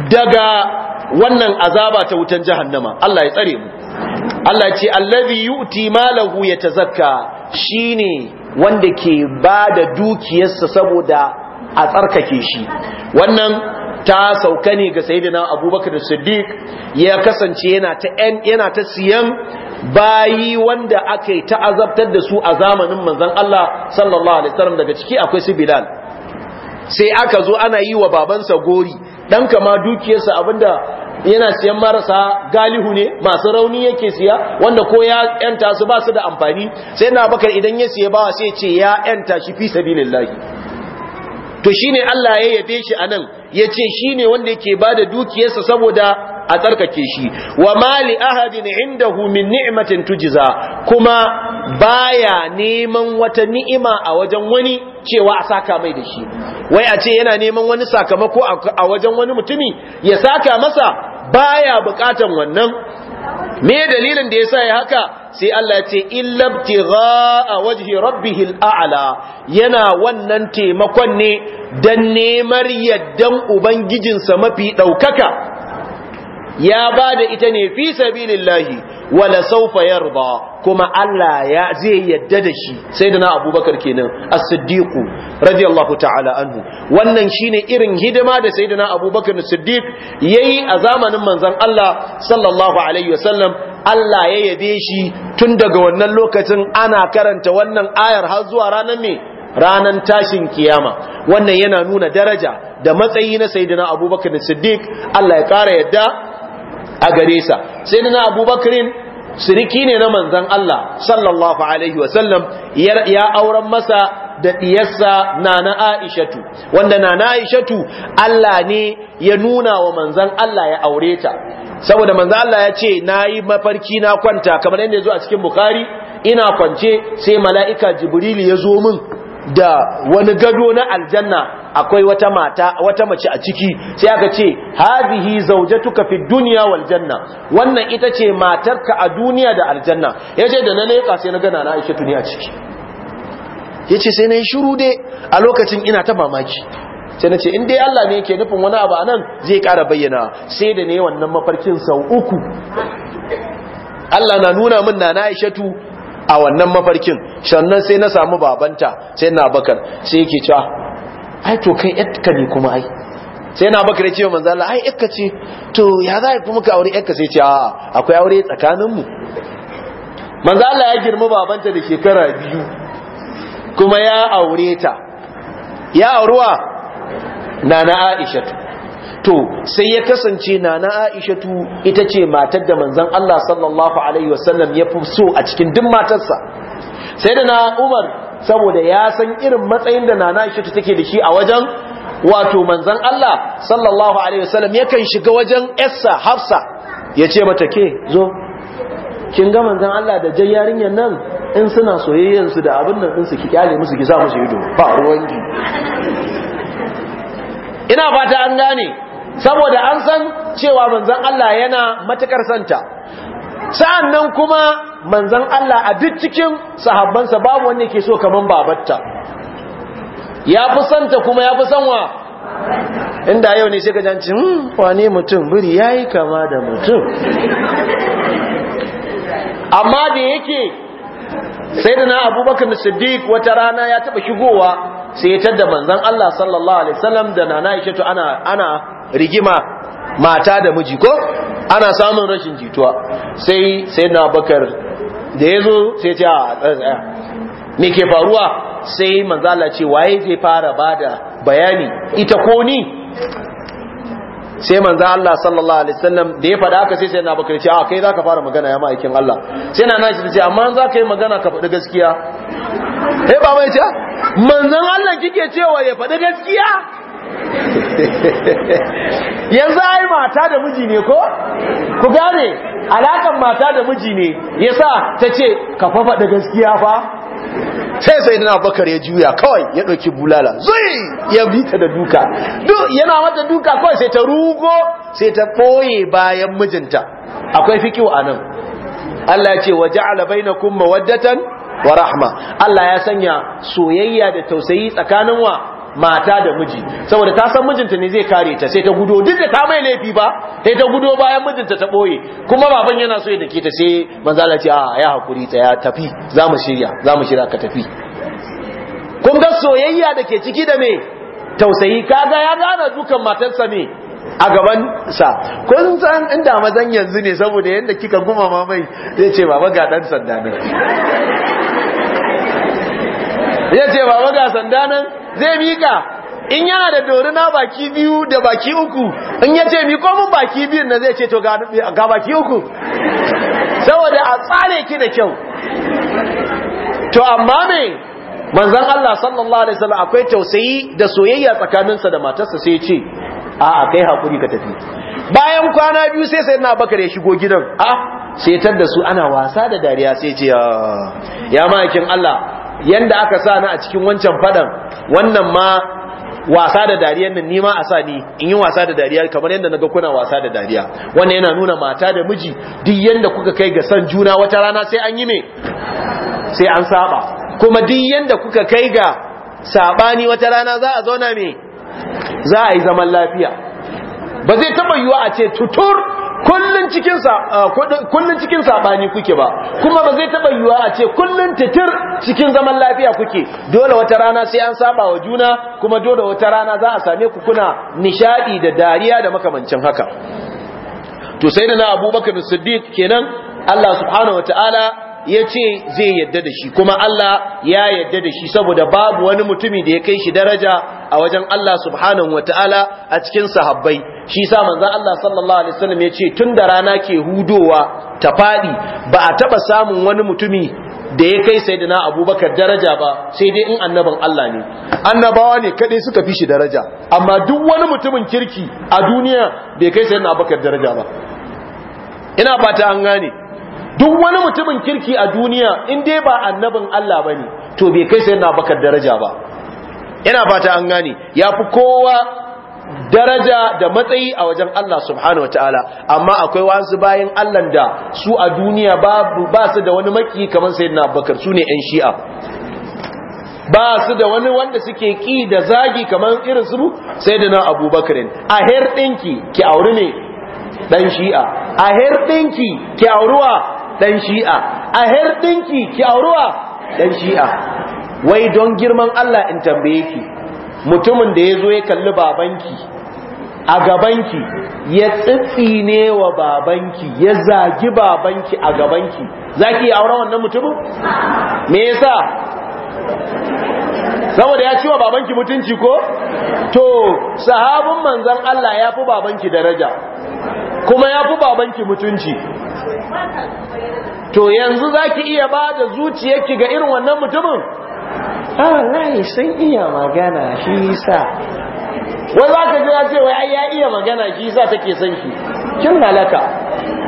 daga wannan azaba ta wutan jahannama Allah ya tsare mu Allah ya ce allazi yu'ti malahu yatazakka shine wanda ke bada dukiyarsa saboda a tsarkake shi wannan ta sauka ne ga sayyidina abubakar siddiq ya kasance yana ta yana ta siyan bayi wanda aka yi ta azabtar da su a zamanin manzon Allah sallallahu alaihi wasallam daga ciki akwai su bilal sai aka zo ana yi wa babansa gori dan kama dukiyarsa abinda yana siyan marasa galihu ne masu rauni yake siya wanda ko ya yanta su ba su da amfani sai na bakar idan ya siya bawa sai ce ya yanta shi fi sabilillahi to shine Allah ya yabe shi anan yace ne wanda yake bada dukiyarsa saboda a tsarkake shi wa mali ahadin indahu min ni'matin tujza kuma baya neman wata ni'ima a wajen wani cewa a saka mai da shi wai a ce yana neman wani sakamako a wajen wani mutumi ya saka masa baya bukatan wannan me dalilin da ya sa ya haka sai Allah ya ce illabtigha wajhi rabbihil a'la yana wannan taimakon ne dan nemar yaddan ubangijinsa mafi daukaka ya ba da ita ne fi sabilillahi wala saufa yarda kuma Allah ya zai yadda da shi sayyidina Abubakar kenan as-siddiq radiyallahu ta'ala anhu wannan shine irin hidima da sayyidina Abubakar as-siddiq yayi a zamanin manzon Allah sallallahu alaihi wasallam Allah ya yabe shi tun daga wannan lokacin ana karanta wannan ayar har zuwa ranar me ranan tashin kiyama wannan yana nuna daraja da matsayi na sayyidina Abubakar as-siddiq Allah ya kara yadda a gare sa sai na abubakarin siriki ne na manzan Allah sallallahu alaihi wasallam ya auren masa da ɗiyarsa nana Aishatu wanda nana Aishatu Allah ne ya nuna wa manzan Allah ya aure ta saboda manzan Allah ya ce nayi mafarki na kwanta kamar yadda zo a cikin Bukhari ina kwance sai mala'ika Jibril ya zo min da wani gado na aljanna akwai wata mata wata mace a ciki sai aka ce hadhihi zawjatuka fi dunya wal janna wannan ita ce matarka a duniya da aljanna yace da na leka sai na gana na Aisha tuni a ciki yace sai na yi shiru dai a lokacin ina ta mamaki sai na ce in dai Allah ne yake nufin wani abu anan zai ƙara bayyana sai da ne wannan mafarkin sau uku Allah na nuna min na Aishatu a wannan mafarkin shannan sai na samu babanta sai na bakar sai yake cewa ai to kai yadda ne kuma ai sai na bakar ya ce wa Manzala, ai yadda ce to ya za kuma ka aure yadda sai ce A, akwai aure tsakaninmu? Manzala ya girma babanta da shekara biyu kuma ya aure ta ya auruwa nana Aisha to sai ya kasance nana aishatu ita ce matar da manzan Allah sallallahu alaihi wasallam ya fi so a cikin duk matarsa sai da na umar saboda ya san irin matsayin da nana shi take da shi a wajen wato manzan Allah sallallahu alaihi wasallam yakan shiga wajen Essa Hafsa ya ce mata ke zo kin ga manzan Allah da jan yarinyar nan in suna soyayyansu da abin nan ɗinsu su ki kyale musu ki sa musu ido ba ruwanki ina fata an gane saboda an san cewa manzan Allah yana matakar santa sa'an nan kuma manzan Allah a duk cikin sahabbansa babu wanda ke so kamar babatta ya fi santa kuma ya fi sanwa inda yau ne shiga janci hmm, wane mutum biri ya yi kama da mutum amma da yake sai da na abubakar da siddiq wata rana ya taɓa shigowa sai ya tadda manzan Allah sallallahu Alaihi wasallam da na ya ana rigima mata da miji ko ana samun rashin jituwa sai sai na bakar da ya zo sai ce a tsaya me ke faruwa sai manzala ce waye zai fara bada bayani ita ko ni sai Manza Allah sallallahu alaihi wasallam da ya faɗa haka sai sai na bakar ce a kai zaka fara magana ya ma'aikin Allah sai na nashi ce amma za ka yi magana ka faɗi gaskiya eh ba mai ce Manzan Allah kike cewa ya faɗi gaskiya [laughs] yanzu ai mata da miji ne ko ku gane alakan mata da miji ne yasa tace ce ka fafa da gaskiya fa sai sai dana bakar ya juya kawai ya ɗauki bulala zai ya bita da duka duk yana mata duka kawai sai ta rugo sai ta ɓoye bayan mijinta akwai fikiwa anan? Allah ya ce wa ja'ala bainakum mawaddatan wa rahma Allah ya sanya soyayya da tausayi tsakanin wa mata da miji saboda ta san mijinta ne zai kare ta sai ta gudo duk da ta mai laifi ba sai ta gudo bayan mijinta ta boye kuma baban yana so ya dake ta sai manzo Allah ce a ah, ya hakuri ya tafi zamu shirya zamu shirya ka tafi kun ga soyayya da ke ciki da me tausayi kaga ya gane dukan matarsa ne a gaban sa kun san inda mazan yanzu ne saboda yanda kika ma mai zai ce baba ga dan sanda ne ya [laughs] ce baba ga sanda nan zai mika in yana da dorina baki biyu da baki uku in ya ce miko mun baki biyun na zai ce to ga baki uku saboda a tsare ki da kyau to amma me manzon Allah sallallahu alaihi wasallam akwai tausayi da soyayya tsakaninsa da matarsa sai ce a a kai haƙuri ka tafi bayan kwana biyu sai na Bakar ya shigo gidan ah, a setar da su ana wasa da dariya sai ce ya ma'aikin Allah yanda aka sa ni a cikin wancan fadan wannan ma wasa da dariyar nan nima a sa ni in yi wasa da dariya kamar yadda naga kuna wasa da dariya wannan yana nuna mata da miji duk yanda kuka kai ga san juna wata rana sai an yi me sai an saba kuma duk yanda kuka kai ga sabani wata rana za a zauna mai, za a yi zaman lafiya ba zai taba yiwa a ce tutur Ah, kullun cikin saɓani kuke ba kuma ba zai taba yiwuwa a ce kullun titir cikin zaman lafiya kuke dole wata rana sai an saɓa wa juna kuma dole wata rana za a same ku kuna nishaɗi da dariya da makamancin haka to sai da na Abubakar Siddiq kenan Allah subhanahu wataala ya ce zai yadda da shi kuma Allah ya yadda da shi saboda babu wani mutumi da ya kai shi daraja a wajen Allah subhanahu ta'ala a cikin sahabbai shi sa manzon Allah sallallahu alaihi wasallam ya ce tun da rana ke hudowa ta fadi ba a taba samun wani mutumi da ya kai sayyidina Abubakar daraja ba sai dai in annabin Allah ne annabawa ne kadai suka fi shi daraja amma duk wani mutumin kirki a duniya bai kai sayyidina Abubakar daraja ba ina fata an gane duk wani mutumin kirki a duniya in dai ba annabin Allah bane to bai kai sayyidina Abubakar daraja ba ina fata an gane yafi kowa daraja da matsayi a wajen Allah subhanahu wataala amma akwai wasu bayan Allah da su a duniya babu ba su da wani maki kamar sayyidina Abubakar su ne 'yan Shi'a ba su da wani wanda suke ki da zagi kamar irin su sayyidina Abubakar a her dinki ki auri ne dan Shi'a a her dinki ki auruwa dan Shi'a a her dinki ki auruwa dan Shi'a wai don girman Allah in tambaye ki mutumin da ya zo ya kalli babanki a gabanki ya tsitsine wa babanki ya zagi babanki a gabanki za ki yi auren wannan mutumin? me yasa saboda ya ci wa babanki mutunci ko? to sahabin manzan Allah ya fi babanki daraja kuma ya fi babanki mutunci to yanzu za ki iya ba da zuciyarki ga irin wannan mutumin? a wallahi sun iya magana shi sa wani za ka jira ce wai ai ya iya magana shi sa take son shi kin halaka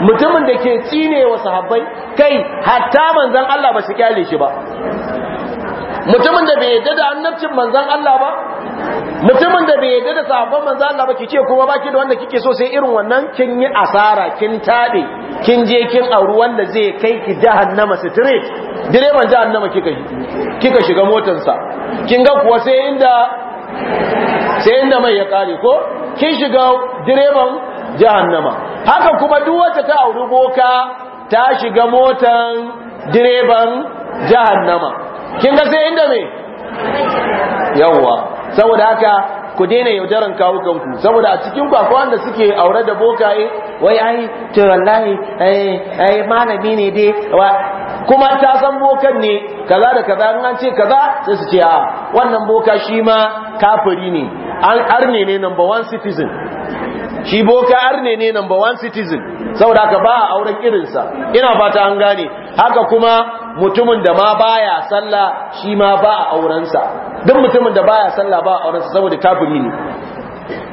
mutumin da ke tsine wa sahabbai kai hatta manzon Allah ba su kyale shi ba mutumin da bai yadda da annabcin manzon Allah ba mutumin da bai yadda da sabon manzo Allah ba ce kuma baki da wanda kike so sai irin wannan kin yi asara kin tade kin je kin auri wanda zai kai ki jahannama straight direban jahannama kika kika shiga motar sa kin ga kuwa sai inda sai inda mai ya kare ko kin shiga direban jahannama haka kuma duk wacce ta auri boka ta shiga motan direban jahannama kin ga sai inda me yawwa saboda haka ku daina yaudaran kawo kanku saboda a cikin ku akwai suke aure da bokaye wai ai to wallahi ai malami ne dai kuma ta san bokan ne kaza da kaza in an ce kaza sai su ce a ah, wannan boka shi ma kafiri ne an arne ne number one citizen shi boka arne ne number one citizen saboda haka ba a auren irinsa ina fata an gane haka kuma mutumin da ma baya salla shi ma ba a aurensa duk mutumin da baya sallah ba a aurensa saboda kafiri ne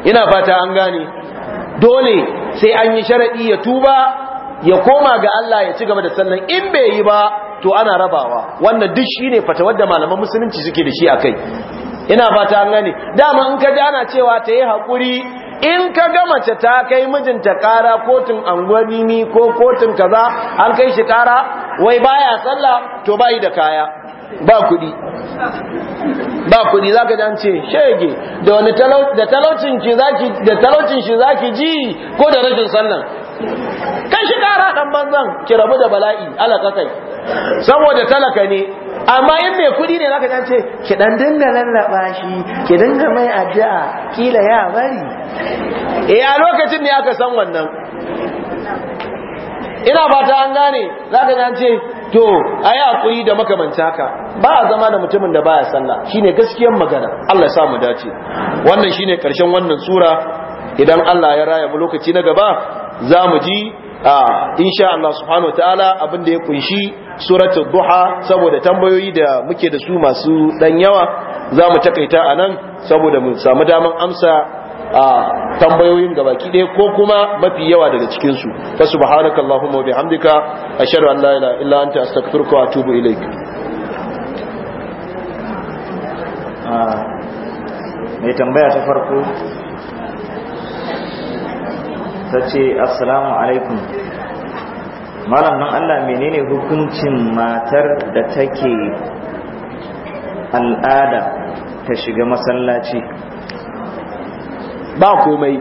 ina fata an gane dole sai an yi sharadi ya tuba ya koma ga Allah ya ci gaba da sallan in bai yi ba to ana rabawa wannan duk shine fata wadda malaman musulunci suke da shi akai ina fata an gane dama in ka ji ana cewa ta yi hakuri in ka ga mace ta kai mijinta kara kotun angwani ko kotun kaza an kai shi kara wai baya sallah to bai da kaya ba kudi ba kudi zaka dan an ce shege da wani da talaucin ki zaki da talaucin shi zaki ji ko da rashin sallan kai shi kara dan banzan ki rabu da bala'i alaka kai saboda talaka ne amma in mai kuɗi ne zaka ce ki dan dinga lallaba shi ki dinga mai addu'a kila ya bari eh a lokacin ne aka san wannan ina fata an gane zaka ga ce to ayi hakuri da makamanta ka ba a zama da mutumin da baya sallah shine gaskiyar magana Allah ya sa mu dace wannan shine karshen wannan sura idan Allah ya raya mu lokaci na gaba za mu ji a insha Allah subhanahu wataala abin da ya kunshi suratul duha saboda tambayoyi da muke da su masu dan yawa za mu takaita nan saboda mu samu daman amsa a tambayoyin baki ɗaya ko kuma mafi yawa daga cikin su fa subhanakallahumma wa bihamdika ashhadu an la ilaha illa anta astaghfiruka wa atubu ilaik mai tambaya ta farko ta ce assalamu alaikum malam nan allah menene hukuncin matar da take al'ada ta shiga masallaci ba komai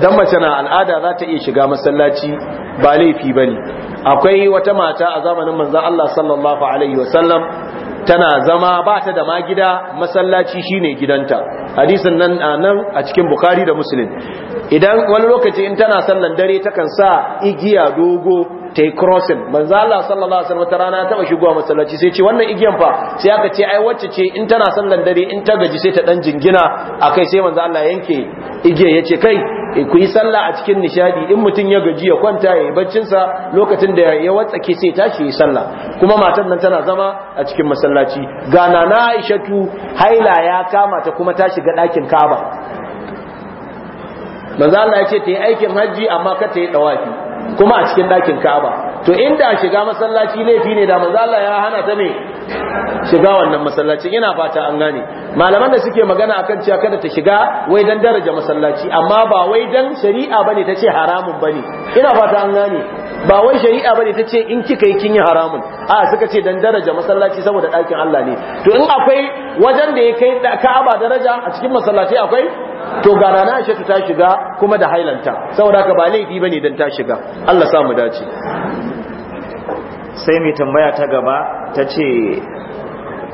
don mace na al'ada za ta iya shiga masallaci ba laifi ba ne akwai wata mata a zamanin manzan allah sallallahu alaihi wasallam tana zama ba ta da ma gida masallaci shine gidanta hadisin nan a nan a cikin bukhari da muslim idan wani lokaci in tana sallan dare takan sa igiya dogo ta yi crossing manzo Allah sallallahu alaihi wasallam rana ta shigowa masallaci sai ce wannan igiyan fa sai aka ce ai wacce ce in tana sallan dare in ta gaji sai ta dan jingina akai sai manzo Allah yanke ya ce kai ku yi sallah a cikin nishadi in mutum ya gaji ya kwanta ya yi baccin sa lokacin da ya watsake sai tashi yi sallah kuma matan nan tana zama a cikin masallaci ga na Aishatu haila ya kama ta kuma ta shiga ɗakin kaba. manzo Allah ya ce ta yi aikin hajji amma ka ta yi dawafi kuma a cikin ɗakin Ka'aba to inda shiga masallaci laifi ne da manzo Allah ya hana ta me shiga wannan masallacin ina fata an gane malaman da suke magana akan cewa kada ta shiga wai dan daraja masallaci amma ba wai dan shari'a bane tace haramun bane ina fata an gane ba wai shari'a bane tace in kika yi kin yi haramun a suka ce dan daraja masallaci saboda ɗakin Allah ne to in akwai wajen da ya kai Ka'aba daraja a cikin masallaci akwai to ga rana Aisha ta shiga kuma da hailanta saboda ka ba laifi bane dan ta shiga Allah sa mu dace sai mai tambaya ta gaba ta ce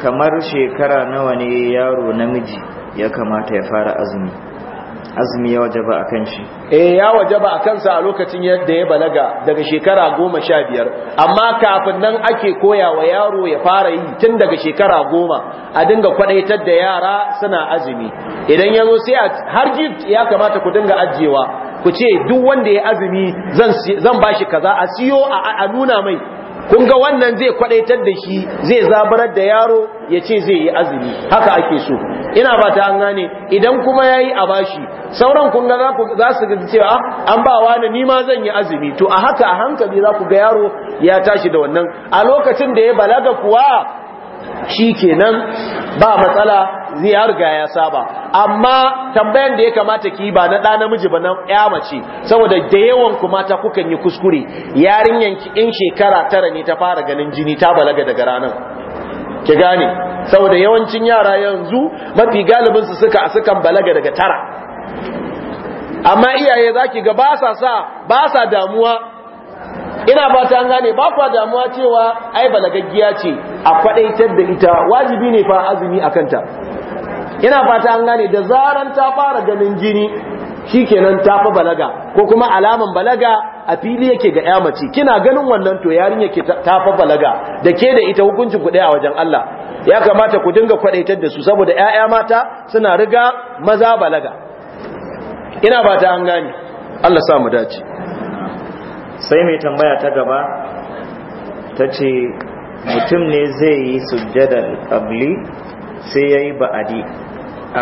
kamar shekara nawa ne yaro namiji ya kamata ya fara azumi azumi ya wajaba a kan shi eh ya wajaba a kansa a lokacin yadda ya balaga daga shekara goma sha biyar amma kafin nan ake koya wa yaro ya fara yi tun daga shekara goma a dinga kwadaitar da yara suna azumi idan ya zo sai har gift ya kamata ku dinga ajiyewa ku ce duk wanda ya azumi zan ba shi kaza a siyo a nuna mai kun ga wannan zai kwadaitar da shi zai zabarar da yaro ya ce zai yi azumi haka ake so ina ba ta an gane idan kuma ya yi a bashi sauran kunga ga za su ga cewa ah, an ba wa ni ma zan yi azumi to a haka a hankali za ku ga yaro ya tashi da wannan a lokacin da ya balaga kuwa shi kenan ba matsala zai harga ya saba amma tambayan da ya kamata ki ba na ɗa namiji ba na ya mace saboda da yawan ku mata kukan yi kuskure yarinyan ki in shekara tara ne ta fara ganin jini ta balaga daga ranar ki gane saboda yawancin yara yanzu mafi galibinsu su suka sukan balaga daga tara amma iyaye za ki ga ba sa sa ba sa damuwa ina ba ta gane ba kwa damuwa cewa ai balagaggiya ce a kwadaitar da ita wajibi ne fa azumi a kanta ina fata an gane da zaran ta fara ganin jini shikenan ta fa balaga ko kuma alaman balaga a fili yake ga ya mace kina ganin wannan to yarin yake ta fa balaga da ke da ita hukuncin ku a wajen Allah ya kamata ku dinga kwadaitar da su saboda 'ya'ya mata suna riga maza balaga ina fata an gane Allah sa mu dace sai mai tambaya ta gaba ta ce mutum ne zai yi sujjadar ƙabli sai ya yi ba'adi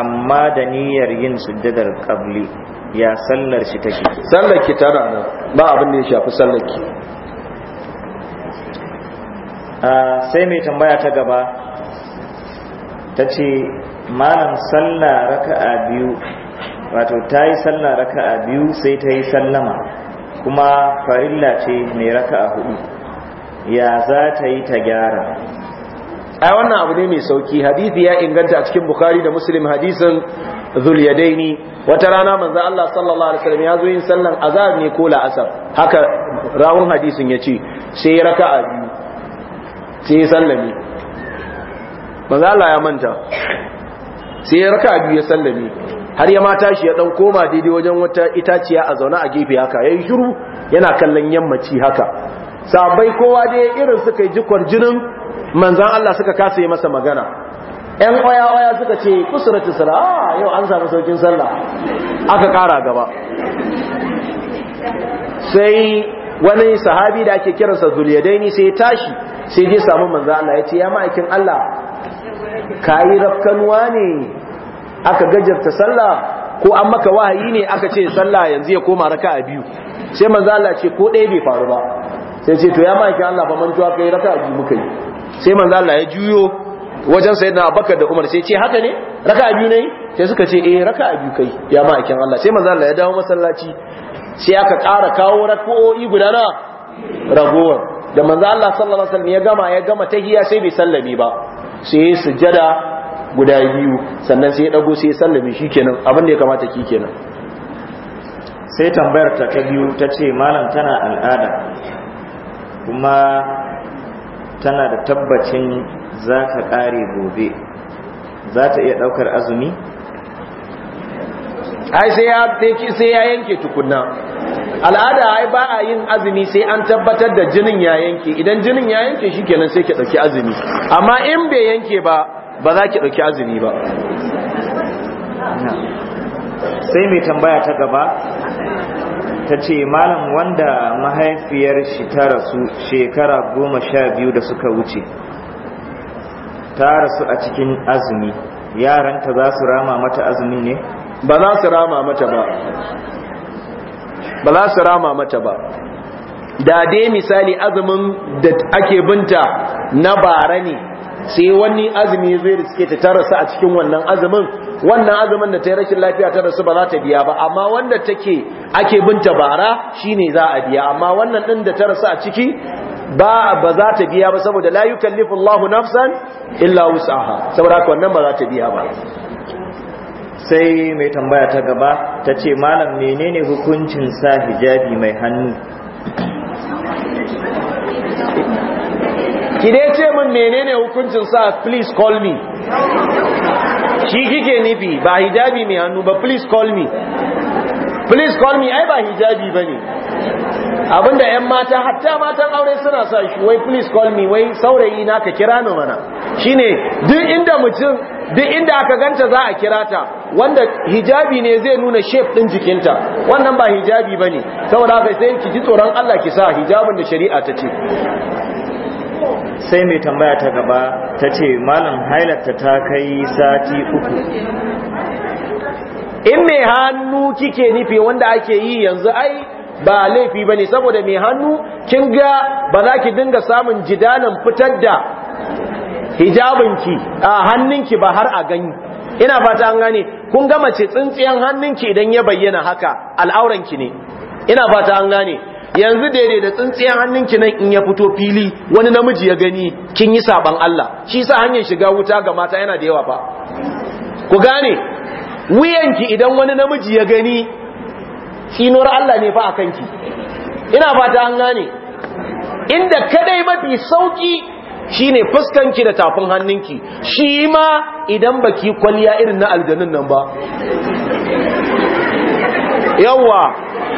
amma da niyyar yin sujjadar ƙabli ya sallar shi take sallar ki tara na ba abin da ya shafi sallar ki sai mai tambaya ta gaba ta ce malam sallar raka'a biyu wato ta yi sallah raka'a biyu sai ta yi sallama kuma farilla ce mai raka a hudu ya za ta yi ta gyara a wannan abu ne mai sauki hadithi ya inganta a cikin bukari da muslim hadisin zuliyadaini wata rana manzo Allah sallallahu alaihi wasallam ya zo yin sallan azhar ne ko la'asar haka rawun hadisin yace sai raka'a biyu sai sallami manzo Allah ya manta sai raka'a biyu ya sallami har ya mata shi ya dan koma daidai wajen wata itaciya a zaune a gefe haka yayin shiru yana kallon yammaci haka sabai kowa dai irin suka yi jikon jinin manzan Allah suka kasa yi masa magana ƴan oya oya suka ce kusuratu sala ah, yau an sami saukin sallah aka kara gaba sai wani sahabi da ake kiransa zuliyadaini sai tashi sai je samu manzan Allah ya ce ya ma'aikin Allah kayi rafkanuwa ne aka gajarta sallah ko an maka wahayi ne aka ce sallah yanzu ya koma raka'a biyu sai manzo Allah ce ko ɗaya bai faru ba sai ce to ya maki Allah fa mantuwa kai raka'a biyu muka yi sai manzo Allah ya juyo wajen sayyidina Abubakar da Umar sai ce haka ne raka'a biyu ne sai suka ce eh raka'a biyu kai ya maki Allah sai manzo Allah ya dawo masallaci sai aka ƙara kawo rak'o'i guda na ragowar da manzo Allah sallallahu alaihi wasallam ya gama ya gama tahiyya sai bai sallami ba sai sujada guda biyu sannan sai ya dago sai ya sallame shi kenan abin da ya kamata ki kenan sai tambayar ta ta biyu ta ce malam tana al'ada kuma tana da tabbacin za ka kare gobe za ta iya daukar azumi ai sai ya sai ya yanke tukunna al'ada ai ba a yin azumi sai an tabbatar da jinin ya yanke idan jinin ya yanke shikenan sai ke dauki azumi amma in bai yanke ba ba za ki ɗauki azumi ba sai mai tambaya ta gaba ta ce malam wanda mahaifiyar shi ta rasu shekara goma sha biyu da suka wuce ta rasu a cikin azumi yaranta za su rama mata azumi ne ba za su rama mata ba ba za su rama mata ba da dai misali azumin da ake binta na bara ne sai wani azumi zai riske ta tarasa a cikin wannan azumin wannan azumin da ta yi rashin lafiya ta rasu ba za ta biya ba amma wanda take ake binta bara shine za a biya amma wannan din da ta rasu a ciki ba ba za ta biya ba saboda la yukallifu Allah nafsan illa wus'aha saboda haka wannan ba za ta biya ba sai mai tambaya ta gaba ta ce malam menene hukuncin sa hijabi mai hannu ki dai ce min menene hukuncin sa please call me shi kike nufi ba hijabi mai hannu ba please call me please call me ai ba hijabi ba ne abinda yan mata hatta matan aure suna sa shi wai please call me wai saurayi na ka kira ni mana shine duk inda mutum duk inda aka ganta za a kira ta wanda hijabi ne zai nuna shape din jikinta wannan ba hijabi bane saboda haka sai ki ji tsoron Allah ki sa hijabin da shari'a ta ce sai mai tambaya ta gaba ta ce malam hailarta ta kai sati uku in mai hannu kike nufi wanda ake yi yanzu ai ba laifi ba ne saboda mai hannu kin ga ba za ki dinga samun jidanan fitar da hijabinki a hannunki ba har a gani ina fata an gane kun gama mace tsintsiyan hannunki idan ya bayyana haka al'auranki ne ina fata an gane yanzu daidai da tsintsiyan hannunki nan in ya fito fili wani namiji ya gani kin yi saban Allah shi sa hanyar shiga wuta ga mata yana da yawa fa ku gane wuyanki idan wani namiji ya gani tsinuwar Allah ne fa a kanki ina fata an gane inda kadai mafi sauki shine fuskanki da tafin hannunki shi ma idan baki kwalliya irin na aljanun nan ba yawa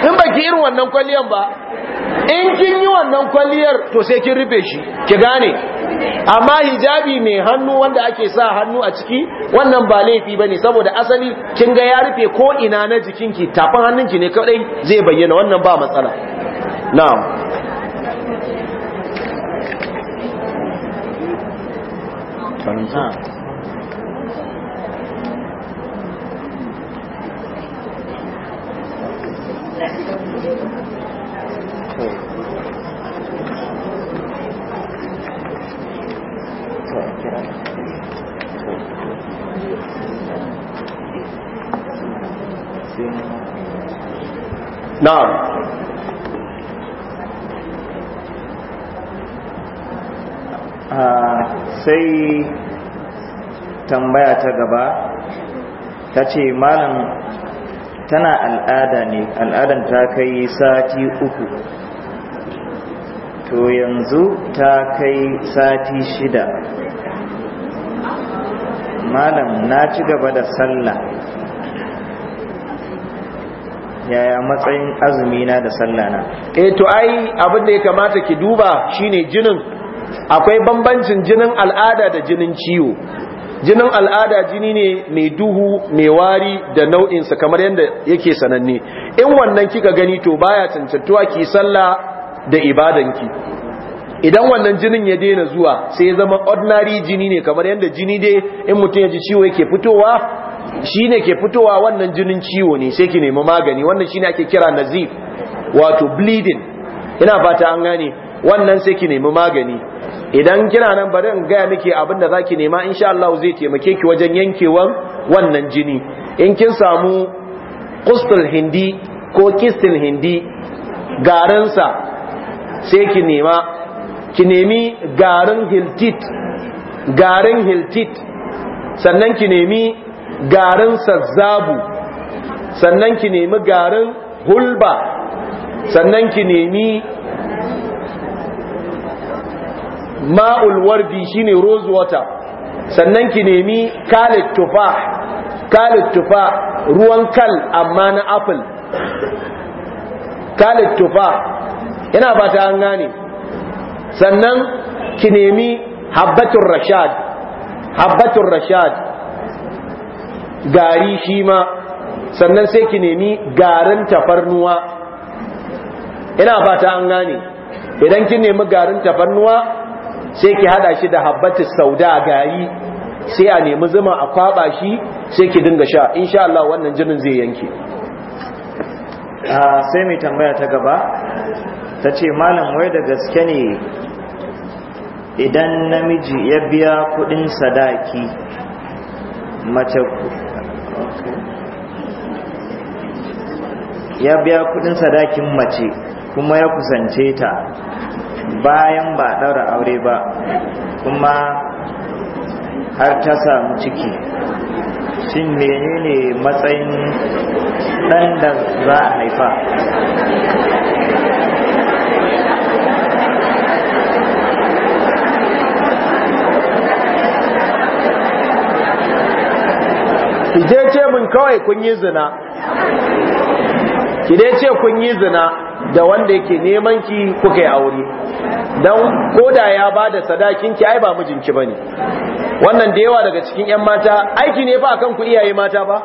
in baki irin wannan kwalliyan ba in kin yi wannan kwalliyar to sai kin rufe shi ki gane amma hijabi mai hannu wanda ake sa hannu a ciki wannan ba laifi bane saboda asali kin ga ya rufe ko ina na jikinki tafin hannunki ne kadai zai bayyana wannan ba matsala na'am Thank you. Ah, sai tambaya ta gaba ta ce malam tana al'ada ne al'adan ta kai sati uku to yanzu ta kai sati shida malam na ci gaba da sallah yaya matsayin azumi na da sallah na E, eh, to ai abin da ya kamata ki duba shine jinin akwai bambancin jinin al'ada da jinin ciwo jinin al'ada jini ne mai duhu mai wari da nau'insa kamar yadda yake sananne in wannan kika gani to baya cancantuwa ki sallah da ibadan ki. idan wannan jinin ya daina zuwa sai ya zama ordinary jini ne kamar yadda jini dai in mutum ya ji ciwo yake fitowa shi ne ke fitowa wannan jinin ciwo ne sai ki nemi magani wannan shi ne ake kira nazif wato bleeding ina fata an gane wannan sai ki nemi magani idan kina nan bari in gaya miki abin da za ki nema insha Allah zai taimake ki wajen yankewan wannan jini in kin samu kustul hindi ko kistin hindi garinsa sai ki nema ki nemi garin hiltit garin hiltit sannan ki nemi garin sazzabu sannan ki nemi garin hulba sannan ki nemi ma'ul wardi shine rose water sannan ki nemi kalit tufa kalit tufa ruwan kal amma na apple kalit tufa. ina ba ta an gane sannan ki nemi habbatun rashad habbatun rashad gari shi ma sannan sai ki nemi garin tafarnuwa ina ba ta an gane idan ki nemi garin tafarnuwa sai ki hada shi da habbatun sauda gari sai a nemi zuma a kwaba shi sai ki dinga sha insha Allah wannan jinin zai yanke ah, sai mai tambaya ta gaba ta ce malam wai da gaske ne idan namiji ya biya kudin sadaki mace ya biya kudin sadakin mace kuma ya kusance ta bayan ba daura aure ba kuma har ta samu ciki shin menene matsayin ɗan da za a haifa ki dai ce mun kawai kun yi zina ki dai ce kun yi zina da wanda yake neman ki kuka yi aure dan koda ya bada sadakin ki ai ba mijinki bane wannan da yawa daga cikin yan mata aiki ne fa akan ku iyaye mata ba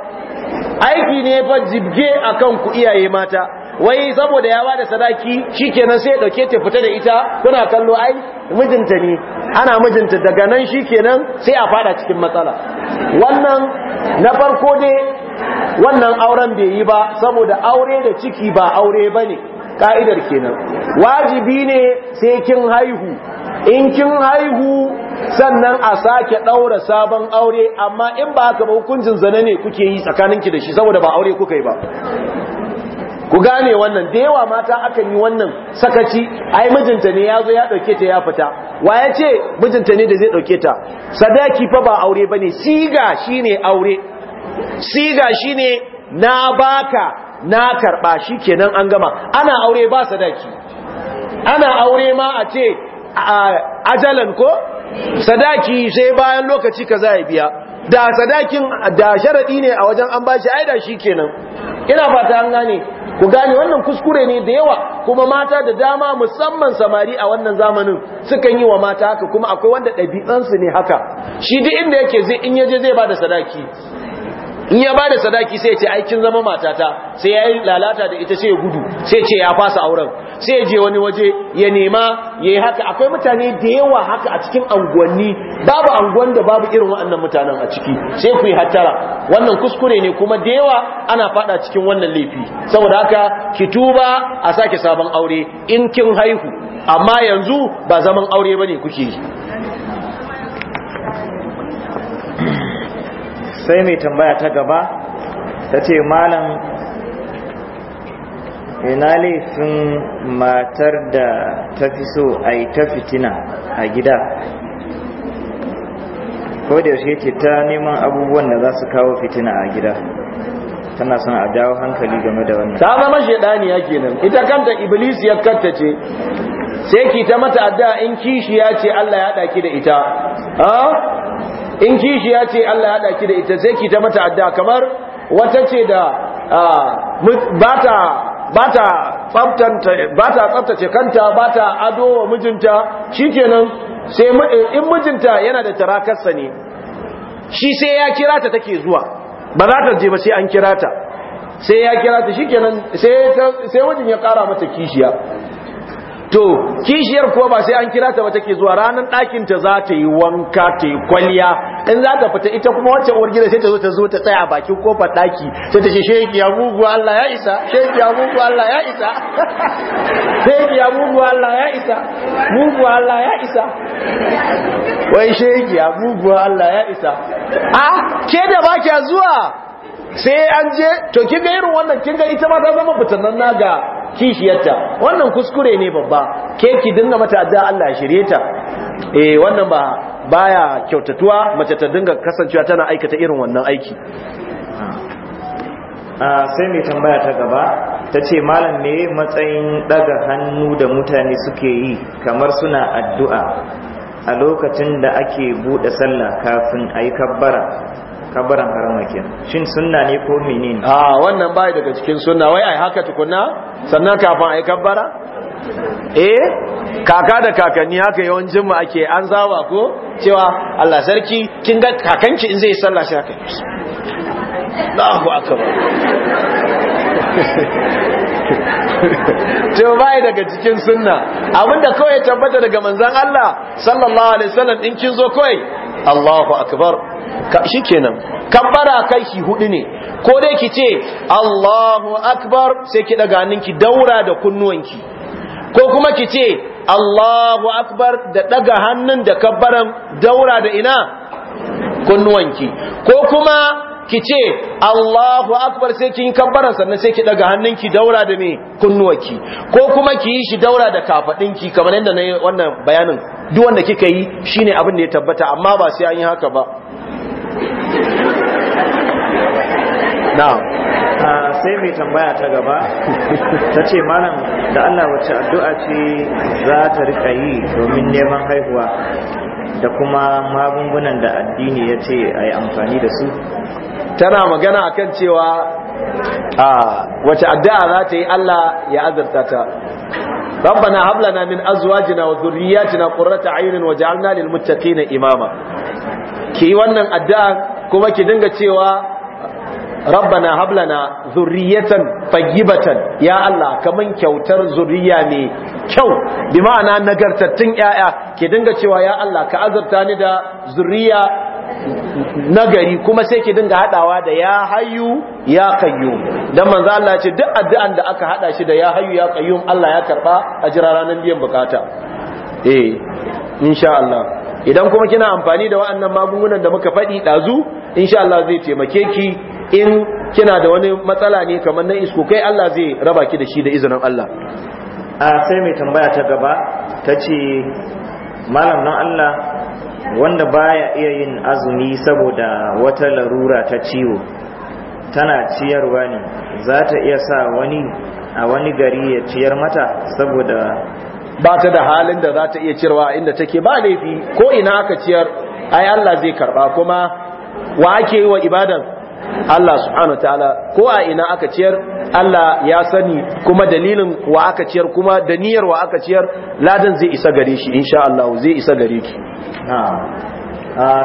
aiki ne fa jibge akan ku iyaye mata wai saboda ya bada sadaki shi shikenan sai ya dauke ta fita da ita kuna kallo ai mijinta ne ana mijinta daga nan shi shikenan sai a fada cikin matsala wannan na farko dai wannan auren bai yi ba saboda aure da ciki ba aure bane ka'idar kenan wajibi ne sai kin haihu in kin haihu sannan a sake daura sabon aure amma in ba haka ba hukuncin zane ne kuke yi tsakaninki da shi saboda ba aure kuka yi ba ku gane wannan da yawa mata akan yi wannan sakaci ai mijinta ne ya zo ya dauke ta ya fita wa ya ce mijinta ne da zai dauke ta sadaki fa ba aure bane siga shine aure siga shine na baka na karba shikenan an gama ana aure ba sadaki ana aure ma a ce ajalan ko sadaki sai bayan lokaci kaza ya biya da sadakin da sharadi ne a wajen an bashi ai da shikenan ina fata an gane ku gane wannan kuskure ne da yawa kuma mata da dama musamman samari a wannan zamanin sukan yi wa mata haka kuma akwai wanda ɗabi'ansu ne haka shi duk inda yake zai in yaje zai ba da sadaki in ya bada sadaki sai ya ce aikin zama matata sai ya yi lalata da ita sai ya gudu sai ce ya fasa auren sai ya je wani waje ya nema ya yi haka akwai mutane da yawa haka a cikin anguwanni babu anguwan da babu irin wa'annan mutanen a ciki sai ku yi hattara wannan kuskure ne kuma da yawa ana fada cikin wannan laifi saboda haka ki tuba a sake sabon aure in kin haihu amma yanzu ba zaman aure bane kuke yi sai mai tambaya ta gaba ta ce malam ina laifin matar da ta fi so a yi ta fitina a gida ko da yaushe ce ta neman abubuwan da za su kawo fitina a gida tana son a dawo hankali game da wannan ta zama shaidaniya kenan ita kanta iblis ya karta ce sai ki ta mata adda in kishi ya ce Allah ya daki da ita ah? in kishiya ce Allah ya haɗa da ita sai ki ta mata adda kamar wata ce da bata ta tsaftace kanta bata ado wa mijinta shikenan sai in mijinta yana da tarakarsa ne shi sai ya kira ta take zuwa ba za ta je ba sai an kira ta sai ya kira ta shikenan sai sai wajen ya kara mata kishiya to kishiyar kuwa ba sai an kira ta ba take zuwa ranar ɗakin ta za ta yi wanka ta yi kwalliya in za ta fita ita kuma wacce uwar gida sai ta zo ta zo ta tsaya a bakin kofar ɗaki sai ta ce sheki ya mugu Allah ya isa sheki ya mugu Allah ya isa sheki ya mugu Allah ya isa mugu Allah ya isa wai sheki ya mugu Allah ya isa a ke da ba zuwa sai an je to kin ga irin wannan kin ga ita ma ta zama fitannan naga kishiyarta wannan kuskure ne babba ke ki dinga mata da Allah ya shirye ta eh wannan ba baya kyautatuwa mace ta dinga kasancewa tana aikata irin wannan aiki sai mai tambaya ta gaba ta ce malam ne matsayin daga hannu da mutane suke yi kamar suna addu'a a lokacin da ake buɗe sallah kafin ayi yi kabbara kabaran harama ke shin sunna ne ko menene a wannan bai daga cikin sunna wai ai haka tukunna sannan kafin ai kabbara eh kaka da kakanni haka yawancin mu ake an zawa ko cewa Allah sarki kin ga kakanki in zai sallah shi haka Allahu akbar [laughs] to daga cikin sunna abinda kawai tabbata daga manzon Allah sallallahu alaihi wasallam in kin zo kawai Allahu akbar shikenan kabbara kai shi hudu ne ko dai ki ce Allahu akbar sai ki daga hannunki daura da kunnuwanki ko kuma ki ce Allahu akbar da daga hannun da kabbaran daura da ina kunnuwanki ko kuma ki ce Allahu akbar sai kin kabbara sannan sai ki daga hannunki daura da me kunnuwaki ko kuma ki yi shi daura da kafadinki kamar yadda na wannan bayanin duk wanda kika yi shine abin da ya tabbata amma ba sai an yi haka ba [laughs] na ah, sai mai tambaya ta gaba [laughs] ta ce malam da Allah wacce addu'a ce za ta rika yi domin neman haihuwa da kuma magungunan da addini ya ce a yi amfani da su tana magana akan cewa a wace addu'a za ta yi Allah ya azurta ta ربنا هب لنا من ازواجنا وذرياتنا قرة اعين واجعلنا للمتقين imama. ki wannan addu'a kuma ki dinga cewa rabbana hab lana zurriyatan tayyibatan ya Allah kaman kyautar zuriya ne kyau bi ma'ana nagartattun yaya ki dinga cewa ya Allah ka azurta ni da zuriya nagari kuma sai ki dinga hadawa da ya hayu ya qayyum dan manzo Allah ce duk addu'an da aka hada shi da ya hayu ya qayyum Allah ya karba a jira ranar biyan bukata eh insha Allah idan kuma kina amfani da wa'annan magungunan da muka faɗi dazu insha Allah zai taimake ki in kina da wani matsala ne kamar na isko kai Allah zai raba ki da shi da izinin Allah a sai mai tambaya ta gaba tace ce malam nan Allah wanda baya iya yin azumi saboda wata larura ta ciwo tana ciyarwa ne za ta iya sa wani a wani gari ya ciyar mata saboda ba ta da halin da za ta iya ciyarwa inda take ba laifi ko ina aka ciyar ai Allah zai karba kuma wa ake yi wa ibadan Allah subhanahu ta'ala ko a ina aka ciyar Allah ya sani kuma dalilin wa aka ciyar kuma da niyyar wa aka ciyar ladan zai isa gare shi insha Allah zai isa gare ki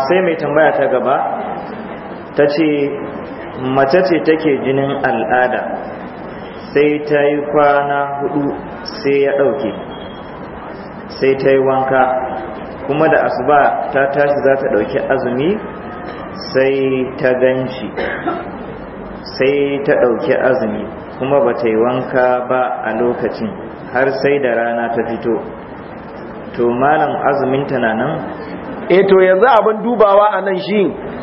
sai mai tambaya ta gaba ta ce mace ce take jinin al'ada sai ta yi kwana hudu sai ya ɗauke sai ta yi wanka kuma da asuba ta tashi za ta ɗauki azumi sai ta gan sai ta ɗauki azumi kuma ba ta yi wanka ba a lokacin har sai da rana ta fito to malam azumin na nan e to yanzu abin dubawa a nan shi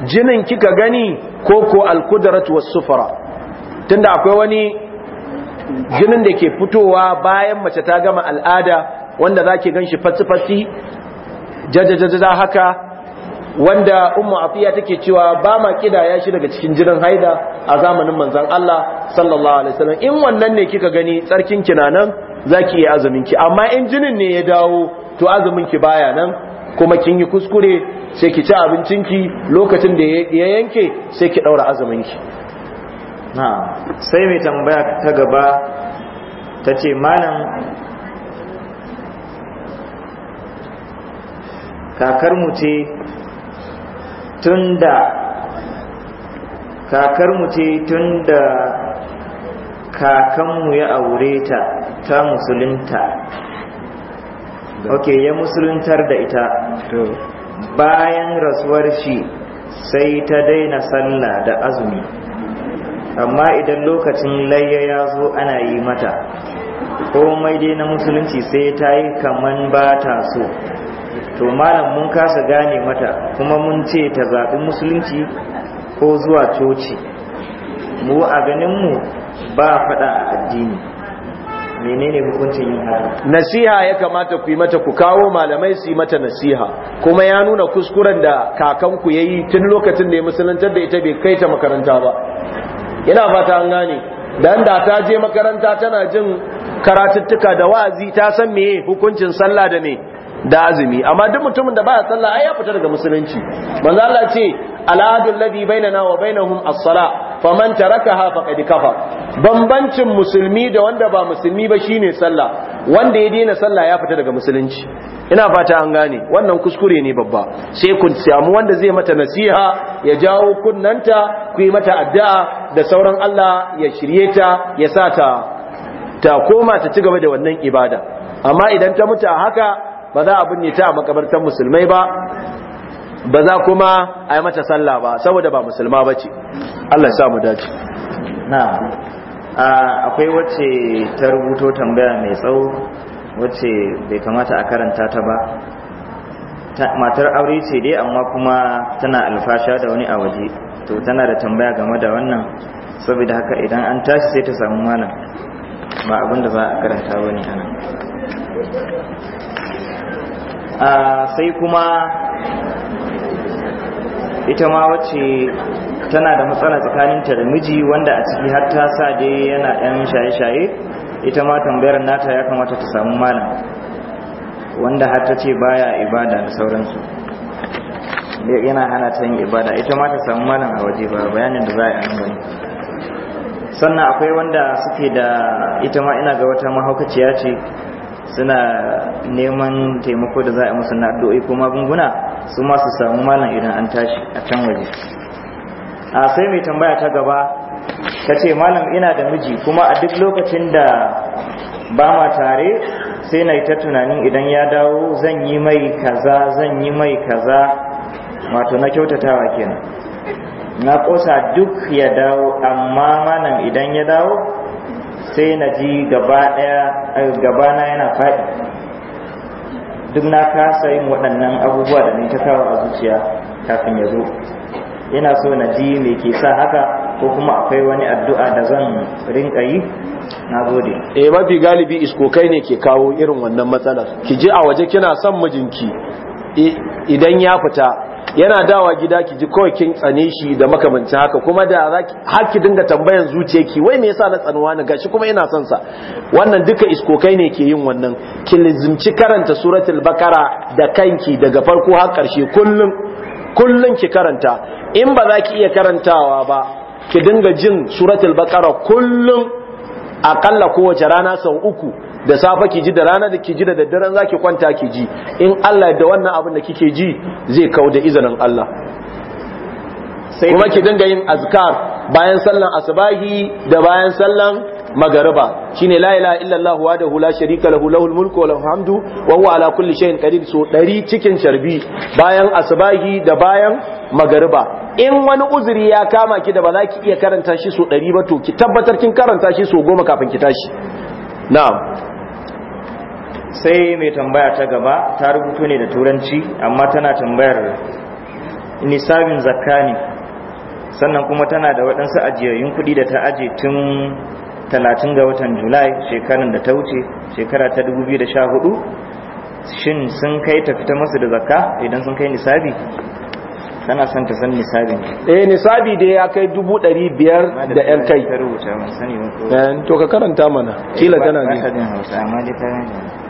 jinin kika gani ko ko alkudarat sufura, tunda akwai wani jinin da ke fitowa bayan mace ta gama al'ada wanda za ki gan shi fatsi-fatsi jajajajaja haka wanda umma afiya take cewa ba ma ya shi daga cikin jinin haida a zamanin manzon Allah sallallahu alaihi wasallam in wannan ne kika gani tsarkin ki na nan zaki yi azumin ki amma in jinin ne ya dawo to azumin ki baya nan kuma kin yi kuskure sai ki ci abincin ki lokacin da ya yanke sai ki daura azumin ki na sai mai tambaya ta gaba tace malam kakar mu ce tunda kakarmu ce tunda da kakanmu ya aure ta ta musulunta ok ya musuluntar da ita bayan rasuwar shi sai ta daina sallah da azumi amma idan lokacin layya ya zo ana yi mata komai dai na musulunci sai ta yi kaman ba ta so to malam mun kasa gane mata kuma mun ce ta zaɓi musulunci ko zuwa coci mu a ganinmu ba faɗa a addini menene hukuncin yin haka nasiha ya kamata ku yi mata ku kawo malamai su yi mata nasiha kuma ya nuna kuskuren da kakanku ya yi tun lokacin da ya musulantar da ita bai kai ta makaranta ba Ina fata an gane dan da ta je makaranta tana jin karatuttuka da wa'azi ta san meye hukuncin sallah da me da azumi amma duk mutumin da baya sallah ai ya fita daga musulunci manzo Allah ce al'adu alladhi bainana wa bainahum as salah faman tarakaha faqad kafar bambancin musulmi da wanda ba musulmi ba shine sallah wanda ya daina sallah ya fita daga musulunci ina fata an gane wannan kuskure ne babba sai ku samu wanda zai mata nasiha ya jawo kunnanta ku yi mata addu'a da sauran Allah ya shirye ta ya sa ta ta koma ta ci gaba da wannan ibada amma idan ta mutu a haka ba za a binne ta a makabartar musulmai ba ba za kuma a yi mata sallah ba saboda ba musulma ba ce Allah ya samu dace na akwai wacce ta rubuto tambaya mai tsawo wacce bai kamata a karanta ta ba matar aure ce dai amma kuma tana alfasha da wani a waje to tana da tambaya game da wannan saboda haka idan an tashi sai ta samu malam ba abinda za a karanta wani ana sai kuma ita ma wacce tana da matsala tsakaninta da miji wanda a ciki har ta sa dai yana ɗan shaye-shaye ita ma tambayar nata ya kamata ta samu malam wanda har ta ce baya ibada da sauransu yana hana ta yin ibada ita ma ta samu malam a waje ba bayanin da za a yi bane sannan akwai wanda suke da ita ma ina ga wata mahaukaciya ce suna neman taimako da za a musu na addu'o'i ko magunguna su ma su samu malam idan an tashi a can waje a sai mai tambaya ta gaba ta ce malam ina da miji kuma a duk lokacin da ba ma tare sai na yi ta tunanin idan ya dawo zan yi mai kaza zan yi mai kaza wato na kyautatawa kenan na kosa duk ya dawo amma malam idan ya dawo sai na ji gaba eh, gabana yana faɗi duk na kasa yin waɗannan abubuwa da ni a zuciya kafin ya zo yana so na ji me ke sa haka ko kuma akwai wani addu'a da zan rinka yi na gode eh mafi galibi kai ne ke kawo irin wannan matsalar ki je a waje kina son mijinki idan ya fita yana dawa gida ki ji kawai kin tsane shi da makamancin haka kuma da zaki har ki dinga tambayan zuciyarki wai me yasa na tsanuwa ni gashi kuma ina son sa wannan duka iskokai ne ke yin wannan ki lizimci karanta suratul bakara da kanki daga farko har karshe kullum kullum ki karanta in ba za ki iya karantawa ba ki dinga jin suratul bakara kullum akalla kowace rana sau uku da safa ki ji da rana da ki ji da daddaren ki kwanta ki ji in Allah da wannan abin da kike ji zai kawo da izinin Allah kuma ki dinga yin azkar bayan sallan asbahi da bayan sallan magariba shine la ilaha illallah wahdahu la sharika lahu lahul mulku wa lahul hamdu wa huwa ala kulli shay'in qadir so 100 cikin sharbi bayan asbahi da bayan magariba in wani uzuri ya kama ki da ba za ki iya karanta shi so 100 ba to ki tabbatar kin karanta shi so goma kafin ki tashi na'am sai mai tambaya ta gaba ta rubuto ne da turanci amma tana tambayar nisabin zakka ne sannan kuma tana da waɗansu ajiyoyin kuɗi da ta aje tun talatin ga watan julai shekaran da ta wuce shekara ta 2014 shin sun kai ta fita masu da zakka idan sun kai nisabi tana son ta san nisabin eh nisabi da ya kai 500 da yan kai eh, to ka karanta mana kila tana eh, ne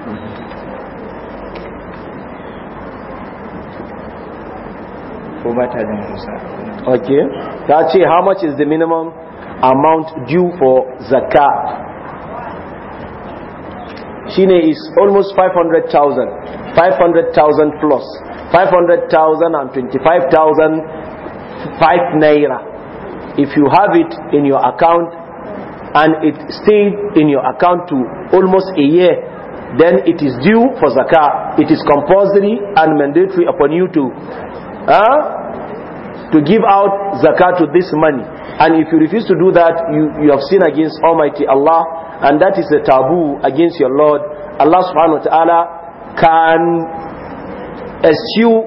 okay That's it. how much is the minimum amount due for zakat shine is almost 500,000 500,000 plus 500,000 and 25,000 5 naira if you have it in your account and it stayed in your account to almost a year then it is due for zakat it is compulsory and mandatory upon you to huh? to give out zakat to this money. And if you refuse to do that, you, you have sinned against Almighty Allah, and that is a taboo against your Lord. Allah subhanahu wa ta'ala can eschew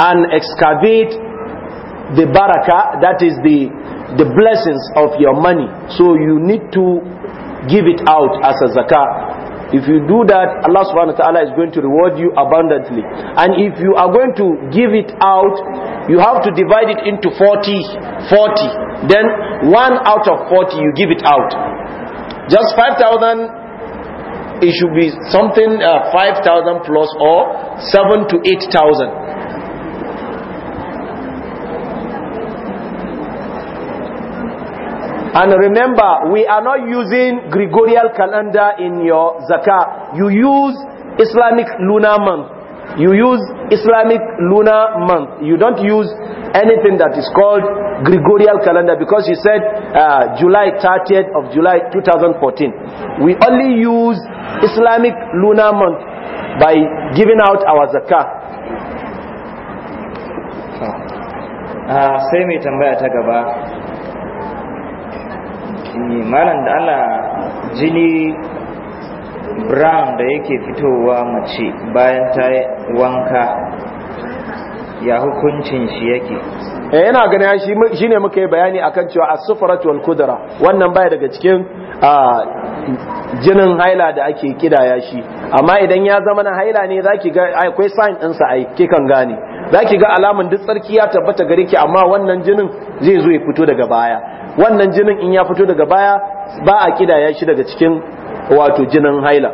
and excavate the barakah, that is the, the blessings of your money. So you need to give it out as a zakah. If you do that, Allah subhanahu wa ta'ala is going to reward you abundantly. And if you are going to give it out, you have to divide it into 40, 40. Then one out of 40 you give it out. Just 5,000, it should be something uh, 5,000 plus or 7 to 8,000. And remember, we are not using Gregorian calendar in your zakah. You use Islamic lunar month. You use Islamic lunar month. You don't use anything that is called Gregorian calendar because you said uh, July 30th of July 2014. We only use Islamic lunar month by giving out our zakah. Uh, sai mai tambaya ta malam da Allah jini brown da yake fitowa mace bayan ta wanka ya hukuncin shi yake eh ina shi shine muka yi bayani akan cewa as-sufratu wal kudra wannan baya daga cikin a jinin haila da ake kidaya shi amma idan ya zama na haila ne zaki ga akwai sign din sa ai kikan gane zaki ga alaman duk tsarki ya tabbata gare ki amma wannan jinin zai zo ya fito daga baya wannan jinin in ya fito daga baya ba a kidaya shi daga cikin wato jinin haila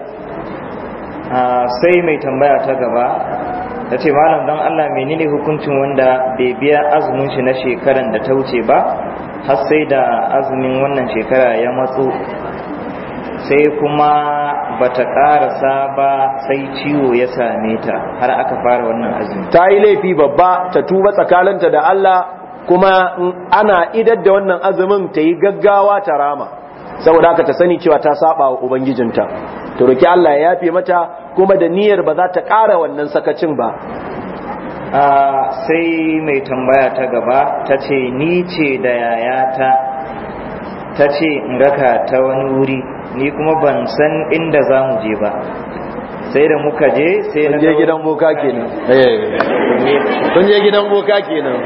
sai mai tambaya ta gaba ta ce malam don Allah menene hukuncin wanda bai biya azumin shi na shekaran da ta wuce ba har sai da azumin wannan shekara ya matso sai kuma bata karasa ba sai ciwo ya same ta har aka fara wannan azumi ta yi laifi babba ta tuba tsakaninta da Allah kuma ana idar da wannan azumin ta yi gaggawa ta rama saboda aka ta sani cewa ta saba wa ubangijinta Ta roki Allah ya yafe mata kuma da niyyar ba za ta ƙara wannan sakacin ba sai mai tambaya ta gaba ta ce ni ce da yayata ta ce in raka ta wani wuri ni kuma ban san inda za mu je ba sai da muka je sai na je gidan boka kenan eh. kun je gidan boka kenan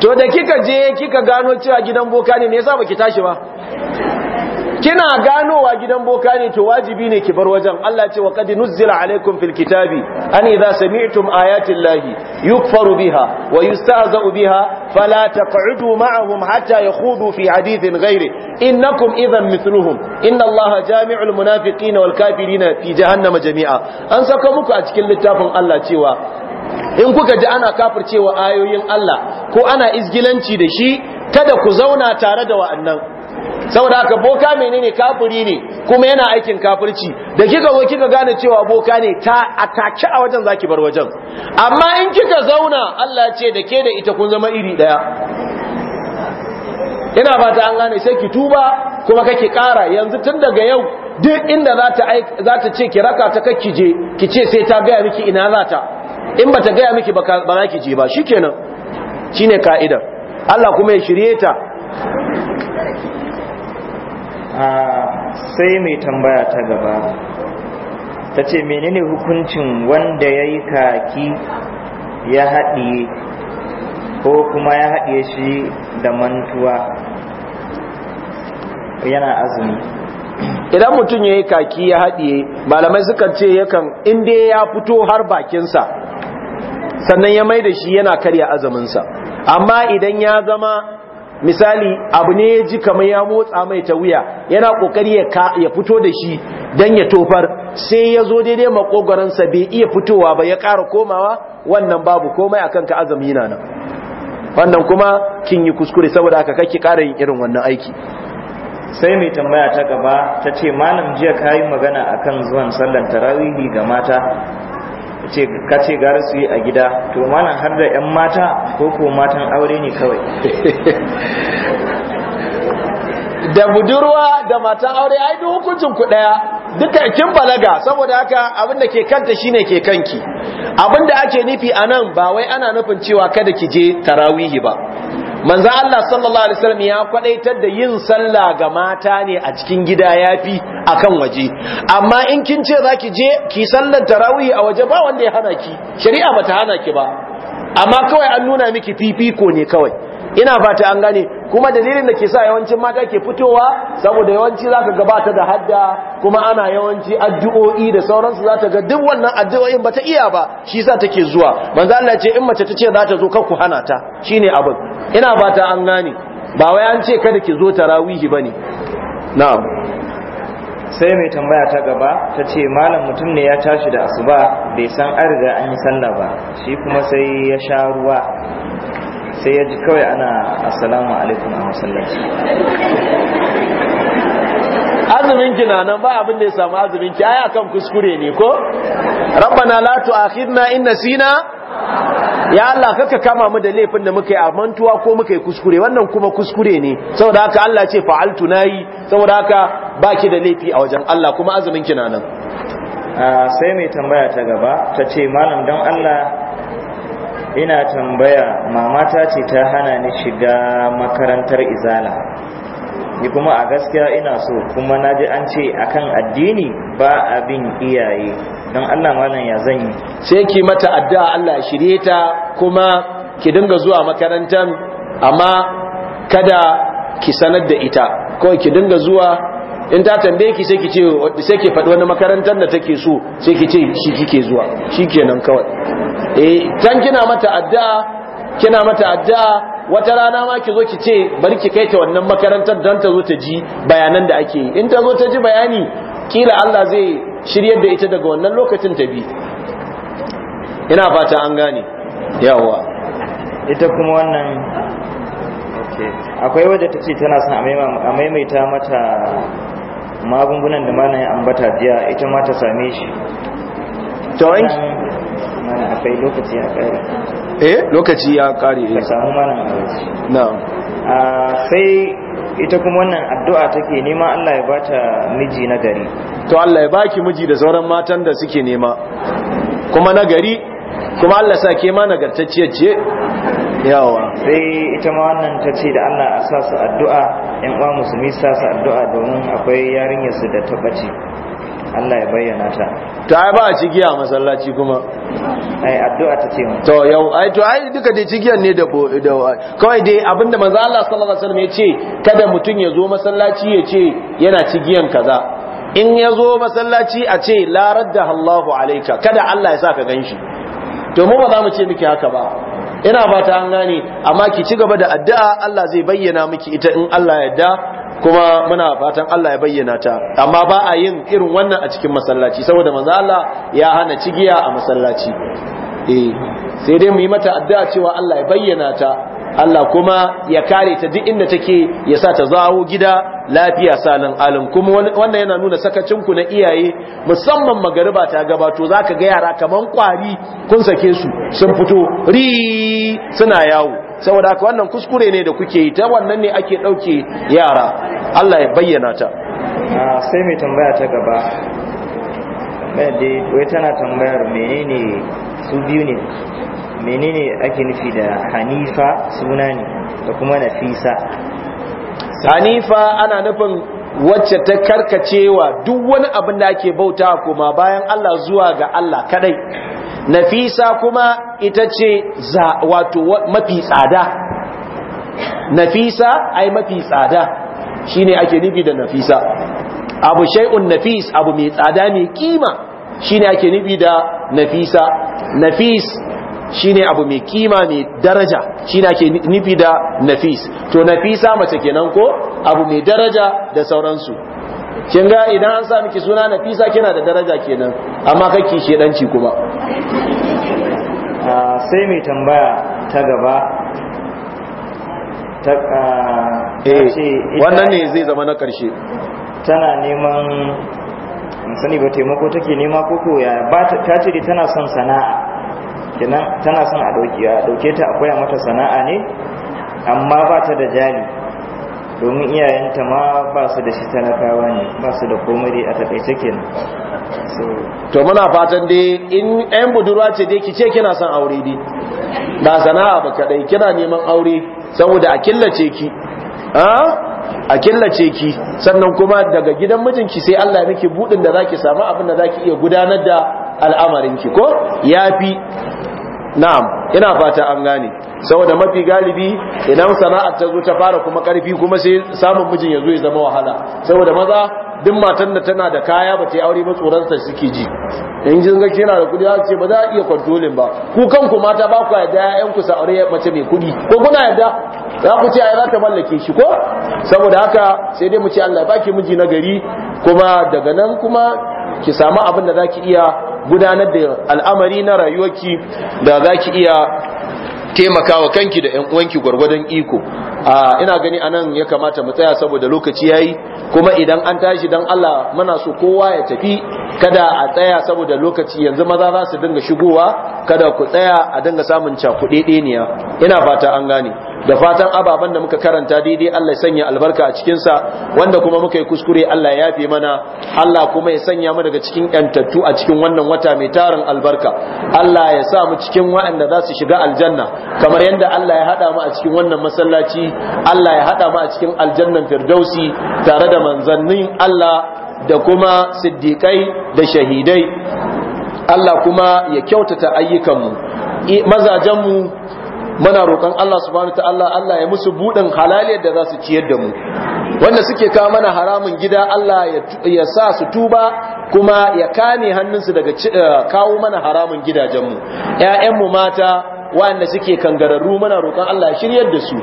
to da kika je kika gano cewa gidan boka ne me yasa baki tashi ba kina ganowa gidan boka ne to wajibi ne ki bar wajen Allah ce wa qad nuzzila alaikum fil kitabi an idza sami'tum ayati llahi yukfaru biha wa yustahza'u biha fala taq'udu ma'ahum hatta yakhudu fi hadithin ghairi innakum idhan mithluhum inna allaha jami'ul munafiqina wal kafirina fi jahannama jami'a an saka muku a cikin littafin Allah cewa in kuka ji ana kafircewa ayoyin Allah ko ana izgilanci da shi kada ku zauna tare da wa'annan saboda haka boka menene kafiri ne kuma yana aikin kafirci da kika zo kika gane cewa boka ne ta atake a wajen zaki bar wajen amma in kika zauna Allah ce da ke da ita kun zama iri daya ina ba ta an gane sai ki tuba kuma kake kara yanzu tun daga yau duk inda za ta ce ki raka ta kake je ki ce sai ta gaya miki ina za ta in ba ta gaya miki ba za ki je ba shikenan shine ka'ida Allah kuma ya shirye ta sai mai tambaya ta gaba ta ce menene hukuncin wanda ya yi kaki ya haɗiye ko kuma ya haɗiye shi da mantuwa yana azumi idan mutum ya yi kaki ya haɗiye malamai suka ce yakan inda ya fito har bakinsa sannan ya mai da shi yana karya azaminsa. amma idan ya zama misali abu ne ya ji kamar ya motsa mai ta wuya yana kokari ya fito da shi don ya tofar sai ya zo daidai makogoransa bai iya fitowa ba ya ƙara komawa wannan babu komai akan ka azumi na nan wannan kuma kin yi kuskure saboda haka kake ƙara yin irin wannan aiki sai mai tambaya ta gaba ta ce malam jiya ka yi magana akan zuwan sallar tarawihi ga mata ka ce gara su yi a gida to mana har da 'yan mata ko ko matan aure ne kawai [laughs] da budurwa da matan aure ai duk hukuncin ku daya duka kin balaga saboda haka abin da ke kanta shine ke kanki abin da ake nufi anan ba wai ana nufin cewa kada ki je tarawihi ba manzo Allah sallallahu alaihi wasallam ya kwadaitar da yin sallah ga mata ne a cikin gida yafi akan waje amma in kin ce zaki je ki sallar tarawih a waje ba wanda ya hana ki shari'a bata hana ki ba amma kawai an nuna miki fifiko ne kawai ina fata an gane kuma dalilin da ke sa yawancin mata ke fitowa saboda yawanci za ka gabata da hadda kuma ana yawanci addu'o'i da sauransu za ta ga duk wannan addu'o'in ba ta iya ba shi yasa take zuwa manzo Allah ce in mace tace za ta zo kar hana ta shine abin ina fata an gane ba wai an ce kada ki zo tarawihi bane na'am sai mai tambaya ta gaba ta ce malam mutum ne ya tashi da asuba bai san an riga an yi sallah ba shi kuma sai ya sha ruwa sai ya ji kawai ana assalamu alaikum a masallaci azuminki na nan ba abin da ya samu azuminki ai akan kuskure ne ko rabbana la tu'akhidna in nasina ya Allah kaka kama mu da laifin da muka yi a mantuwa ko muka yi kuskure wannan kuma kuskure ne saboda haka Allah ce fa'altu nayi saboda haka baki da laifi a wajen Allah kuma azuminki na nan ah, sai mai tambaya ta gaba ta ce malam dan Allah ina tambaya mamata ce ta hana ni shiga makarantar izala ni kuma a gaskiya ina so kuma na ji an ce akan addini ba abin iyaye don Allah malam ya zan yi sai ki mata addu'a Allah shirye ta kuma ki dinga zuwa makarantar amma kada ki sanar da ita kawai ki dinga zuwa in ta tambaye ki sai ki ce sai ki faɗi wani makarantar da take so sai ki ce shi kike zuwa shi kenan kawai eh tan kina mata addu'a kina mata addu'a wata rana ma ki zo ki ce bari ki kai ta wannan makarantar don ta zo ta ji bayanan da ake yi in ta zo ta ji bayani kila Allah zai shiryar da ita daga wannan lokacin ta bi ina fata an gane yawa ita kuma wannan akwai wadda ta ce tana son a maimaita mata magungunan da mana ya ambata jiya ita ma ta same shi to ai mana akwai lokaci ya kare eh lokaci ya kare eh samu mana na'am a sai ita kuma wannan addu'a take nema Allah ya bata miji na gari to Allah ya baki miji da sauran matan da suke nema kuma na gari kuma Allah sa ke ma nagartacciyar ce yawa sai ita ma wannan ta ce da Allah a sa su addu'a yan uwa musulmi sa su addu'a domin akwai yarinyar su da ta bace Allah ya bayyana ta to ai ba a cigiya a masallaci kuma ai addu'a ta ce to yau ai to ai duka dai cigiyan ne da da kawai dai abinda manzo Allah sallallahu alaihi wasallam ya ce kada mutun ya zo masallaci ya ce yana cigiyan kaza in ya zo masallaci a ce larar da Allahu alaika kada Allah ya sa ka ganshi to mu ba za mu ce miki haka ba ina fata an gane amma ki ci gaba da addu'a Allah zai bayyana miki ita in Allah ya yarda kuma muna fatan Allah ya bayyana ta amma ba a yin irin wannan a cikin masallaci saboda manzo Allah ya hana cigiya a masallaci eh sai dai mu yi mata addu'a cewa Allah ya bayyana ta Allah kuma ya kare ta duk inda take ya sa ta zawo gida lafiya salin alim kuma wannan yana nuna sakacin ku na iyaye musamman magariba ta gabato zaka ga yara kamar kwari kun sake su sun fito ri suna yawo saboda haka wannan kuskure ne da kuke yi ta wannan ne ake dauke yara Allah ya bayyana ta sai mai tambaya ta gaba wai tana tambayar menene su biyu ne menene ake nufi da hanifa suna ne da kuma nafisa hanifa ana nufin wacce ta karkacewa duk wani abin da ake bauta kuma bayan Allah zuwa ga Allah kadai nafisa kuma ita ce wato mafi tsada nafisa ai mafi tsada shine ake nufi da nafisa abu shay'un nafis abu mai tsada mai kima shine ake nufi da nafisa nafis shine abu mai kima mai daraja shine ake nufi da nafis to nafisa mace kenan ko abu mai daraja da sauransu kin ga idan an sa miki suna nafisa kina da daraja kenan amma kake shedanci kuma ah, sai mai tambaya ta gaba ta ah, eh, wannan ne zai zama na karshe tana neman sani ba taimako take nema koko ya ba ta ce tana son sana'a kenan tana son a dauke ta a koya mata sana'a ne amma ba ta da jari domin iyayenta ma ba su da shi talakawa ne ba su da komai a takaice kenan to muna fatan dai in ɗayan budurwa ce dai kice kina son aure dai ba sana'a ba kadai kina neman aure saboda a killace ki a killace ki sannan kuma daga gidan mijinki sai Allah ya miki budin da zaki samu abin da zaki iya gudanar da al'amarinki ko yafi na'am ina fata an gane saboda mafi galibi idan sana'ar ta zo ta fara kuma karfi kuma sai samun mijin ya zo ya zama wahala saboda maza duk matan da tana da kaya ba ta yi aure ba tsoronsa suke ji in jin ga kina da kudi ce ba za a iya kwantolin ba ku kanku mata ba ku yadda 'ya'yan ku sa aure mace mai kudi ko kuna yadda za ku ce ai za ta mallake shi ko saboda haka sai dai mu ce Allah baki miji na gari kuma daga nan kuma ki samu abin da zaki iya gudanar da al'amari na rayuwarki da za ki iya taimakawa kanki da 'yan uwanki gwargwadon iko a ina gani anan ya kamata mu tsaya saboda lokaci yayi kuma idan an tashi dan Allah muna so kowa ya tafi kada a tsaya saboda lokaci yanzu maza za su dinga shigowa kada ku tsaya a dinga samun cakuɗe ɗeniya ina fata an gane da fatan ababen da muka karanta daidai Allah ya sanya albarka a cikinsa wanda kuma muka yi kuskure Allah ya yafe mana Allah kuma ya sanya mu daga cikin yantattu a cikin wannan wata mai tarin albarka Allah ya sa mu cikin waɗanda za su shiga aljanna kamar yadda Allah ya haɗa mu a cikin wannan masallaci Allah ya haɗa mu a cikin aljannan firdausi tare da manzannin Allah da kuma siddiƙai da shahidai Allah kuma ya kyautata ayyukanmu mazajenmu muna roƙon Allah subhanahu ta'ala Allah ya musu buɗin halaliyar da za su ciyar da mu wanda suke kawo mana haramun gida Allah ya sa su tuba kuma ya kame hannunsu daga eh, kawo mana haramun gidajenmu ‘ya'yanmu mata wanda suke kangararru muna roƙon Allah ya shiryar da su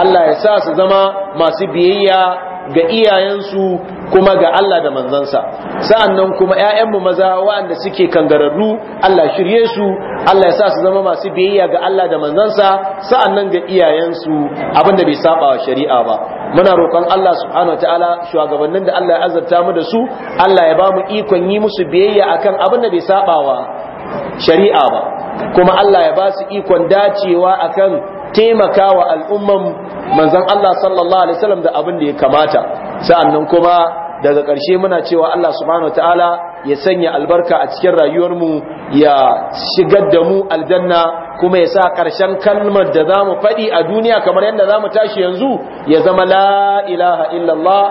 Allah ya sa su zama masu biyayya ga iyayensu kuma ga Allah da manzansa sa'an nan kuma 'ya'yanmu maza waɗanda suke kangararru Allah shirye su Allah ya sa su zama masu biyayya ga Allah da manzansa sa'an nan ga iyayensu abinda bai saba wa shari'a ba muna roƙon Allah subhanahu ta'ala shugabannin da Allah ya azurta mu da su Allah ya ba mu ikon yi musu biyayya akan abinda bai saba wa shari'a ba kuma Allah ya ba su ikon dacewa akan taimaka wa al'umman manzon Allah sallallahu alaihi wasallam da abin da ya kamata sa'annan kuma daga ƙarshe muna cewa Allah subhanahu Ta'ala ya sanya albarka a cikin rayuwar mu ya shigar da mu aljanna kuma ya sa ƙarshen kalmar da za mu faɗi a duniya kamar yadda za mu tashi yanzu ya zama la ilaha illallah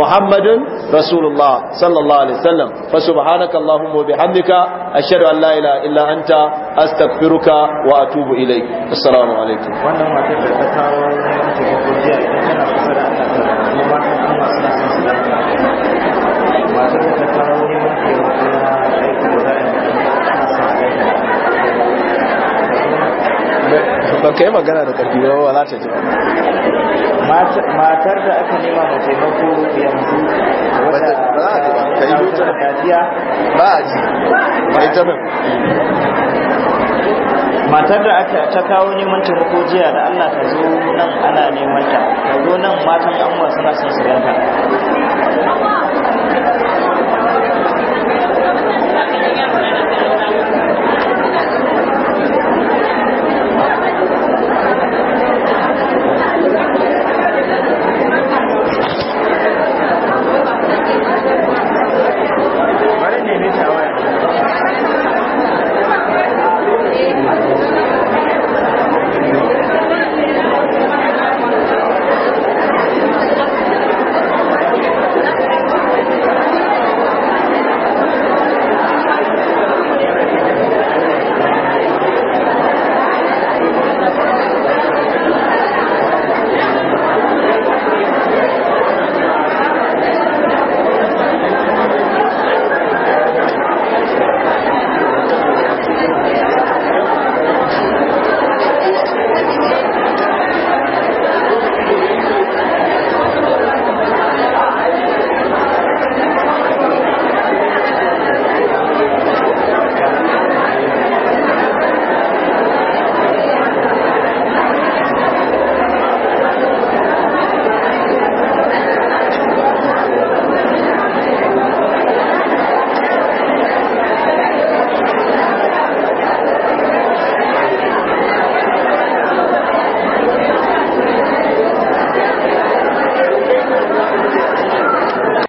muhammadun rasulullah sallallahu alaihi fa subhanaka allahumma wa bihamdika ashhadu an la ilaha wa atubu ilaik assalamu alaikum wannan matar da ta kawo ba ka yi magana da ƙarfi ba ba za ta ji matar da aka nema ma taimako yanzu wata ba a ji ba ba a ji mai ita ba matar da aka ta kawo neman taimako jiya da Allah ta zo nan ana neman ta ta zo nan matan amma suna son su ganta